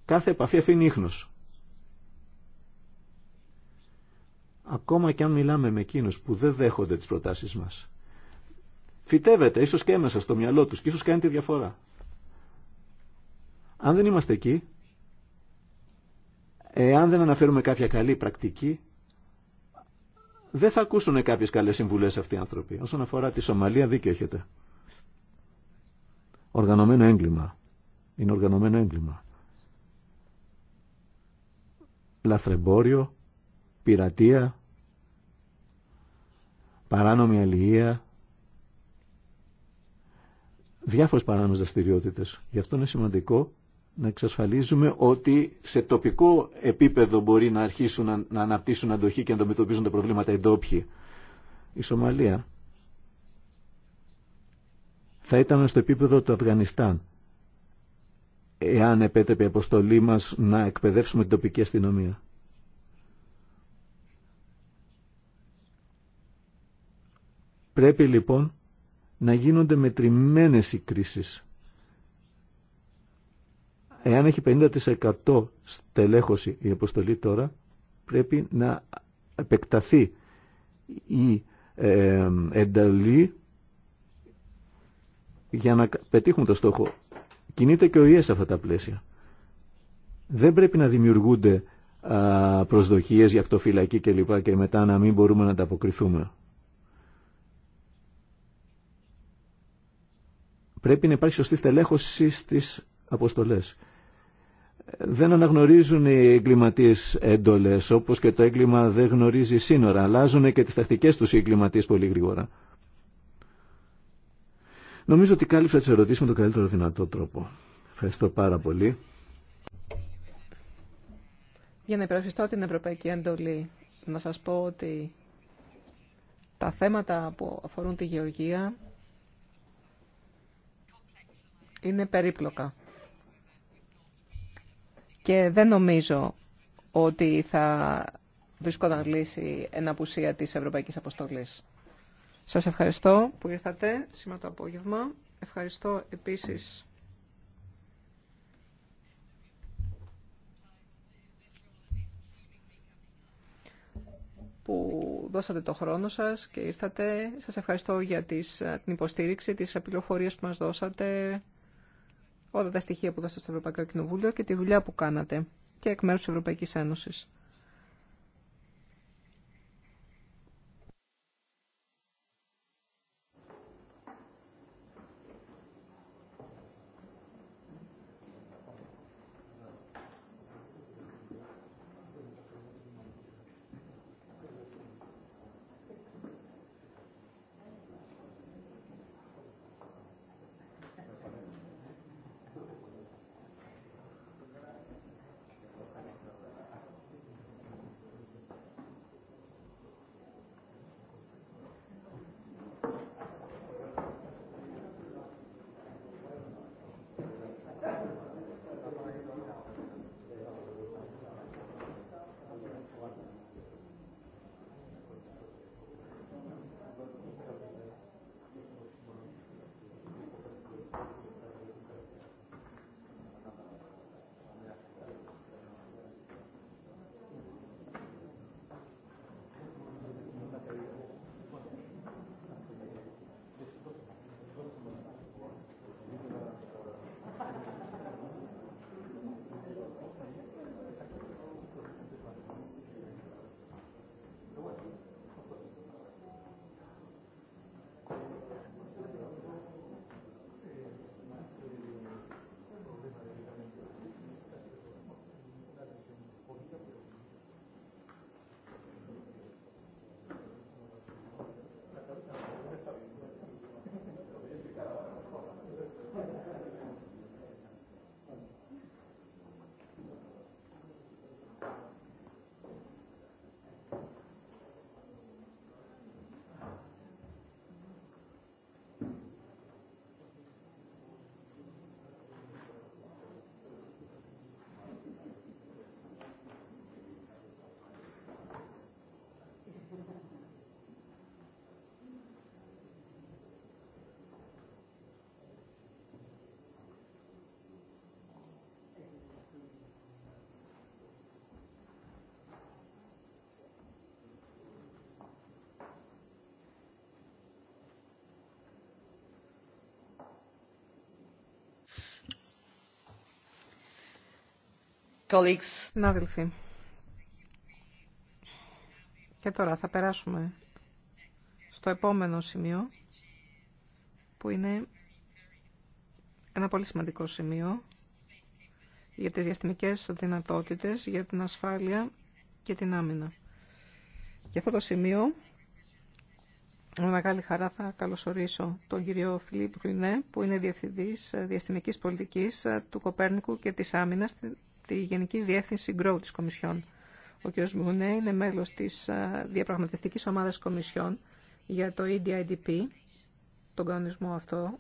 κάθε επαφή αφήνει ίχνος. ακόμα και αν μιλάμε με εκείνους που δεν δέχονται τις προτάσεις μας. Φυτεύεται, ίσως και έμεσα στο μυαλό τους και ίσως κάνει τη διαφορά. Αν δεν είμαστε εκεί, εάν δεν αναφέρουμε κάποια καλή πρακτική, δεν θα ακούσουν κάποιες καλές συμβουλές αυτοί οι άνθρωποι. Όσον αφορά τη Σομαλία, δίκιο έχετε. Οργανωμένο έγκλημα. Είναι οργανωμένο έγκλημα. Λαθρεμπόριο, πειρατεία, παράνομη αλληλεία, διάφορες παράνομες δραστηριότητε. Γι' αυτό είναι σημαντικό να εξασφαλίζουμε ότι σε τοπικό επίπεδο μπορεί να αρχίσουν να, να αναπτύσσουν αντοχή και να αντιμετωπίζουν τα προβλήματα ντόπιοι. Η Σομαλία θα ήταν στο επίπεδο του Αφγανιστάν εάν επέτρεπε η αποστολή μας να εκπαιδεύσουμε την τοπική αστυνομία. Πρέπει λοιπόν να γίνονται μετρημένες οι κρίσεις. Εάν έχει 50% στελέχωση η αποστολή τώρα, πρέπει να επεκταθεί η ε, ενταλή για να πετύχουμε το στόχο. Κινείται και ο ΙΕ σε αυτά τα πλαίσια. Δεν πρέπει να δημιουργούνται α, προσδοκίες για αυτοφυλακή κλπ. Και, και μετά να μην μπορούμε να τα αποκριθούμε. Πρέπει να υπάρχει σωστή στελέχωση στις αποστολές. Δεν αναγνωρίζουν οι εγκληματίε έντολε, όπω και το έγκλημα δεν γνωρίζει σύνορα. Αλλάζουν και τι τακτικέ του οι εγκληματίε πολύ γρήγορα. Νομίζω ότι κάλυψα τι ερωτήσει με τον καλύτερο δυνατό τρόπο. Ευχαριστώ πάρα πολύ. Για να υπερασπιστώ την Ευρωπαϊκή Εντολή, να σας πω ότι τα θέματα που αφορούν τη γεωργία είναι περίπλοκα. Και δεν νομίζω ότι θα βρισκόταν λύση εν απουσία της Ευρωπαϊκής Αποστολής. Σας ευχαριστώ που ήρθατε σήμερα το απόγευμα. Ευχαριστώ επίσης που δώσατε το χρόνο σας και ήρθατε. Σας ευχαριστώ για την υποστήριξη, τις επιλοφορίες που μας δώσατε, όλα τα στοιχεία που δώσατε στο Ευρωπαϊκό Κοινοβούλιο και τη δουλειά που κάνατε και εκ μέρου τη Ευρωπαϊκής Ένωσης. Συνάδελφοι, και τώρα θα περάσουμε στο επόμενο σημείο, που είναι ένα πολύ σημαντικό σημείο για τις διαστημικές δυνατότητες, για την ασφάλεια και την άμυνα. Και αυτό το σημείο, με μεγάλη χαρά θα καλωσορίσω τον κύριο Φιλίπ Γρινέ, που είναι Διευθυντής Διαστημικής Πολιτικής του Κοπέρνικου και της Άμυνας τη Γενική Διεύθυνση Grow της Κομισιόν. Ο κ. Μουνέ είναι μέλος της διαπραγματευτικής ομάδας Κομισιόν για το EDIDP, τον κανονισμό αυτό.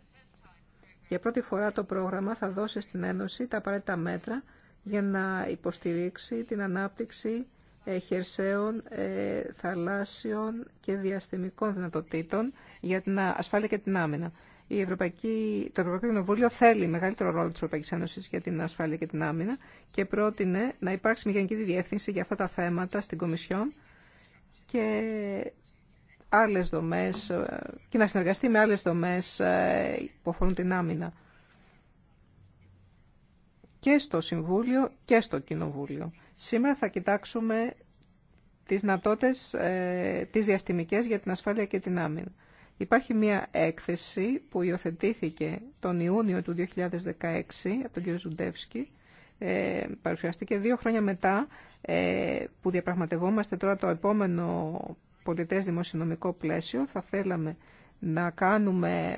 Για πρώτη φορά το πρόγραμμα θα δώσει στην Ένωση τα απαραίτητα μέτρα για να υποστηρίξει την ανάπτυξη ε, χερσαίων, ε, θαλάσσιων και διαστημικών δυνατοτήτων για την ασφάλεια και την άμυνα η Ευρωπαϊκή, το Ευρωπαϊκό Κοινοβούλιο θέλει μεγαλύτερο ρόλο τη Ευρωπαϊκή Ένωση για την ασφάλεια και την άμυνα και πρότεινε να υπάρξει μια γενική διεύθυνση για αυτά τα θέματα στην Κομισιόν και άλλες δομές ε, και να συνεργαστεί με άλλες δομές ε, που αφορούν την άμυνα και στο Συμβούλιο και στο Κοινοβούλιο. Σήμερα θα κοιτάξουμε τις δυνατότητες, ε, τις διαστημικές για την ασφάλεια και την άμυνα. Υπάρχει μια έκθεση που υιοθετήθηκε τον Ιούνιο του 2016 από τον κύριο Ζουντεύσκη. Ε, παρουσιαστήκε δύο χρόνια μετά ε, που διαπραγματευόμαστε τώρα το επόμενο πολιτές δημοσιονομικό πλαίσιο. Θα θέλαμε να κάνουμε,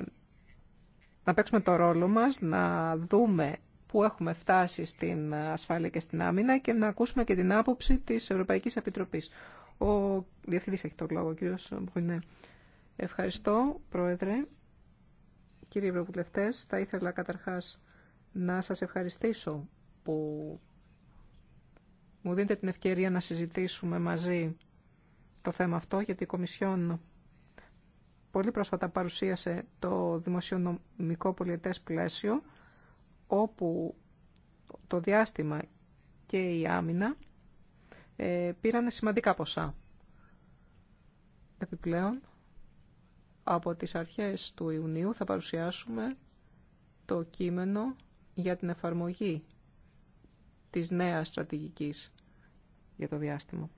να παίξουμε το ρόλο μας, να δούμε που έχουμε φτάσει στην ασφάλεια και στην άμυνα και να ακούσουμε και την άποψη της Ευρωπαϊκής Επιτροπής. Ο Διευθυντής έχει το λόγο, ο κύριος Ευχαριστώ, Πρόεδρε. κύριε Ευρωβουλευτές, θα ήθελα καταρχάς να σας ευχαριστήσω που μου δίνετε την ευκαιρία να συζητήσουμε μαζί το θέμα αυτό, γιατί η Κομισιόν πολύ πρόσφατα παρουσίασε το δημοσιονομικό πολιτέ πλαίσιο, όπου το διάστημα και η άμυνα ε, πήραν σημαντικά ποσά. Επιπλέον, από τις αρχές του Ιουνίου θα παρουσιάσουμε το κείμενο για την εφαρμογή της νέας στρατηγικής για το διάστημα.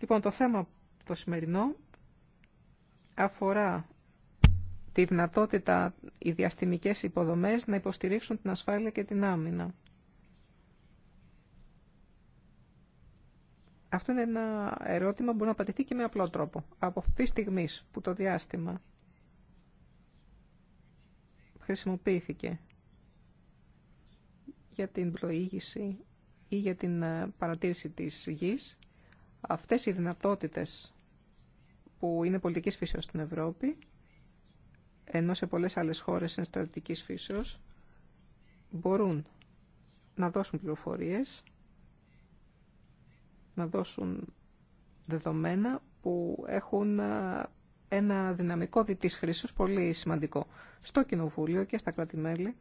Λοιπόν, το θέμα το σημερινό αφορά τη δυνατότητα οι διαστημικές υποδομές να υποστηρίξουν την ασφάλεια και την άμυνα. Αυτό είναι ένα ερώτημα που μπορεί να απαντηθεί και με απλό τρόπο. Από αυτή τη στιγμή που το διάστημα χρησιμοποιήθηκε για την πλοήγηση ή για την ε, παρατήρηση της γης, αυτές οι δυνατότητες που είναι πολιτικής φύσεως στην Ευρώπη, ενώ σε πολλές άλλες χώρες είναι στρατιωτικής φύσεως, μπορούν να δώσουν πληροφορίες να δώσουν δεδομένα που έχουν ένα δυναμικό διτής χρήσης πολύ σημαντικό. Στο Κοινοβούλιο και στα κρατη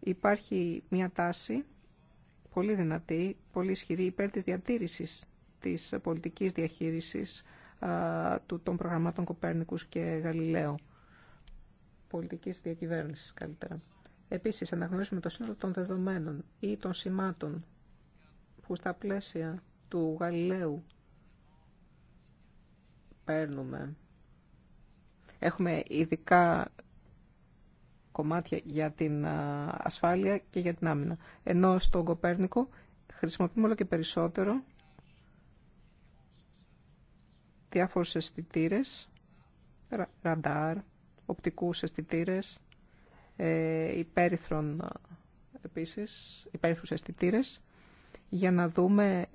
υπάρχει μια τάση πολύ δυνατή, πολύ ισχυρή υπέρ της διατήρησης της πολιτικής διαχείρισης του, των προγραμμάτων Κοπέρνικους και Γαλιλαίου. Πολιτικής διακυβέρνησης καλύτερα. Επίσης, αναγνωρίζουμε το σύνολο των δεδομένων ή των σημάτων που στα πλαίσια του Γαλιλαίου παίρνουμε. Έχουμε ειδικά κομμάτια για την ασφάλεια και για την άμυνα. Ενώ στον Κοπέρνικο χρησιμοποιούμε όλο και περισσότερο διάφορους αισθητήρε, ραντάρ, οπτικούς αισθητήρε, ε, υπέρυθρον επίσης, υπέρυθρους αισθητήρε, για να δούμε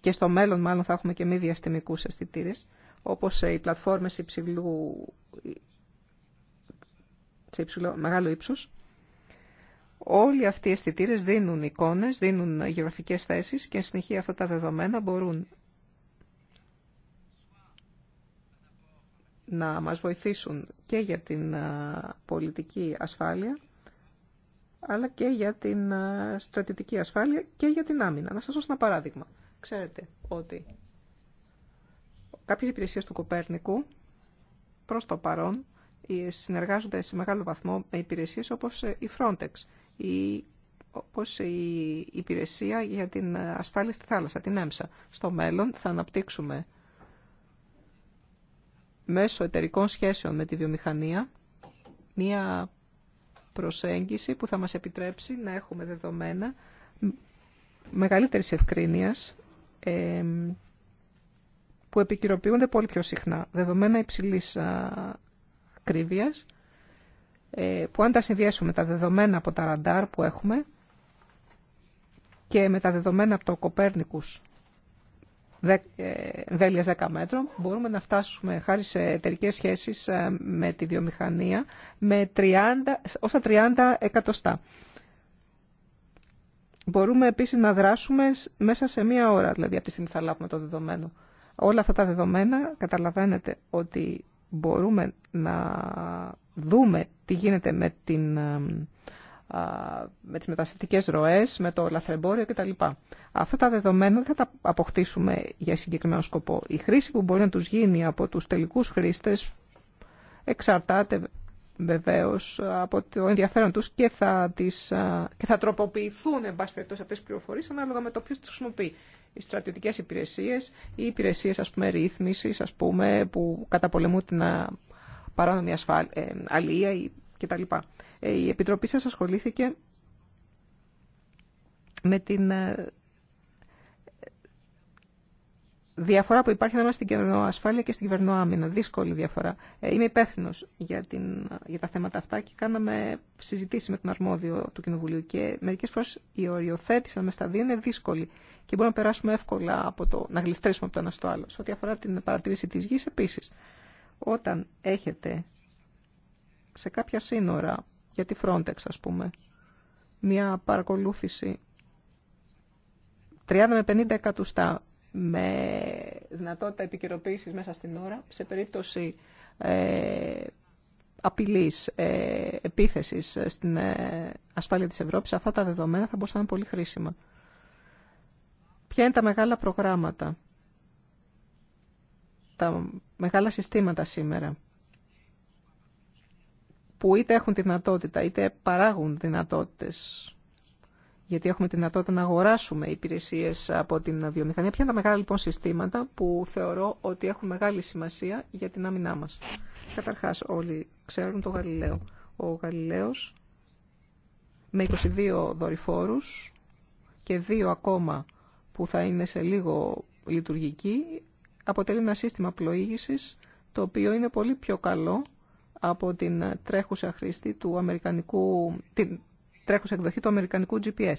και στο μέλλον μάλλον θα έχουμε και μη διαστημικούς αισθητήρε, όπως ε, οι πλατφόρμες υψηλού, σε υψηλό, μεγάλο ύψος. Όλοι αυτοί οι αισθητήρε δίνουν εικόνες, δίνουν γεωγραφικές θέσεις και συνεχεία αυτά τα δεδομένα μπορούν να μας βοηθήσουν και για την ε, πολιτική ασφάλεια, αλλά και για την ε, στρατιωτική ασφάλεια και για την άμυνα. Να σας δώσω ένα παράδειγμα. Ξέρετε ότι κάποιες υπηρεσίες του Κοπέρνικου προς το παρόν ε, συνεργάζονται σε μεγάλο βαθμό με υπηρεσίες όπως ε, η Frontex ή όπως η υπηρεσία για την ασφάλεια στη θάλασσα, την ΕΜΣΑ. Στο μέλλον θα αναπτύξουμε μέσω εταιρικών σχέσεων με τη βιομηχανία μία προσέγγιση που θα μας επιτρέψει να έχουμε δεδομένα μεγαλύτερης ευκρίνειας που επικυροποιούνται πολύ πιο συχνά, δεδομένα υψηλής ακρίβειας, ε, που αν τα συνδυάσουμε τα δεδομένα από τα ραντάρ που έχουμε και με τα δεδομένα από το Κοπέρνικους ε, βέλειας 10 μέτρων, μπορούμε να φτάσουμε χάρη σε εταιρικέ σχέσεις με τη βιομηχανία με 30, ως τα 30 εκατοστά. Μπορούμε επίσης να δράσουμε μέσα σε μία ώρα, δηλαδή από τη στιγμή θα λάβουμε το δεδομένο. Όλα αυτά τα δεδομένα καταλαβαίνετε ότι μπορούμε να δούμε τι γίνεται με, την, με τις μεταστατικές ροές, με το λαθρεμπόριο κτλ. Αυτά τα δεδομένα δεν θα τα αποκτήσουμε για συγκεκριμένο σκοπό. Η χρήση που μπορεί να τους γίνει από τους τελικούς χρήστες εξαρτάται βεβαίως από το ενδιαφέρον τους και θα, τις, και θα τροποποιηθούν εν πάση περιπτώσει αυτές τις πληροφορίες ανάλογα με το ποιος τις χρησιμοποιεί. Οι στρατιωτικές υπηρεσίες, οι υπηρεσίες ας πούμε ρύθμισης ας πούμε, που καταπολεμούν την παράνομη ασφάλ, ε, κτλ. Ε, η Επιτροπή σας ασχολήθηκε με την ε, διαφορά που υπάρχει ανάμεσα στην ασφάλεια και στην κυβερνοάμυνα. Δύσκολη διαφορά. Ε, είμαι υπεύθυνο για, για τα θέματα αυτά και κάναμε συζητήσει με τον αρμόδιο του Κοινοβουλίου. Και μερικέ φορέ η οριοθέτηση ανάμεσα στα δύο είναι δύσκολη και μπορούμε να περάσουμε εύκολα από το, να γλιστρήσουμε από το ένα στο άλλο. Σε ό,τι αφορά την παρατήρηση τη γη, επίση, όταν έχετε σε κάποια σύνορα για τη Frontex, ας πούμε, μια παρακολούθηση 30 με 50 εκατοστά με δυνατότητα επικαιροποίησης μέσα στην ώρα, σε περίπτωση ε, απειλής, ε, επίθεσης ε, στην ε, ασφάλεια της Ευρώπης, αυτά τα δεδομένα θα μπορούσαν να είναι πολύ χρήσιμα. Ποια είναι τα μεγάλα προγράμματα, τα μεγάλα συστήματα σήμερα, που είτε έχουν τη δυνατότητα, είτε παράγουν δυνατότητες γιατί έχουμε τη δυνατότητα να αγοράσουμε υπηρεσίες από την βιομηχανία. Ποια είναι τα μεγάλα λοιπόν συστήματα που θεωρώ ότι έχουν μεγάλη σημασία για την άμυνά μα. Καταρχάς όλοι ξέρουν το Γαλιλαίο. Ο Γαλιλαίος με 22 δορυφόρους και δύο ακόμα που θα είναι σε λίγο λειτουργική αποτελεί ένα σύστημα πλοήγησης το οποίο είναι πολύ πιο καλό από την τρέχουσα χρήστη του αμερικανικού, τρέχουσα εκδοχή του αμερικανικού GPS.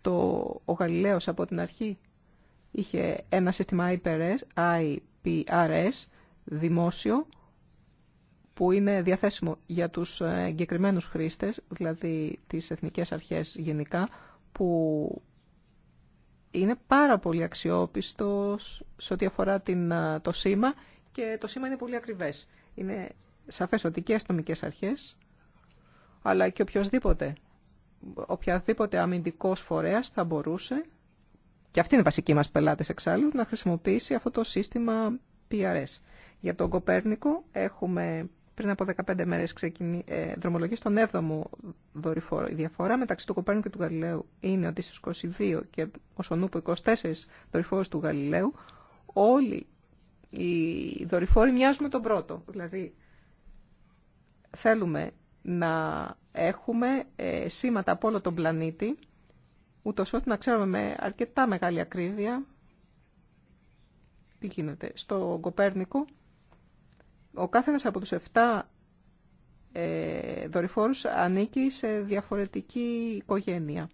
Το, ο Γαλιλαίο από την αρχή είχε ένα σύστημα IPRS δημόσιο που είναι διαθέσιμο για τους εγκεκριμένου χρήστες, δηλαδή τις εθνικές αρχές γενικά, που είναι πάρα πολύ αξιόπιστος σε ό,τι αφορά την, το σήμα και το σήμα είναι πολύ ακριβές. Είναι σαφές ότι και αστυνομικέ αρχές, αλλά και οποιοδήποτε οποιαδήποτε αμυντικός φορέας θα μπορούσε, και αυτοί είναι οι βασικοί μας πελάτες εξάλλου, να χρησιμοποιήσει αυτό το σύστημα PRS. Για τον Κοπέρνικο έχουμε πριν από 15 μέρες ξεκινή, ε, δρομολογεί στον 7ο δορυφόρο. Η διαφορά μεταξύ του Κοπέρνικου και του Γαλιλαίου είναι ότι στους 22 και ως ονούπο 24 δορυφόρους του Γαλιλαίου όλοι οι δορυφόροι μοιάζουν με τον πρώτο. Δηλαδή θέλουμε να έχουμε ε, σήματα από όλο τον πλανήτη, ούτω ώστε να ξέρουμε με αρκετά μεγάλη ακρίβεια τι γίνεται. Στο Κοπέρνικο, ο κάθε από τους 7 ε, δορυφόρους ανήκει σε διαφορετική οικογένεια,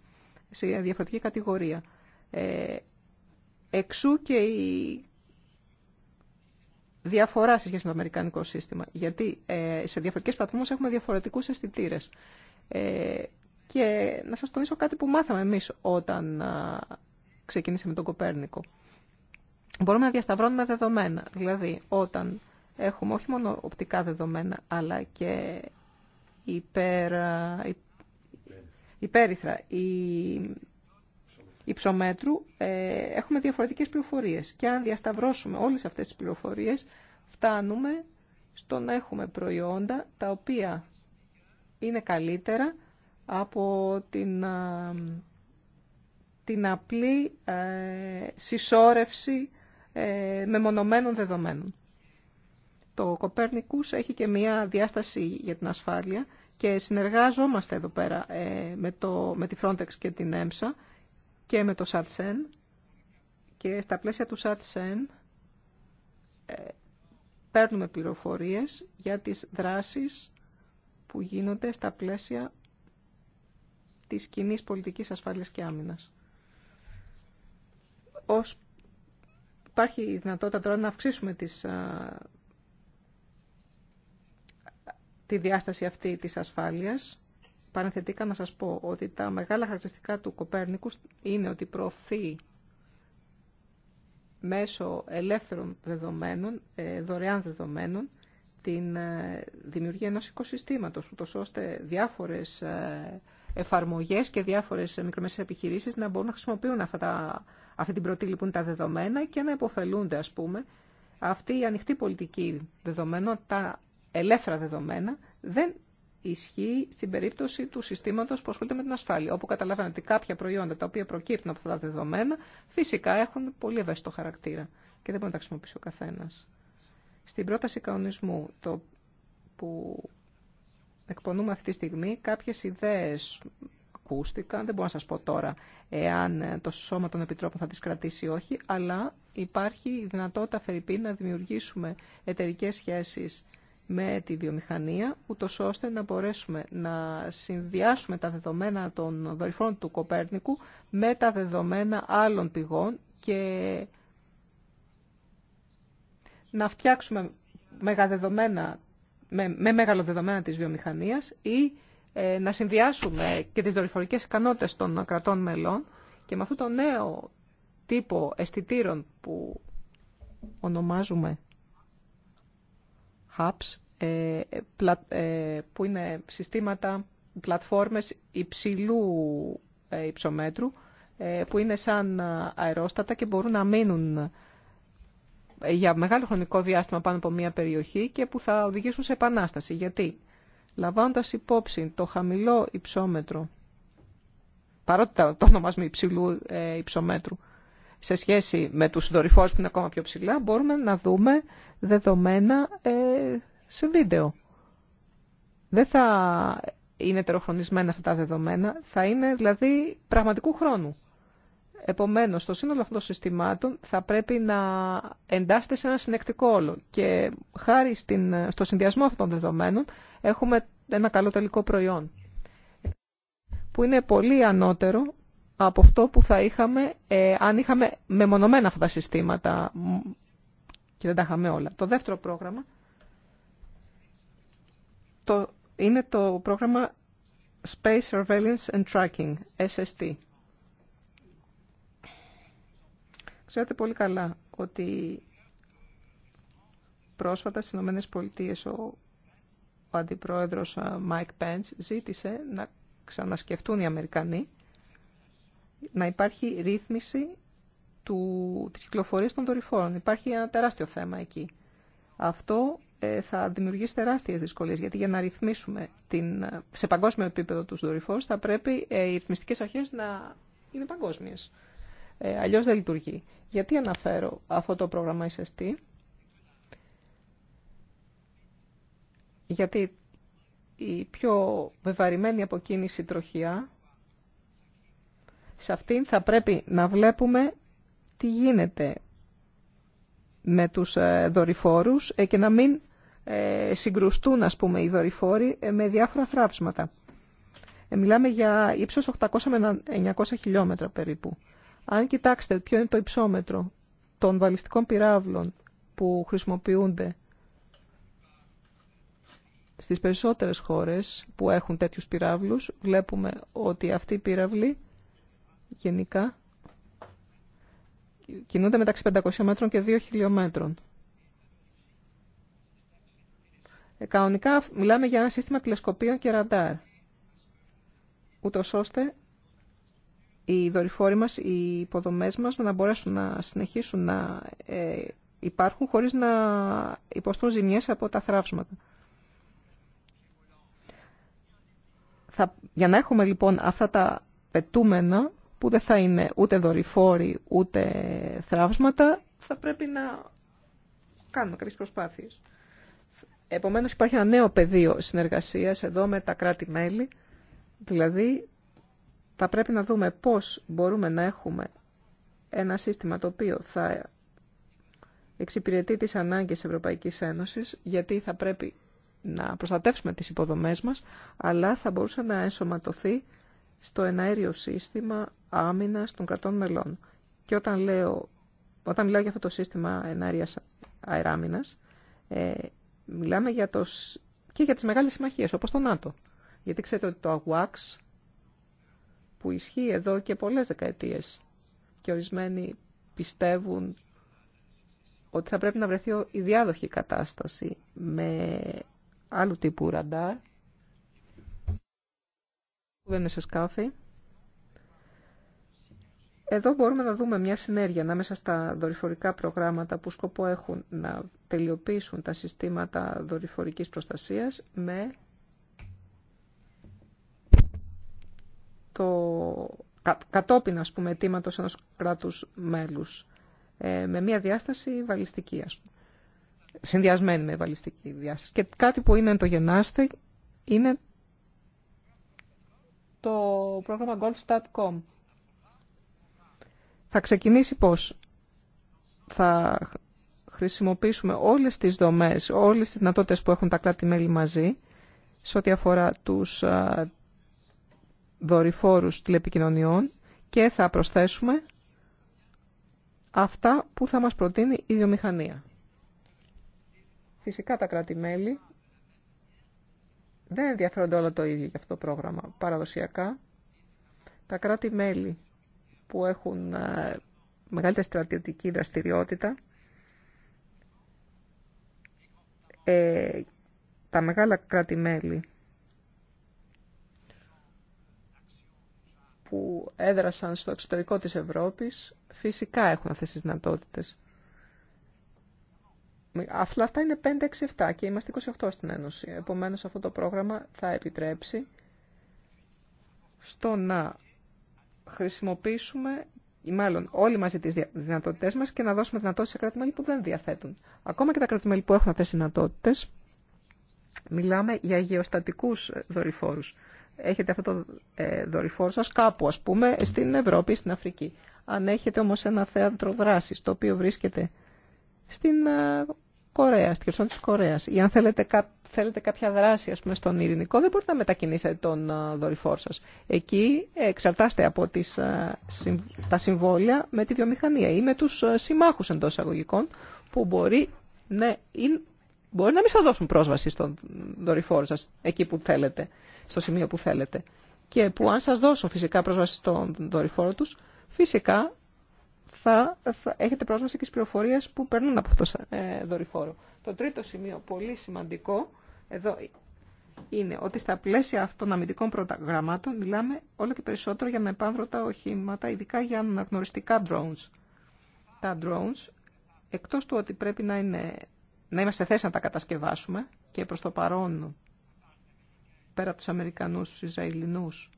σε διαφορετική κατηγορία. Ε, εξού και η διαφορά σε σχέση με το αμερικανικό σύστημα. Γιατί ε, σε διαφορετικές πλατφόρμε έχουμε διαφορετικούς αισθητήρε. Ε, και να σα τονίσω κάτι που μάθαμε εμεί όταν α, ξεκινήσαμε τον Κοπέρνικο. Μπορούμε να διασταυρώνουμε δεδομένα. Δηλαδή, όταν έχουμε όχι μόνο οπτικά δεδομένα, αλλά και υπέρ, υπέρ υπέρυθρα, η υψομέτρου ε, έχουμε διαφορετικές πληροφορίες και αν διασταυρώσουμε όλες αυτές τις πληροφορίες φτάνουμε στο να έχουμε προϊόντα τα οποία είναι καλύτερα από την, την απλή ε, συσσόρευση ε, μεμονωμένων δεδομένων. Το Κοπέρνικους έχει και μία διάσταση για την ασφάλεια και συνεργάζομαστε εδώ πέρα ε, με, το, με τη Frontex και την Emsa και με το ΣΑΤΣΕΝ και στα πλαίσια του ΣΑΤΣΕΝ ε, παίρνουμε πληροφορίες για τις δράσεις που γίνονται στα πλαίσια της κοινή πολιτικής ασφάλειας και άμυνας. Ως υπάρχει η δυνατότητα τώρα να αυξήσουμε τις, τη διάσταση αυτή της ασφάλειας Παραθετικά να σας πω ότι τα μεγάλα χαρακτηριστικά του Κοπέρνικου είναι ότι προωθεί μέσω ελεύθερων δεδομένων, ε, δωρεάν δεδομένων, την ε, δημιουργία ενός οικοσυστήματος, ούτως ώστε διάφορες ε, εφαρμογές και διάφορες μικρομεσαίες επιχειρήσεις να μπορούν να χρησιμοποιούν αυτά αυτή την πρώτη λοιπόν τα δεδομένα και να υποφελούνται ας πούμε. Αυτή η ανοιχτή πολιτική δεδομένων, τα ελεύθερα δεδομένα, δεν ισχύει στην περίπτωση του συστήματο που ασχολείται με την ασφάλεια. Όπου καταλαβαίνω ότι κάποια προϊόντα τα οποία προκύπτουν από αυτά τα δεδομένα φυσικά έχουν πολύ ευαίσθητο χαρακτήρα και δεν μπορεί να τα χρησιμοποιήσει ο καθένα. Στην πρόταση κανονισμού το που εκπονούμε αυτή τη στιγμή, κάποιε ιδέε ακούστηκαν, δεν μπορώ να σα πω τώρα εάν το σώμα των επιτρόπων θα τι κρατήσει ή όχι, αλλά υπάρχει η δυνατότητα, η δυνατοτητα να δημιουργήσουμε εταιρικέ σχέσει με τη βιομηχανία, ούτω ώστε να μπορέσουμε να συνδυάσουμε τα δεδομένα των δορυφών του Κοπέρνικου με τα δεδομένα άλλων πηγών και να φτιάξουμε μεγαδεδομένα, με, με μεγαλοδεδομένα της βιομηχανίας ή ε, να συνδυάσουμε και τις δορυφορικές ικανότητες των κρατών μελών και με αυτό το νέο τύπο αισθητήρων που ονομάζουμε hubs, ε, ε, που είναι συστήματα, πλατφόρμες υψηλού ε, υψομέτρου, που είναι σαν αερόστατα και μπορούν να μείνουν για μεγάλο χρονικό διάστημα πάνω από μια περιοχή και που θα οδηγήσουν σε επανάσταση. Γιατί, λαμβάνοντας υπόψη το χαμηλό υψόμετρο, παρότι το ονομάζουμε υψηλού υψομέτρου, σε σχέση με τους δορυφόρους που είναι ακόμα πιο ψηλά, μπορούμε να δούμε δεδομένα σε βίντεο. Δεν θα είναι τεροχρονισμένα αυτά τα δεδομένα, θα είναι δηλαδή πραγματικού χρόνου. Επομένως, το σύνολο αυτών των συστημάτων θα πρέπει να εντάσσεται σε ένα συνεκτικό όλο. Και χάρη στην, στο συνδυασμό αυτών των δεδομένων έχουμε ένα καλό τελικό προϊόν, που είναι πολύ ανώτερο από αυτό που θα είχαμε ε, αν είχαμε μεμονωμένα αυτά τα συστήματα και δεν τα είχαμε όλα. Το δεύτερο πρόγραμμα είναι το πρόγραμμα Space Surveillance and Tracking, SST. Ξέρετε πολύ καλά ότι πρόσφατα στις Ηνωμένες Πολιτείες ο, ο αντιπρόεδρος Μάικ Πέντς ζήτησε να ξανασκεφτούν οι Αμερικανοί να υπάρχει ρύθμιση του, της κυκλοφορίας των δορυφόρων. Υπάρχει ένα τεράστιο θέμα εκεί. Αυτό ε, θα δημιουργήσει τεράστιες δυσκολίες, γιατί για να ρυθμίσουμε την, ε, σε παγκόσμιο επίπεδο τους δορυφόρους θα πρέπει ε, οι ρυθμιστικές αρχές να είναι παγκόσμιες. Ε, αλλιώς δεν λειτουργεί. Γιατί αναφέρω αυτό το πρόγραμμα SST. Γιατί η πιο βεβαρημένη αποκίνηση τροχιά, σε αυτήν θα πρέπει να βλέπουμε τι γίνεται με τους δορυφόρους και να μην ε, συγκρουστούν ας πούμε οι δορυφόροι ε, με διάφορα θράψματα. Ε, μιλάμε για ύψος 800 με 900 χιλιόμετρα περίπου. Αν κοιτάξετε ποιο είναι το υψόμετρο των βαλιστικών πυράβλων που χρησιμοποιούνται στις περισσότερες χώρες που έχουν τέτοιους πυράβλους, βλέπουμε ότι αυτοί οι πυραβλοί γενικά κινούνται μεταξύ 500 μέτρων και 2 χιλιόμετρων. Ε, κανονικά μιλάμε για ένα σύστημα τηλεσκοπίων και ραντάρ, ούτως ώστε οι δορυφόροι μας, οι υποδομές μας να μπορέσουν να συνεχίσουν να ε, υπάρχουν χωρίς να υποστούν ζημιές από τα θράψματα. Θα, για να έχουμε λοιπόν αυτά τα πετούμενα που δεν θα είναι ούτε δορυφόροι ούτε θράψματα, θα πρέπει να κάνουμε κάποιες προσπάθειες. Επομένως υπάρχει ένα νέο πεδίο συνεργασίας εδώ με τα κράτη-μέλη, δηλαδή θα πρέπει να δούμε πώς μπορούμε να έχουμε ένα σύστημα το οποίο θα εξυπηρετεί τις ανάγκες της Ευρωπαϊκής Ένωσης, γιατί θα πρέπει να προστατεύσουμε τις υποδομές μας, αλλά θα μπορούσε να ενσωματωθεί στο εναέριο σύστημα άμυνας των κρατών μελών. Και όταν, λέω, όταν μιλάω για αυτό το σύστημα εναέριας ε, Μιλάμε για το, και για τις μεγάλες συμμαχίες, όπως το ΝΑΤΟ. Γιατί ξέρετε ότι το ΑΓΟΑΞ που ισχύει εδώ και πολλές δεκαετίες και ορισμένοι πιστεύουν ότι θα πρέπει να βρεθεί η διάδοχη κατάσταση με άλλου τύπου ραντάρ που δεν είναι σε σκάφη. Εδώ μπορούμε να δούμε μια συνέργεια ανάμεσα στα δορυφορικά προγράμματα που σκοπό έχουν να τελειοποιήσουν τα συστήματα δορυφορικής προστασίας με το κατόπιν, ας πούμε, αιτήματος ενός κράτους μέλους, ε, με μια διάσταση βαλιστική, ας πούμε. Συνδυασμένη με βαλιστική διάσταση. Και κάτι που είναι το γενάστε είναι το πρόγραμμα Golfstat.com θα ξεκινήσει πώς. Θα χρησιμοποιήσουμε όλες τις δομές, όλες τις δυνατότητες που έχουν τα κράτη-μέλη μαζί, σε ό,τι αφορά τους δορυφόρους τηλεπικοινωνιών και θα προσθέσουμε αυτά που θα μας προτείνει η βιομηχανία. Φυσικά τα κράτη-μέλη δεν ενδιαφέρονται όλα το ίδιο για αυτό το πρόγραμμα. Παραδοσιακά, τα κράτη-μέλη που έχουν ε, μεγαλύτερη στρατιωτική δραστηριότητα. Ε, τα μεγάλα κράτη-μέλη που έδρασαν στο εξωτερικό της Ευρώπης φυσικά έχουν αυτές τις δυνατότητες. Αυτά είναι 5, 6, 7 και είμαστε 28 στην Ένωση. Επομένως αυτό το πρόγραμμα θα επιτρέψει στο να χρησιμοποιήσουμε ή μάλλον όλοι μαζί τι δυνατότητέ μα και να δώσουμε δυνατότητε σε κρατη που δεν διαθέτουν. Ακόμα και τα κρατη που έχουν αυτέ τι δυνατότητε, μιλάμε για γεωστατικού ε, δορυφόρου. Έχετε αυτό το ε, δορυφόρο σα κάπου, α πούμε, στην Ευρώπη ή στην Αφρική. Αν έχετε όμω ένα θέατρο δράση, το οποίο βρίσκεται στην ε, Κορέας, στην κερσόνησο της Κορέας. Ή αν θέλετε, κάποια δράση ας πούμε, στον ειρηνικό, δεν μπορείτε να μετακινήσετε τον δορυφόρο σας. Εκεί εξαρτάστε από τις, τα συμβόλαια με τη βιομηχανία ή με τους συμμάχους εντό εισαγωγικών που μπορεί, ναι, μπορεί να μην σας δώσουν πρόσβαση στον δορυφόρο σας εκεί που θέλετε, στο σημείο που θέλετε. Και που αν σας δώσουν φυσικά πρόσβαση στον δορυφόρο τους, φυσικά θα, έχετε πρόσβαση και στις πληροφορίες που περνούν από αυτό το ε, δορυφόρο. Το τρίτο σημείο, πολύ σημαντικό, εδώ είναι ότι στα πλαίσια αυτών αμυντικών προγραμμάτων μιλάμε όλο και περισσότερο για τα οχήματα, ειδικά για αναγνωριστικά drones. Τα drones, εκτός του ότι πρέπει να, είναι, να είμαστε θέση να τα κατασκευάσουμε και προς το παρόν, πέρα από τους Αμερικανούς, τους Ισραηλινούς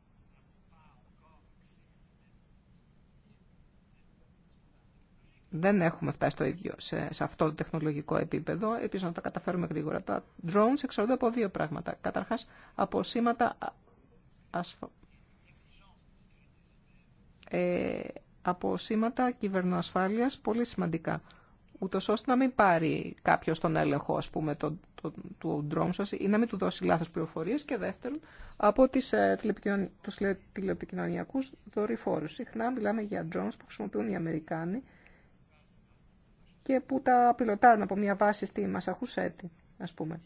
δεν έχουμε φτάσει στο ίδιο, σε, σε αυτό το τεχνολογικό επίπεδο. Ελπίζω να τα καταφέρουμε γρήγορα. Τα drones εξαρτούνται από δύο πράγματα. Καταρχάς, από σήματα ασφα... ε, από σήματα κυβερνοασφάλειας πολύ σημαντικά. Ούτω ώστε να μην πάρει κάποιο τον έλεγχο ας πούμε, το, του drone σας ή να μην του δώσει λάθος πληροφορίες. Και δεύτερον, από τις, ε, τηλεπικοινων... τους τηλεπικοινωνιακούς δορυφόρους. Συχνά μιλάμε για drones που χρησιμοποιούν οι Αμερικάνοι και που τα πιλωτάρουν από μια βάση στη Μασαχουσέτη, ας πούμε.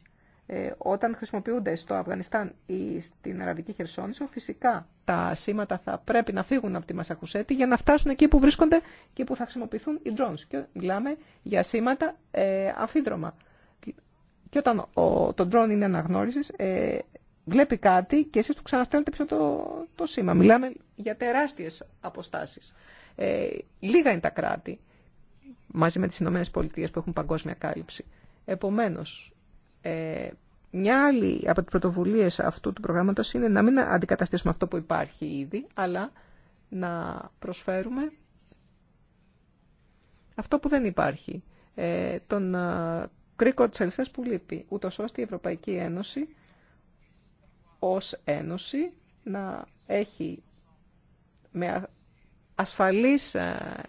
Ε, όταν χρησιμοποιούνται στο Αφγανιστάν ή στην Αραβική Χερσόνησο, φυσικά τα σήματα θα πρέπει να φύγουν από τη Μασαχουσέτη για να φτάσουν εκεί που βρίσκονται και που θα χρησιμοποιηθούν οι drones. Και μιλάμε για σήματα ε, Και όταν το drone είναι αναγνώριση, ε, βλέπει κάτι και εσείς του ξαναστέλνετε πίσω το, το σήμα. Μιλάμε για τεράστιες αποστάσεις. Ε, λίγα είναι τα κράτη μαζί με τις Ηνωμένε Πολιτείες που έχουν παγκόσμια κάλυψη. Επομένως, ε, μια άλλη από τις πρωτοβουλίες αυτού του προγράμματος είναι να μην αντικαταστήσουμε αυτό που υπάρχει ήδη, αλλά να προσφέρουμε αυτό που δεν υπάρχει, ε, τον ε, κρίκο της που λείπει, ούτως ώστε η Ευρωπαϊκή Ένωση ως Ένωση να έχει με ασφαλείς ε,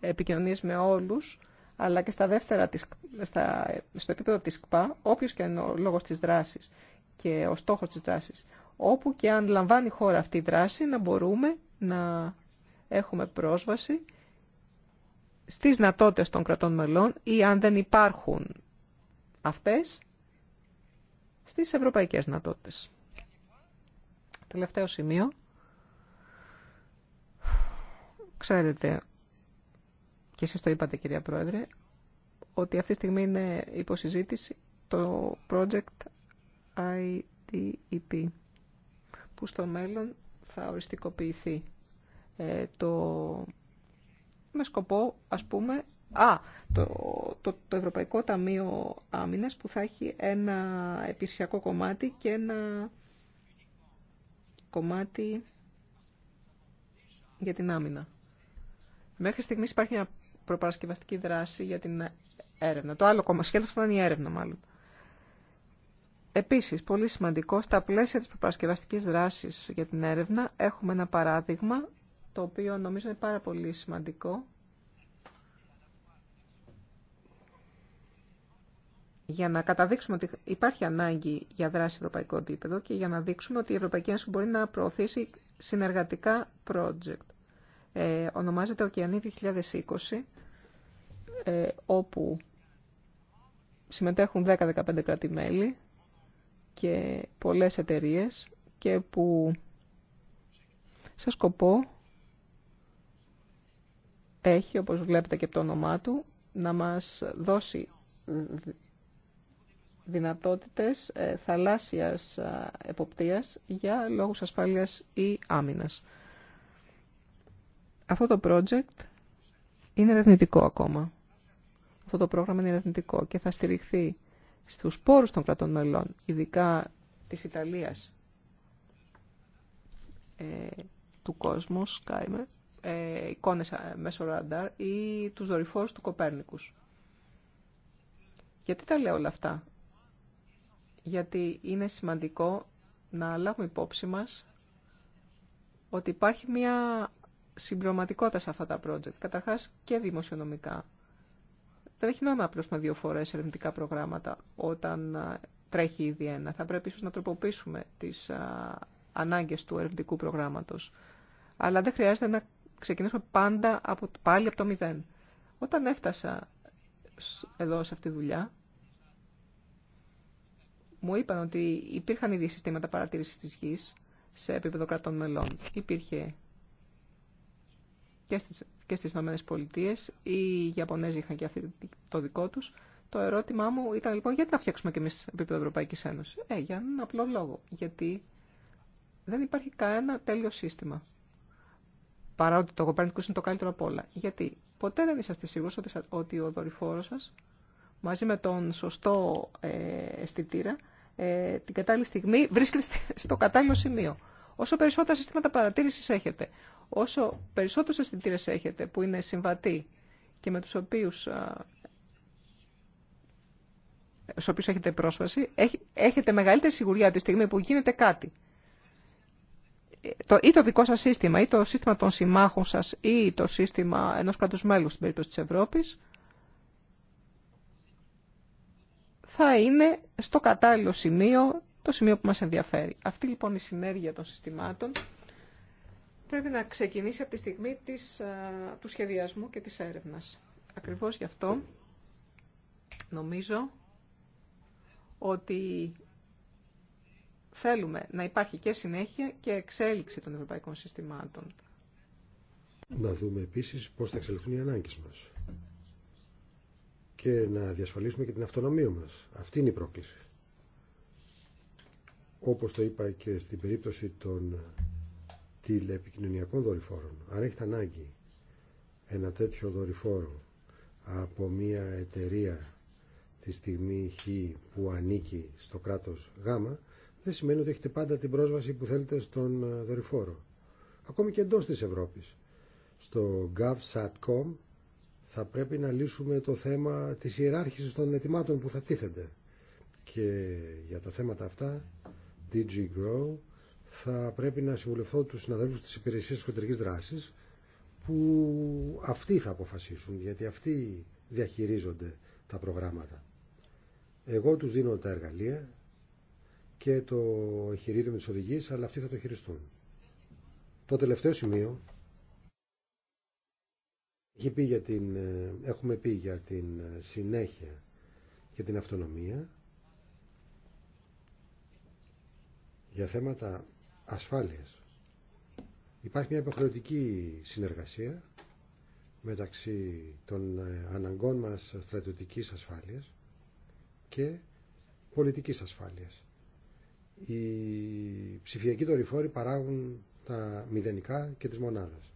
επικοινωνίες με όλους, αλλά και στα δεύτερα, στα, στο επίπεδο της ΚΠΑ, όποιος και είναι ο λόγος της δράσης και ο στόχος της δράσης, όπου και αν λαμβάνει χώρα αυτή η δράση, να μπορούμε να έχουμε πρόσβαση στις δυνατότητε των κρατών μελών ή αν δεν υπάρχουν αυτές, στις ευρωπαϊκές δυνατότητε. Τελευταίο σημείο. Ξέρετε και σας το είπατε κυρία Πρόεδρε, ότι αυτή τη στιγμή είναι υποσυζήτηση το project IDEP, που στο μέλλον θα οριστικοποιηθεί ε, το... με σκοπό, ας πούμε, α, το, το, το Ευρωπαϊκό Ταμείο Άμυνας που θα έχει ένα επιρσιακό κομμάτι και ένα κομμάτι για την άμυνα. Μέχρι στιγμής υπάρχει μια προπαρασκευαστική δράση για την έρευνα. Το άλλο κόμμα σχέδιο ήταν η έρευνα μάλλον. Επίσης, πολύ σημαντικό, στα πλαίσια της προπαρασκευαστικής δράσης για την έρευνα έχουμε ένα παράδειγμα, το οποίο νομίζω είναι πάρα πολύ σημαντικό, για να καταδείξουμε ότι υπάρχει ανάγκη για δράση σε ευρωπαϊκό επίπεδο και για να δείξουμε ότι η Ευρωπαϊκή Ένωση μπορεί να προωθήσει συνεργατικά project. Ε, ονομάζεται Οκεανή 2020, ε, όπου συμμετέχουν 10-15 κράτη-μέλη και πολλές εταιρείες και που σε σκοπό έχει, όπως βλέπετε και από το όνομά του, να μας δώσει δυνατότητες ε, θαλάσσιας εποπτείας για λόγους ασφάλειας ή άμυνας. Αυτό το project είναι ερευνητικό ακόμα. Αυτό το πρόγραμμα είναι ερευνητικό και θα στηριχθεί στους πόρους των κρατών μελών, ειδικά της Ιταλίας, ε, του κόσμου, Skymer, ε, εικόνες ε, μέσω ραντάρ ή τους δορυφόρους του Κοπέρνικους. Γιατί τα λέω όλα αυτά. Γιατί είναι σημαντικό να λάβουμε υπόψη μας ότι υπάρχει μια συμπληρωματικότητα σε αυτά τα project. Καταρχά και δημοσιονομικά. Δεν έχει νόημα απλώ με δύο φορέ ερευνητικά προγράμματα όταν τρέχει ήδη ένα. Θα πρέπει ίσω να τροποποιήσουμε τι ανάγκε του ερευνητικού προγράμματο. Αλλά δεν χρειάζεται να ξεκινήσουμε πάντα από, πάλι από το μηδέν. Όταν έφτασα εδώ σε αυτή τη δουλειά, μου είπαν ότι υπήρχαν ήδη συστήματα παρατήρηση τη γη σε επίπεδο κρατών μελών. Υπήρχε και στις, και στις Ηνωμένες Πολιτείες. Οι Ιαπωνέζοι είχαν και αυτή το δικό τους. Το ερώτημά μου ήταν λοιπόν γιατί να φτιάξουμε και εμείς επίπεδο Ευρωπαϊκής Ένωσης. Ε, για έναν απλό λόγο. Γιατί δεν υπάρχει κανένα τέλειο σύστημα. Παρά ότι το Κοπέρνικο είναι το καλύτερο από όλα. Γιατί ποτέ δεν είσαστε σίγουρος ότι, ο δορυφόρος σας μαζί με τον σωστό ε, αισθητήρα ε, την κατάλληλη στιγμή βρίσκεται στο κατάλληλο σημείο. Όσο περισσότερα συστήματα παρατήρησης έχετε, Όσο περισσότερους αισθητήρε έχετε που είναι συμβατοί και με τους οποίους, στους έχετε πρόσβαση, έχετε μεγαλύτερη σιγουριά τη στιγμή που γίνεται κάτι. Το, ή το δικό σας σύστημα, ή το σύστημα των συμμάχων σας, ή το σύστημα ενός κράτους μέλους στην περίπτωση της Ευρώπης, θα είναι στο κατάλληλο σημείο το σημείο που μας ενδιαφέρει. Αυτή λοιπόν η συνέργεια των συστημάτων πρέπει να ξεκινήσει από τη στιγμή της, του σχεδιασμού και της έρευνας. Ακριβώς γι' αυτό νομίζω ότι θέλουμε να υπάρχει και συνέχεια και εξέλιξη των ευρωπαϊκών συστημάτων. Να δούμε επίσης πώς θα εξελιχθούν οι ανάγκες μας και να διασφαλίσουμε και την αυτονομία μας. Αυτή είναι η πρόκληση. Όπως το είπα και στην περίπτωση των τηλεπικοινωνιακών δορυφόρων. Αν έχετε ανάγκη ένα τέτοιο δορυφόρο από μια εταιρεία τη στιγμή χ που ανήκει στο κράτος γ, δεν σημαίνει ότι έχετε πάντα την πρόσβαση που θέλετε στον ε, δορυφόρο. Ακόμη και εντός της Ευρώπης. Στο gov.satcom θα πρέπει να λύσουμε το θέμα της ιεράρχησης των ετοιμάτων που θα τίθενται. Και για τα θέματα αυτά, DG Grow θα πρέπει να συμβουλευθώ τους συναδέλφους της υπηρεσίας εσωτερικής δράσης που αυτοί θα αποφασίσουν γιατί αυτοί διαχειρίζονται τα προγράμματα. Εγώ τους δίνω τα εργαλεία και το εγχειρίδιο με τις οδηγίες αλλά αυτοί θα το χειριστούν. Το τελευταίο σημείο έχει πει για την, ε, έχουμε πει για την ε, συνέχεια και την αυτονομία για θέματα ασφάλειας. Υπάρχει μια υποχρεωτική συνεργασία μεταξύ των ε, αναγκών μας στρατιωτικής ασφάλειας και πολιτικής ασφάλειας. Οι ψηφιακοί δορυφόροι παράγουν τα μηδενικά και τις μονάδες.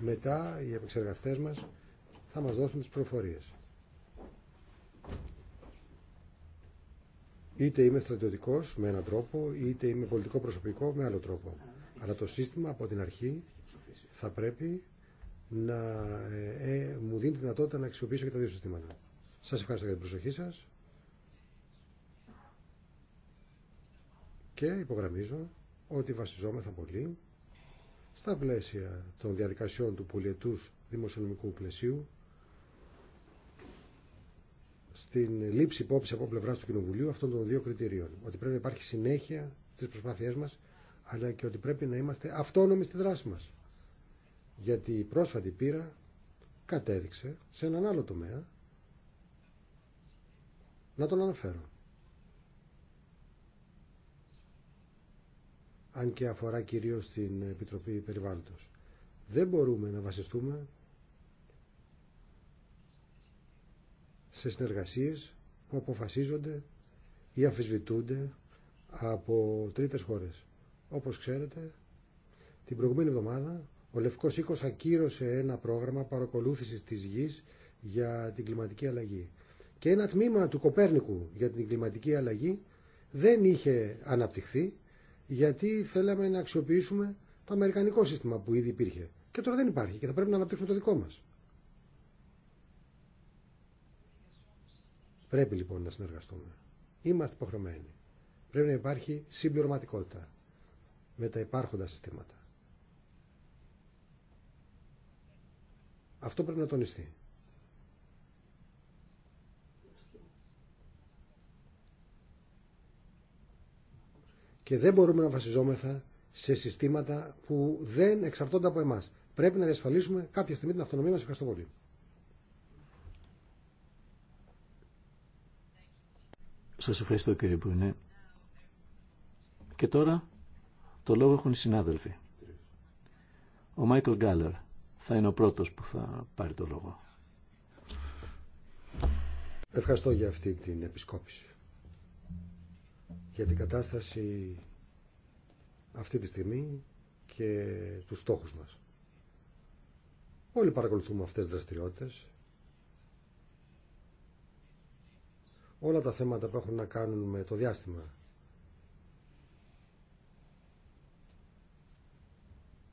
Μετά οι επεξεργαστές μας θα μας δώσουν τις προφορίες. Είτε είμαι στρατιωτικός με έναν τρόπο, είτε είμαι πολιτικό προσωπικό με άλλο τρόπο. Αλλά το σύστημα από την αρχή θα πρέπει να ε, ε, μου δίνει τη δυνατότητα να αξιοποιήσω και τα δύο συστήματα. Σας ευχαριστώ για την προσοχή σας. Και υπογραμμίζω ότι βασιζόμεθα πολύ στα πλαίσια των διαδικασιών του πολιετούς δημοσιονομικού πλαισίου στην λήψη υπόψη από πλευρά του Κοινοβουλίου αυτών των δύο κριτηρίων. Ότι πρέπει να υπάρχει συνέχεια στι προσπάθειέ μα, αλλά και ότι πρέπει να είμαστε αυτόνομοι στη δράση μα. Γιατί η πρόσφατη πείρα κατέδειξε σε έναν άλλο τομέα. Να τον αναφέρω. Αν και αφορά κυρίως την Επιτροπή Περιβάλλοντος. Δεν μπορούμε να βασιστούμε σε συνεργασίες που αποφασίζονται ή αμφισβητούνται από τρίτες χώρες. Όπως ξέρετε, την προηγούμενη εβδομάδα ο Λευκός Οίκος ακύρωσε ένα πρόγραμμα παρακολούθησης της γης για την κλιματική αλλαγή. Και ένα τμήμα του Κοπέρνικου για την κλιματική αλλαγή δεν είχε αναπτυχθεί γιατί θέλαμε να αξιοποιήσουμε το αμερικανικό σύστημα που ήδη υπήρχε. Και τώρα δεν υπάρχει και θα πρέπει να αναπτύξουμε το δικό μας. Πρέπει λοιπόν να συνεργαστούμε. Είμαστε υποχρεωμένοι. Πρέπει να υπάρχει συμπληρωματικότητα με τα υπάρχοντα συστήματα. Αυτό πρέπει να τονιστεί. Και δεν μπορούμε να βασιζόμεθα σε συστήματα που δεν εξαρτώνται από εμάς. Πρέπει να διασφαλίσουμε κάποια στιγμή την αυτονομία μας. Ευχαριστώ πολύ. Σας ευχαριστώ κύριε Και τώρα το λόγο έχουν οι συνάδελφοι. Ο Μάικλ Γκάλερ θα είναι ο πρώτος που θα πάρει το λόγο. Ευχαριστώ για αυτή την επισκόπηση. Για την κατάσταση αυτή τη στιγμή και τους στόχους μας. Όλοι παρακολουθούμε αυτές τις δραστηριότητες όλα τα θέματα που έχουν να κάνουν με το διάστημα.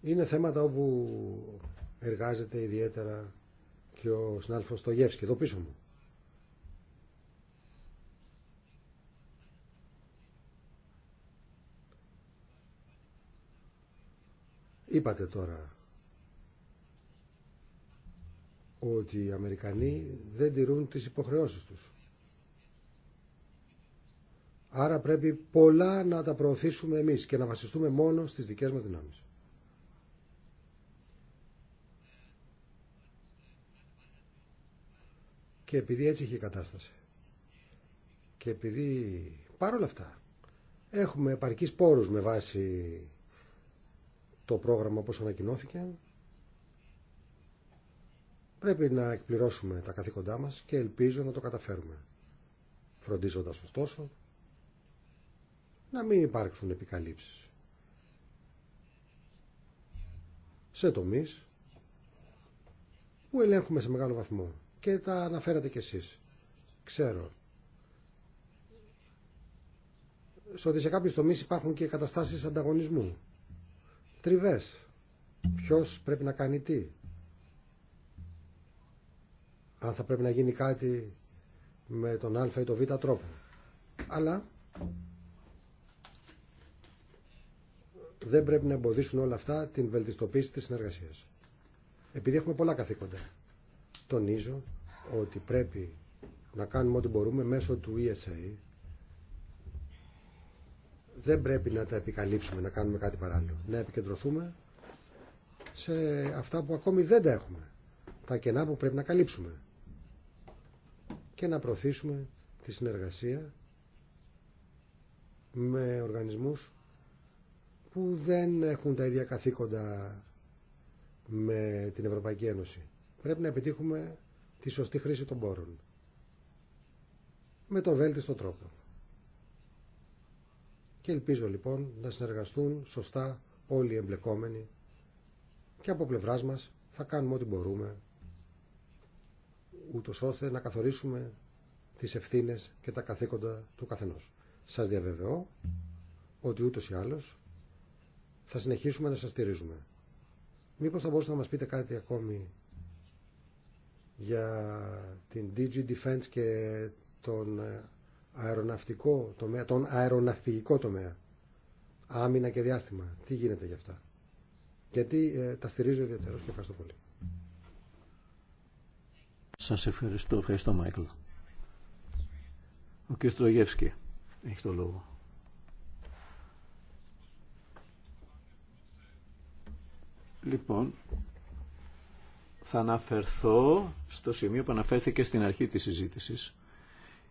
Είναι θέματα όπου εργάζεται ιδιαίτερα και ο συνάδελφος Στογεύσκη, εδώ πίσω μου. Είπατε τώρα ότι οι Αμερικανοί δεν τηρούν τις υποχρεώσεις τους. Άρα πρέπει πολλά να τα προωθήσουμε εμείς και να βασιστούμε μόνο στις δικές μας δυνάμεις. Και επειδή έτσι είχε η κατάσταση και επειδή παρόλα αυτά έχουμε επαρκείς πόρους με βάση το πρόγραμμα όπως ανακοινώθηκε πρέπει να εκπληρώσουμε τα καθήκοντά μας και ελπίζω να το καταφέρουμε φροντίζοντας ωστόσο να μην υπάρξουν επικαλύψεις. Σε τομείς που ελέγχουμε σε μεγάλο βαθμό και τα αναφέρατε κι εσείς. Ξέρω. Στο ότι σε κάποιους τομείς υπάρχουν και καταστάσεις ανταγωνισμού. Τριβές. Ποιος πρέπει να κάνει τι. Αν θα πρέπει να γίνει κάτι με τον α ή τον β τρόπο. Αλλά δεν πρέπει να εμποδίσουν όλα αυτά την βελτιστοποίηση της συνεργασίας. Επειδή έχουμε πολλά καθήκοντα, τονίζω ότι πρέπει να κάνουμε ό,τι μπορούμε μέσω του ESA. Δεν πρέπει να τα επικαλύψουμε, να κάνουμε κάτι παράλληλο. Να επικεντρωθούμε σε αυτά που ακόμη δεν τα έχουμε. Τα κενά που πρέπει να καλύψουμε. Και να προωθήσουμε τη συνεργασία με οργανισμούς που δεν έχουν τα ίδια καθήκοντα με την Ευρωπαϊκή Ένωση. Πρέπει να επιτύχουμε τη σωστή χρήση των πόρων. Με τον βέλτιστο τρόπο. Και ελπίζω λοιπόν να συνεργαστούν σωστά όλοι οι εμπλεκόμενοι και από πλευράς μας θα κάνουμε ό,τι μπορούμε ούτω ώστε να καθορίσουμε τις ευθύνες και τα καθήκοντα του καθενός. Σας διαβεβαιώ ότι ούτως ή άλλως θα συνεχίσουμε να σας στηρίζουμε. Μήπως θα μπορούσατε να μας πείτε κάτι ακόμη για την DG Defense και τον ε, αεροναυτικό τομέα, τον αεροναυπηγικό τομέα. Άμυνα και διάστημα. Τι γίνεται γι' αυτά. Γιατί ε, τα στηρίζω ιδιαίτερως και ευχαριστώ πολύ. Σας ευχαριστώ. Ευχαριστώ Μάικλ. Ο κ. Τρογεύσκη έχει το λόγο. Λοιπόν, θα αναφερθώ στο σημείο που αναφέρθηκε στην αρχή της συζήτησης.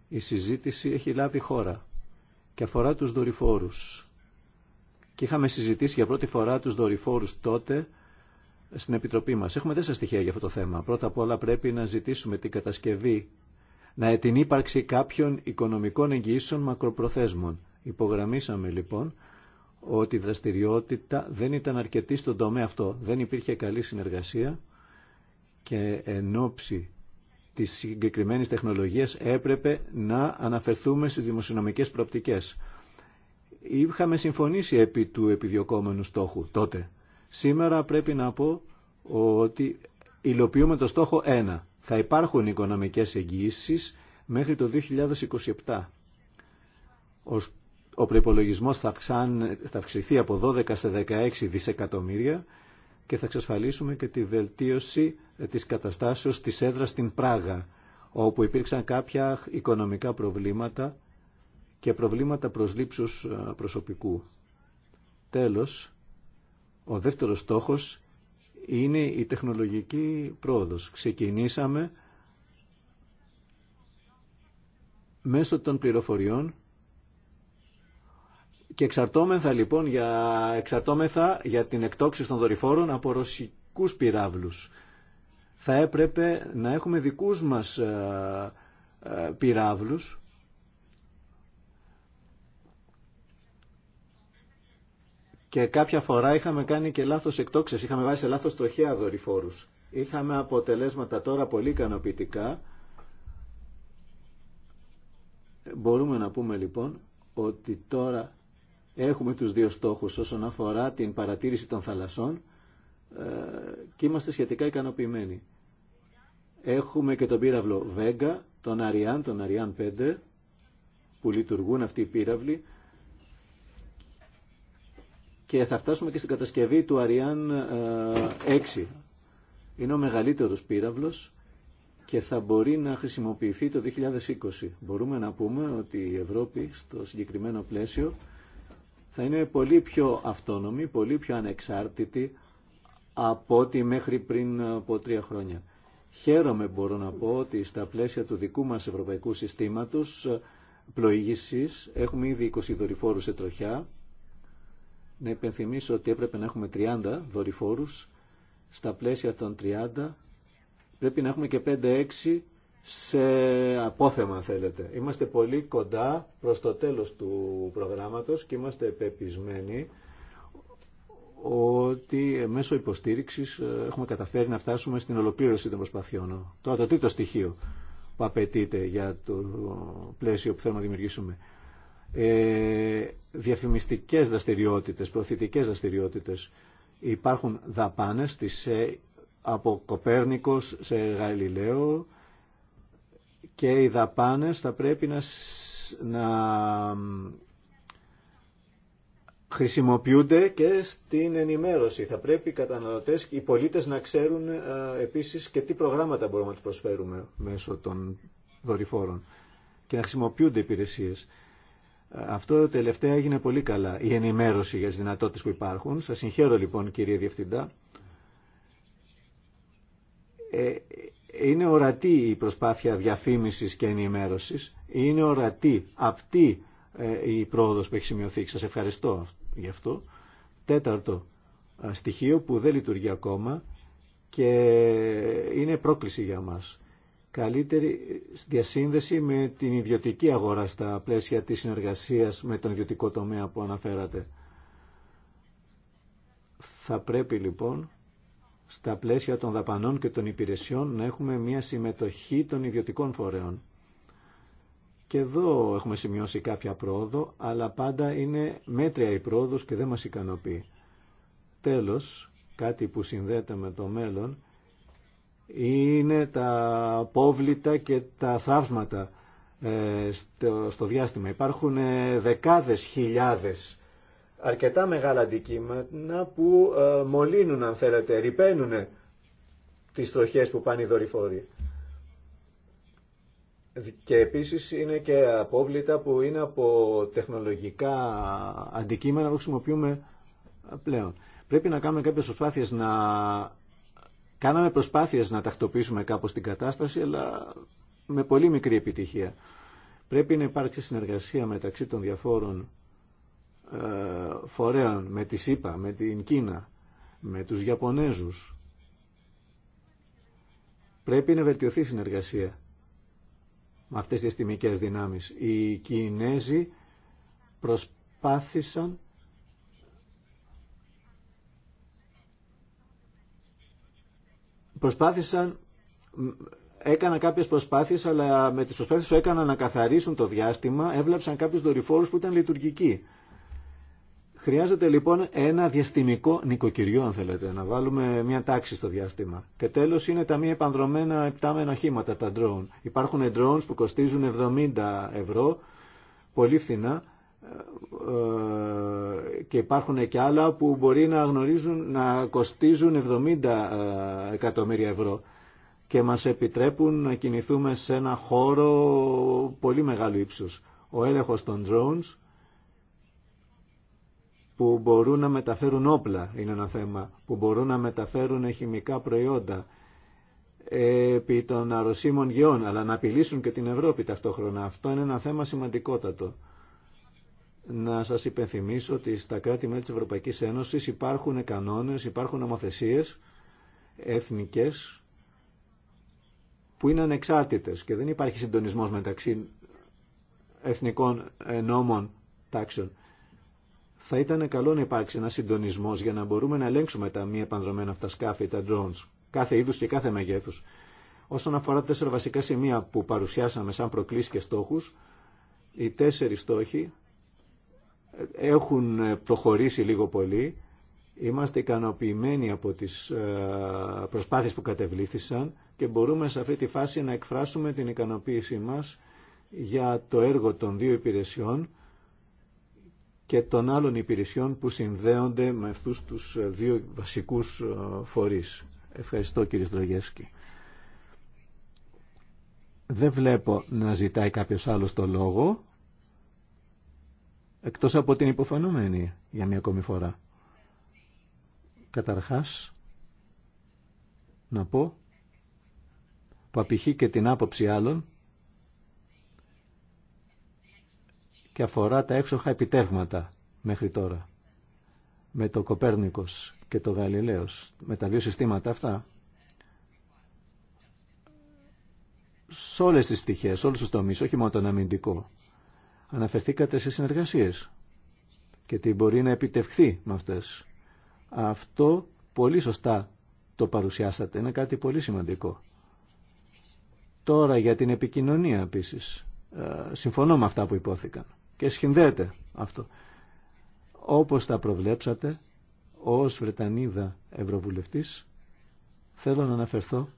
Η συζήτηση έχει λάβει χώρα και αφορά τους δορυφόρους. Και είχαμε συζητήσει για πρώτη φορά τους δορυφόρους τότε στην Επιτροπή μας. Έχουμε τέσσερα στοιχεία για αυτό το θέμα. Πρώτα απ' όλα πρέπει να ζητήσουμε την κατασκευή, να την ύπαρξη κάποιων οικονομικών εγγυήσεων μακροπροθέσμων. Υπογραμμίσαμε λοιπόν ότι η δραστηριότητα δεν ήταν αρκετή στον τομέα αυτό. Δεν υπήρχε καλή συνεργασία και εν ώψη της συγκεκριμένης τεχνολογίας έπρεπε να αναφερθούμε στις δημοσιονομικές προοπτικές. Είχαμε συμφωνήσει επί του επιδιωκόμενου στόχου τότε. Σήμερα πρέπει να πω ότι υλοποιούμε το στόχο 1. Θα υπάρχουν οικονομικές εγγυήσεις μέχρι το 2027 ο προπολογισμό θα, θα αυξηθεί από 12 σε 16 δισεκατομμύρια και θα εξασφαλίσουμε και τη βελτίωση ε, της καταστάσεως της έδρας στην Πράγα, όπου υπήρξαν κάποια οικονομικά προβλήματα και προβλήματα προσλήψους ε, προσωπικού. Τέλος, ο δεύτερος στόχος είναι η τεχνολογική πρόοδος. Ξεκινήσαμε μέσω των πληροφοριών και εξαρτώμεθα λοιπόν για, εξαρτώμεθα για την εκτόξη των δορυφόρων από ρωσικούς πυράβλους. Θα έπρεπε να έχουμε δικούς μας ε, ε πυράβλους και κάποια φορά είχαμε κάνει και λάθος εκτόξευση, είχαμε βάσει σε λάθος τροχέα δορυφόρους. Είχαμε αποτελέσματα τώρα πολύ ικανοποιητικά. Μπορούμε να πούμε λοιπόν ότι τώρα Έχουμε τους δύο στόχους όσον αφορά την παρατήρηση των θαλασσών ε, και είμαστε σχετικά ικανοποιημένοι. Έχουμε και τον πύραυλο Vega, τον Αριάν, τον Αριάν 5, που λειτουργούν αυτοί οι πύραυλοι και θα φτάσουμε και στην κατασκευή του Αριάν ε, 6. Είναι ο μεγαλύτερος πύραυλος και θα μπορεί να χρησιμοποιηθεί το 2020. Μπορούμε να πούμε ότι η Ευρώπη στο συγκεκριμένο πλαίσιο θα είναι πολύ πιο αυτόνομη, πολύ πιο ανεξάρτητη από ό,τι μέχρι πριν από τρία χρόνια. Χαίρομαι μπορώ να πω ότι στα πλαίσια του δικού μας ευρωπαϊκού συστήματος πλοήγησης έχουμε ήδη 20 δορυφόρους σε τροχιά. Να υπενθυμίσω ότι έπρεπε να έχουμε 30 δορυφόρους. Στα πλαίσια των 30 πρέπει να έχουμε και 5-6 σε απόθεμα θέλετε. Είμαστε πολύ κοντά προς το τέλος του προγράμματος και είμαστε πεπισμένοι ότι μέσω υποστήριξης ε, έχουμε καταφέρει να φτάσουμε στην ολοκλήρωση των προσπαθειών. Τώρα το τρίτο στοιχείο που απαιτείται για το πλαίσιο που θέλουμε να δημιουργήσουμε. Ε, διαφημιστικές δραστηριότητες, προωθητικές δραστηριότητες. Υπάρχουν δαπάνες ε, από Κοπέρνικος σε Γαλιλαίο, και οι δαπάνες θα πρέπει να, χρησιμοποιούνται και στην ενημέρωση. Θα πρέπει οι καταναλωτές και οι πολίτες να ξέρουν ε, επίσης και τι προγράμματα μπορούμε να τους προσφέρουμε μέσω των δορυφόρων και να χρησιμοποιούνται υπηρεσίες. Αυτό τελευταία έγινε πολύ καλά, η ενημέρωση για τις δυνατότητες που υπάρχουν. Σας συγχαίρω λοιπόν κύριε Διευθυντά είναι ορατή η προσπάθεια διαφήμισης και ενημέρωσης, είναι ορατή, απτή ε, η πρόοδος που έχει σημειωθεί. Σας ευχαριστώ γι' αυτό. Τέταρτο ε, στοιχείο που δεν λειτουργεί ακόμα και είναι πρόκληση για μας. Καλύτερη διασύνδεση με την ιδιωτική αγορά στα πλαίσια της συνεργασίας με τον ιδιωτικό τομέα που αναφέρατε. Θα πρέπει λοιπόν στα πλαίσια των δαπανών και των υπηρεσιών να έχουμε μια συμμετοχή των ιδιωτικών φορέων. Και εδώ έχουμε σημειώσει κάποια πρόοδο, αλλά πάντα είναι μέτρια η πρόοδος και δεν μας ικανοποιεί. Τέλος, κάτι που συνδέεται με το μέλλον, είναι τα απόβλητα και τα θαύματα ε, στο, διάστημα. Υπάρχουν ε, δεκάδες χιλιάδες αρκετά μεγάλα αντικείμενα που ε, μολύνουν, αν θέλετε, ρηπαίνουν τις τροχές που πάνε οι δορυφόροι. Και επίσης είναι και απόβλητα που είναι από τεχνολογικά αντικείμενα που χρησιμοποιούμε πλέον. Πρέπει να κάνουμε κάποιες προσπάθειες να... Κάναμε προσπάθειες να τακτοποιήσουμε κάπως την κατάσταση, αλλά με πολύ μικρή επιτυχία. Πρέπει να υπάρξει συνεργασία μεταξύ των διαφόρων ε, φορέων, με τη ΣΥΠΑ, με την Κίνα, με τους Ιαπωνέζους. Πρέπει να βελτιωθεί η συνεργασία με αυτές τις τιμικές δυνάμεις. Οι Κινέζοι προσπάθησαν προσπάθησαν έκανα κάποιες προσπάθειες αλλά με τις προσπάθειες που έκαναν να καθαρίσουν το διάστημα έβλαψαν κάποιους δορυφόρους που ήταν λειτουργικοί Χρειάζεται λοιπόν ένα διαστημικό νοικοκυριό, αν θέλετε, να βάλουμε μια τάξη στο διάστημα. Και τέλο είναι τα μη επανδρομένα επτάμενα χήματα τα drone. Υπάρχουν drones που κοστίζουν 70 ευρώ, πολύ φθηνά, ε, και υπάρχουν και άλλα που μπορεί να γνωρίζουν να κοστίζουν 70 ε, εκατομμύρια ευρώ και μας επιτρέπουν να κινηθούμε σε ένα χώρο πολύ μεγάλου ύψους. Ο έλεγχος των drones που μπορούν να μεταφέρουν όπλα είναι ένα θέμα, που μπορούν να μεταφέρουν χημικά προϊόντα επί των αρρωσίμων γεών, αλλά να απειλήσουν και την Ευρώπη ταυτόχρονα. Αυτό είναι ένα θέμα σημαντικότατο. Να σας υπενθυμίσω ότι στα κράτη-μέλη της Ευρωπαϊκής Ένωσης υπάρχουν κανόνες, υπάρχουν νομοθεσίες εθνικές που είναι ανεξάρτητες και δεν υπάρχει συντονισμός μεταξύ εθνικών νόμων τάξεων θα ήταν καλό να υπάρξει ένα συντονισμό για να μπορούμε να ελέγξουμε τα μη επανδρομένα αυτά σκάφη, τα drones, κάθε είδου και κάθε μεγέθου. Όσον αφορά τα τέσσερα βασικά σημεία που παρουσιάσαμε σαν προκλήσει και στόχου, οι τέσσερι στόχοι έχουν προχωρήσει λίγο πολύ. Είμαστε ικανοποιημένοι από τις ε, προσπάθειες που κατεβλήθησαν και μπορούμε σε αυτή τη φάση να εκφράσουμε την ικανοποίησή μας για το έργο των δύο υπηρεσιών και των άλλων υπηρεσιών που συνδέονται με αυτούς τους δύο βασικούς ε, φορείς. Ευχαριστώ κύριε Στρογεύσκη. Δεν βλέπω να ζητάει κάποιος άλλος το λόγο, εκτός από την υποφανούμενη για μια ακόμη φορά. Καταρχάς, να πω, που απηχεί και την άποψη άλλων, και αφορά τα έξοχα επιτεύγματα μέχρι τώρα με το Κοπέρνικος και το Γαλιλαίος, με τα δύο συστήματα αυτά, σε όλες τις πτυχές, σε όλους τους τομείς, όχι μόνο τον αμυντικό, αναφερθήκατε σε συνεργασίες και τι μπορεί να επιτευχθεί με αυτές. Αυτό πολύ σωστά το παρουσιάσατε, είναι κάτι πολύ σημαντικό. Τώρα για την επικοινωνία επίσης. Ε, συμφωνώ με αυτά που υπόθηκαν και συνδέεται αυτό. Όπως τα προβλέψατε, ως Βρετανίδα Ευρωβουλευτής, θέλω να αναφερθώ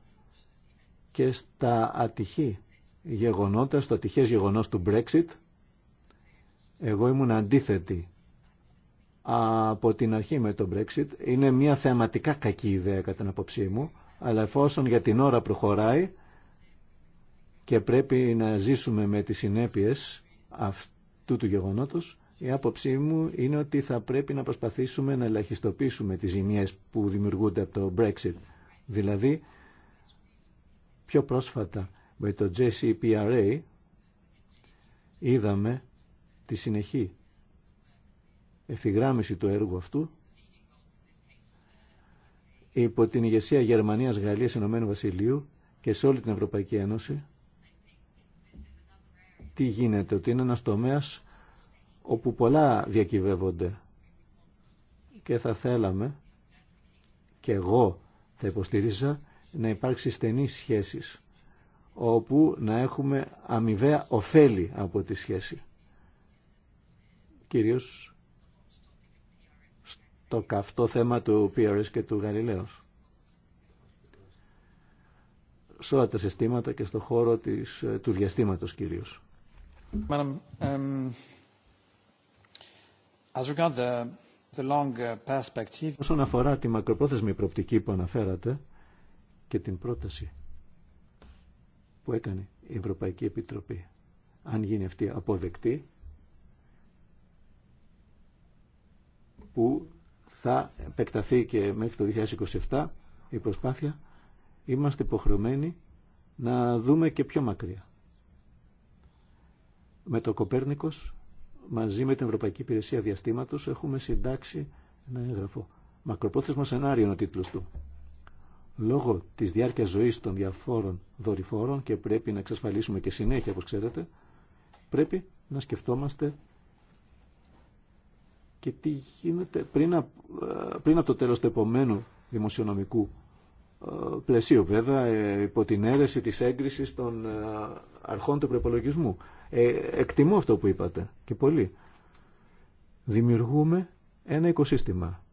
και στα ατυχή γεγονότα, στο ατυχές γεγονός του Brexit. Εγώ ήμουν αντίθετη από την αρχή με το Brexit. Είναι μια θεματικά κακή ιδέα κατά την απόψή μου, αλλά εφόσον για την ώρα προχωράει και πρέπει να ζήσουμε με τις συνέπειες αυτού του γεγονότος, η άποψή μου είναι ότι θα πρέπει να προσπαθήσουμε να ελαχιστοποιήσουμε τις ζημιές που δημιουργούνται από το Brexit. Δηλαδή, πιο πρόσφατα με το JCPRA είδαμε τη συνεχή ευθυγράμμιση του έργου αυτού υπό την ηγεσία Γερμανίας, Γαλλίας, Ηνωμένου Βασιλείου και σε όλη την Ευρωπαϊκή Ένωση τι γίνεται, ότι είναι ένας τομέας όπου πολλά διακυβεύονται και θα θέλαμε και εγώ θα υποστηρίζα να υπάρξει στενή σχέσεις όπου να έχουμε αμοιβαία ωφέλη από τη σχέση. Κυρίως στο καυτό θέμα του PRS και του Γαλιλαίος. Σε όλα τα συστήματα και στο χώρο της, του διαστήματος κυρίως. Madam, um, as regards the uh, perspective... Όσον αφορά τη μακροπρόθεσμη προοπτική που αναφέρατε και την πρόταση που έκανε η Ευρωπαϊκή Επιτροπή, αν γίνει αυτή αποδεκτή, που θα επεκταθεί και μέχρι το 2027 η προσπάθεια, είμαστε υποχρεωμένοι να δούμε και πιο μακριά. Με το Κοπέρνικος, μαζί με την Ευρωπαϊκή Υπηρεσία Διαστήματος, έχουμε συντάξει ένα έγγραφο. Μακροπρόθεσμο σενάριο είναι ο τίτλος του. Λόγω της διάρκειας ζωής των διαφόρων δορυφόρων και πρέπει να εξασφαλίσουμε και συνέχεια, όπως ξέρετε, πρέπει να σκεφτόμαστε και τι γίνεται πριν ε, από, πριν το τέλος του επομένου δημοσιονομικού ε, πλαισίου βέβαια ε, υπό την αίρεση της έγκρισης των αρχών του προπολογισμού. Ε, εκτιμώ αυτό που είπατε και πολύ. Δημιουργούμε ένα οικοσύστημα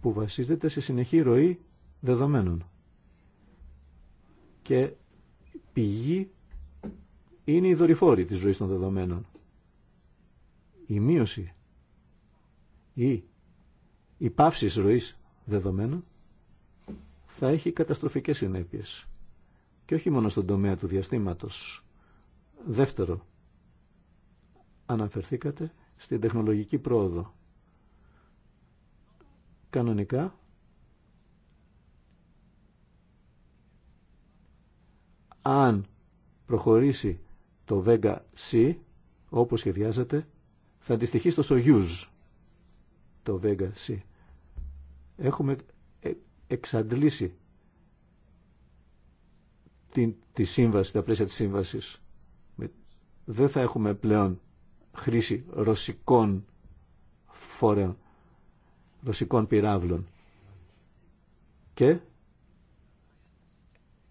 που βασίζεται σε συνεχή ροή δεδομένων. Και πηγή είναι η δορυφόρη της ροής των δεδομένων. Η μείωση ή η πάυση της ροής δεδομένων θα έχει καταστροφικές συνέπειες. Και όχι μόνο στον τομέα του διαστήματος. Δεύτερο, αναφερθήκατε στην τεχνολογική πρόοδο. Κανονικά, αν προχωρήσει το Vega C, όπως σχεδιάζεται, θα αντιστοιχεί στο Soyuz το Vega C. Έχουμε ε, εξαντλήσει τη, τη σύμβαση, τα πλαίσια της σύμβασης δεν θα έχουμε πλέον χρήση ρωσικών φορέων, ρωσικών πυράβλων. Και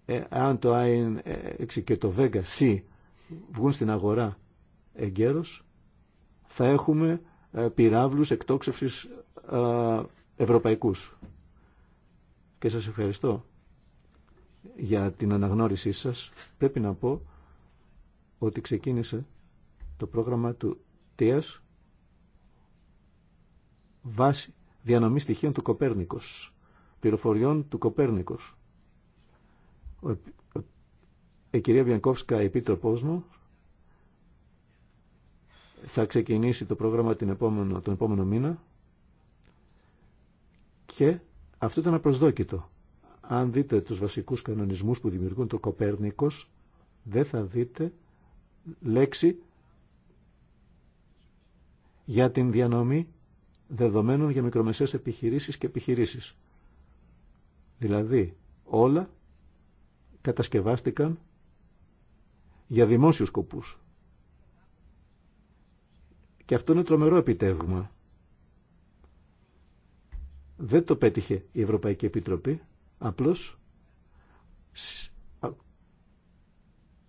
ε, αν το i6 και το ΒΕΓΑ C βγουν στην αγορά εγκαίρως, θα έχουμε ε, πυράβλους εκτόξευσης ε, ευρωπαϊκούς. Και σας ευχαριστώ για την αναγνώρισή σας. Πρέπει να πω ότι ξεκίνησε το πρόγραμμα του ΤΕΑΣ βάση διανομή στοιχείων του Κοπέρνικος, πληροφοριών του Κοπέρνικος. Η κυρία Βιανκόφσκα, επίτροπός μου, θα ξεκινήσει το πρόγραμμα την επόμενο, τον επόμενο μήνα και αυτό ήταν απροσδόκητο. Αν δείτε τους βασικούς κανονισμούς που δημιουργούν το Κοπέρνικος, δεν θα δείτε λέξη για την διανομή δεδομένων για μικρομεσαίες επιχειρήσεις και επιχειρήσεις. Δηλαδή, όλα κατασκευάστηκαν για δημόσιους σκοπούς. Και αυτό είναι τρομερό επιτεύγμα. Δεν το πέτυχε η Ευρωπαϊκή Επιτροπή, απλώς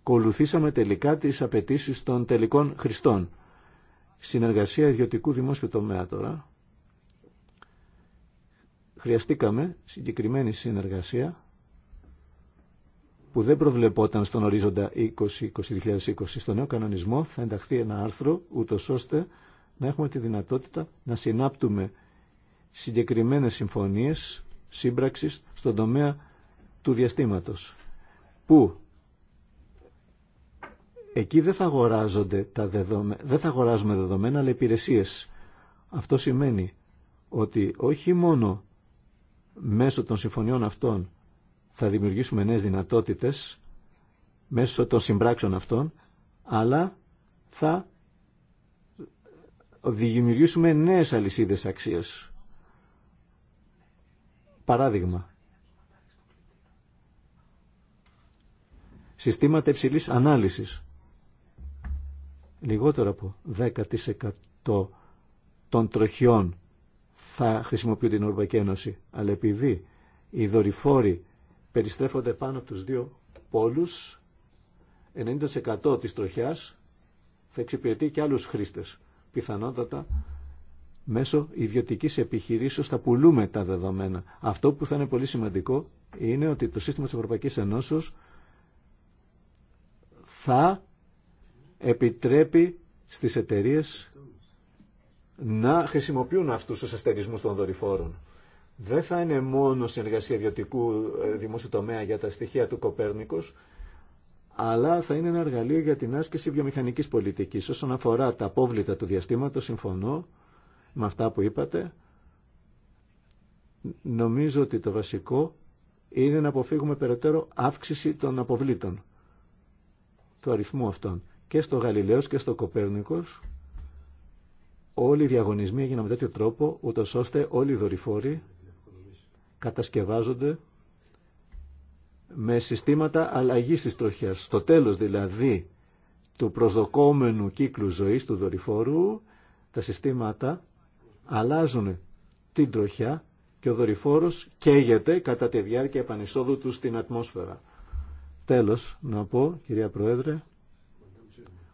ακολουθήσαμε τελικά τις απαιτήσεις των τελικών χρηστών. Συνεργασία ιδιωτικού δημόσιου τομέα τώρα. Χρειαστήκαμε συγκεκριμένη συνεργασία που δεν προβλεπόταν στον οριζοντα 2020 20-2020. Στο νέο κανονισμό θα ενταχθεί ένα άρθρο ούτω ώστε να έχουμε τη δυνατότητα να συνάπτουμε συγκεκριμένες συμφωνίες σύμπραξης στον τομέα του διαστήματος που Εκεί δεν θα, αγοράζονται τα δεν θα αγοράζουμε δεδομένα, αλλά υπηρεσίε. Αυτό σημαίνει ότι όχι μόνο μέσω των συμφωνιών αυτών θα δημιουργήσουμε νέες δυνατότητες, μέσω των συμπράξεων αυτών, αλλά θα δημιουργήσουμε νέες αλυσίδες αξίας. Παράδειγμα, συστήματα υψηλής ανάλυσης λιγότερο από 10% των τροχιών θα χρησιμοποιούν την Ευρωπαϊκή Ένωση. Αλλά επειδή οι δορυφόροι περιστρέφονται πάνω από τους δύο πόλους, 90% της τροχιάς θα εξυπηρετεί και άλλους χρήστες. Πιθανότατα μέσω ιδιωτικής επιχειρήσεως θα πουλούμε τα δεδομένα. Αυτό που θα είναι πολύ σημαντικό είναι ότι το σύστημα της Ευρωπαϊκής Ενώσεως θα επιτρέπει στις εταιρείε να χρησιμοποιούν αυτούς τους αστερισμούς των δορυφόρων. Δεν θα είναι μόνο συνεργασία ιδιωτικού ε, δημόσιου τομέα για τα στοιχεία του Κοπέρνικος, αλλά θα είναι ένα εργαλείο για την άσκηση βιομηχανικής πολιτικής. Όσον αφορά τα απόβλητα του διαστήματος, συμφωνώ με αυτά που είπατε. Νομίζω ότι το βασικό είναι να αποφύγουμε περαιτέρω αύξηση των αποβλήτων, του αριθμού αυτών. Και στο Γαλιλαίος και στο Κοπέρνικος όλοι οι διαγωνισμοί έγιναν με τέτοιο τρόπο, ούτως ώστε όλοι οι δορυφόροι κατασκευάζονται με συστήματα αλλαγής τη τροχιάς. Στο τέλος δηλαδή του προσδοκόμενου κύκλου ζωής του δορυφόρου, τα συστήματα αλλάζουν την τροχιά και ο δορυφόρος καίγεται κατά τη διάρκεια επανεισόδου του στην ατμόσφαιρα. Τέλος, να πω, κυρία Πρόεδρε,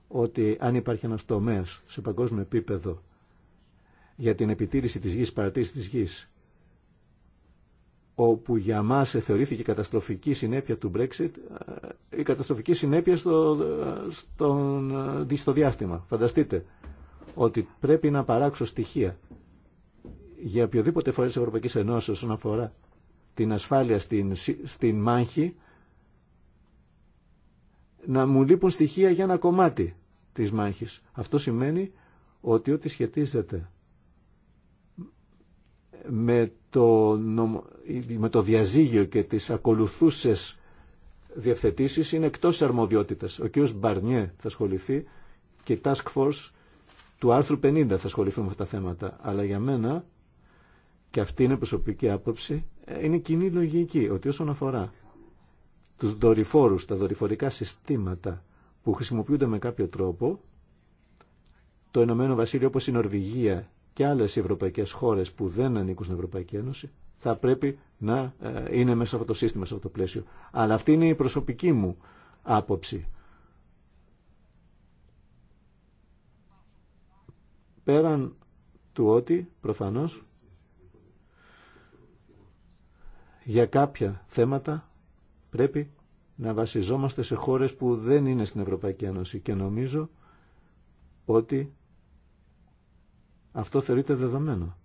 ότι αν υπάρχει ένας τομέας σε παγκόσμιο επίπεδο για την επιτήρηση της γης, παρατήρηση της γης, όπου για μας θεωρήθηκε καταστροφική συνέπεια του Brexit, ε, η καταστροφική συνέπεια στο, στον ε, στο διάστημα. Φανταστείτε ότι πρέπει να παράξω στοιχεία για οποιοδήποτε φορέα της Ευρωπαϊκής Ενώσης όσον αφορά την ασφάλεια στην, στην μάχη να μου λείπουν στοιχεία για ένα κομμάτι της μάχης. Αυτό σημαίνει ότι ό,τι σχετίζεται με το, νομο... με το διαζύγιο και τις ακολουθούσες διευθετήσεις είναι εκτός αρμοδιότητας. Ο κ. Μπαρνιέ θα ασχοληθεί και η Task Force του άρθρου 50 θα ασχοληθούν με αυτά τα θέματα. Αλλά για μένα, και αυτή είναι προσωπική άποψη, ε, είναι κοινή λογική ότι όσον αφορά τους δορυφόρους, τα δορυφορικά συστήματα που χρησιμοποιούνται με κάποιο τρόπο, το Ηνωμένο Βασίλειο όπως η Νορβηγία και άλλες ευρωπαϊκές χώρες που δεν ανήκουν στην Ευρωπαϊκή Ένωση, θα πρέπει να ε, είναι μέσα από το σύστημα, σε αυτό το πλαίσιο. Αλλά αυτή είναι η προσωπική μου άποψη. Πέραν του ότι, προφανώς, για κάποια θέματα Πρέπει να βασιζόμαστε σε χώρες που δεν είναι στην Ευρωπαϊκή Ένωση και νομίζω ότι αυτό θεωρείται δεδομένο.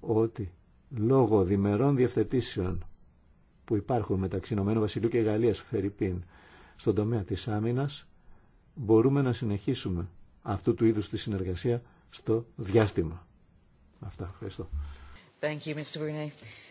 Ότι λόγω διμερών διευθετήσεων που υπάρχουν μεταξύ Ηνωμένου Βασιλείου και Γαλλίας Φερρυπίν στον τομέα της άμυνας μπορούμε να συνεχίσουμε αυτού του είδους τη συνεργασία στο διάστημα. Αυτά. Ευχαριστώ. Thank you, Mr.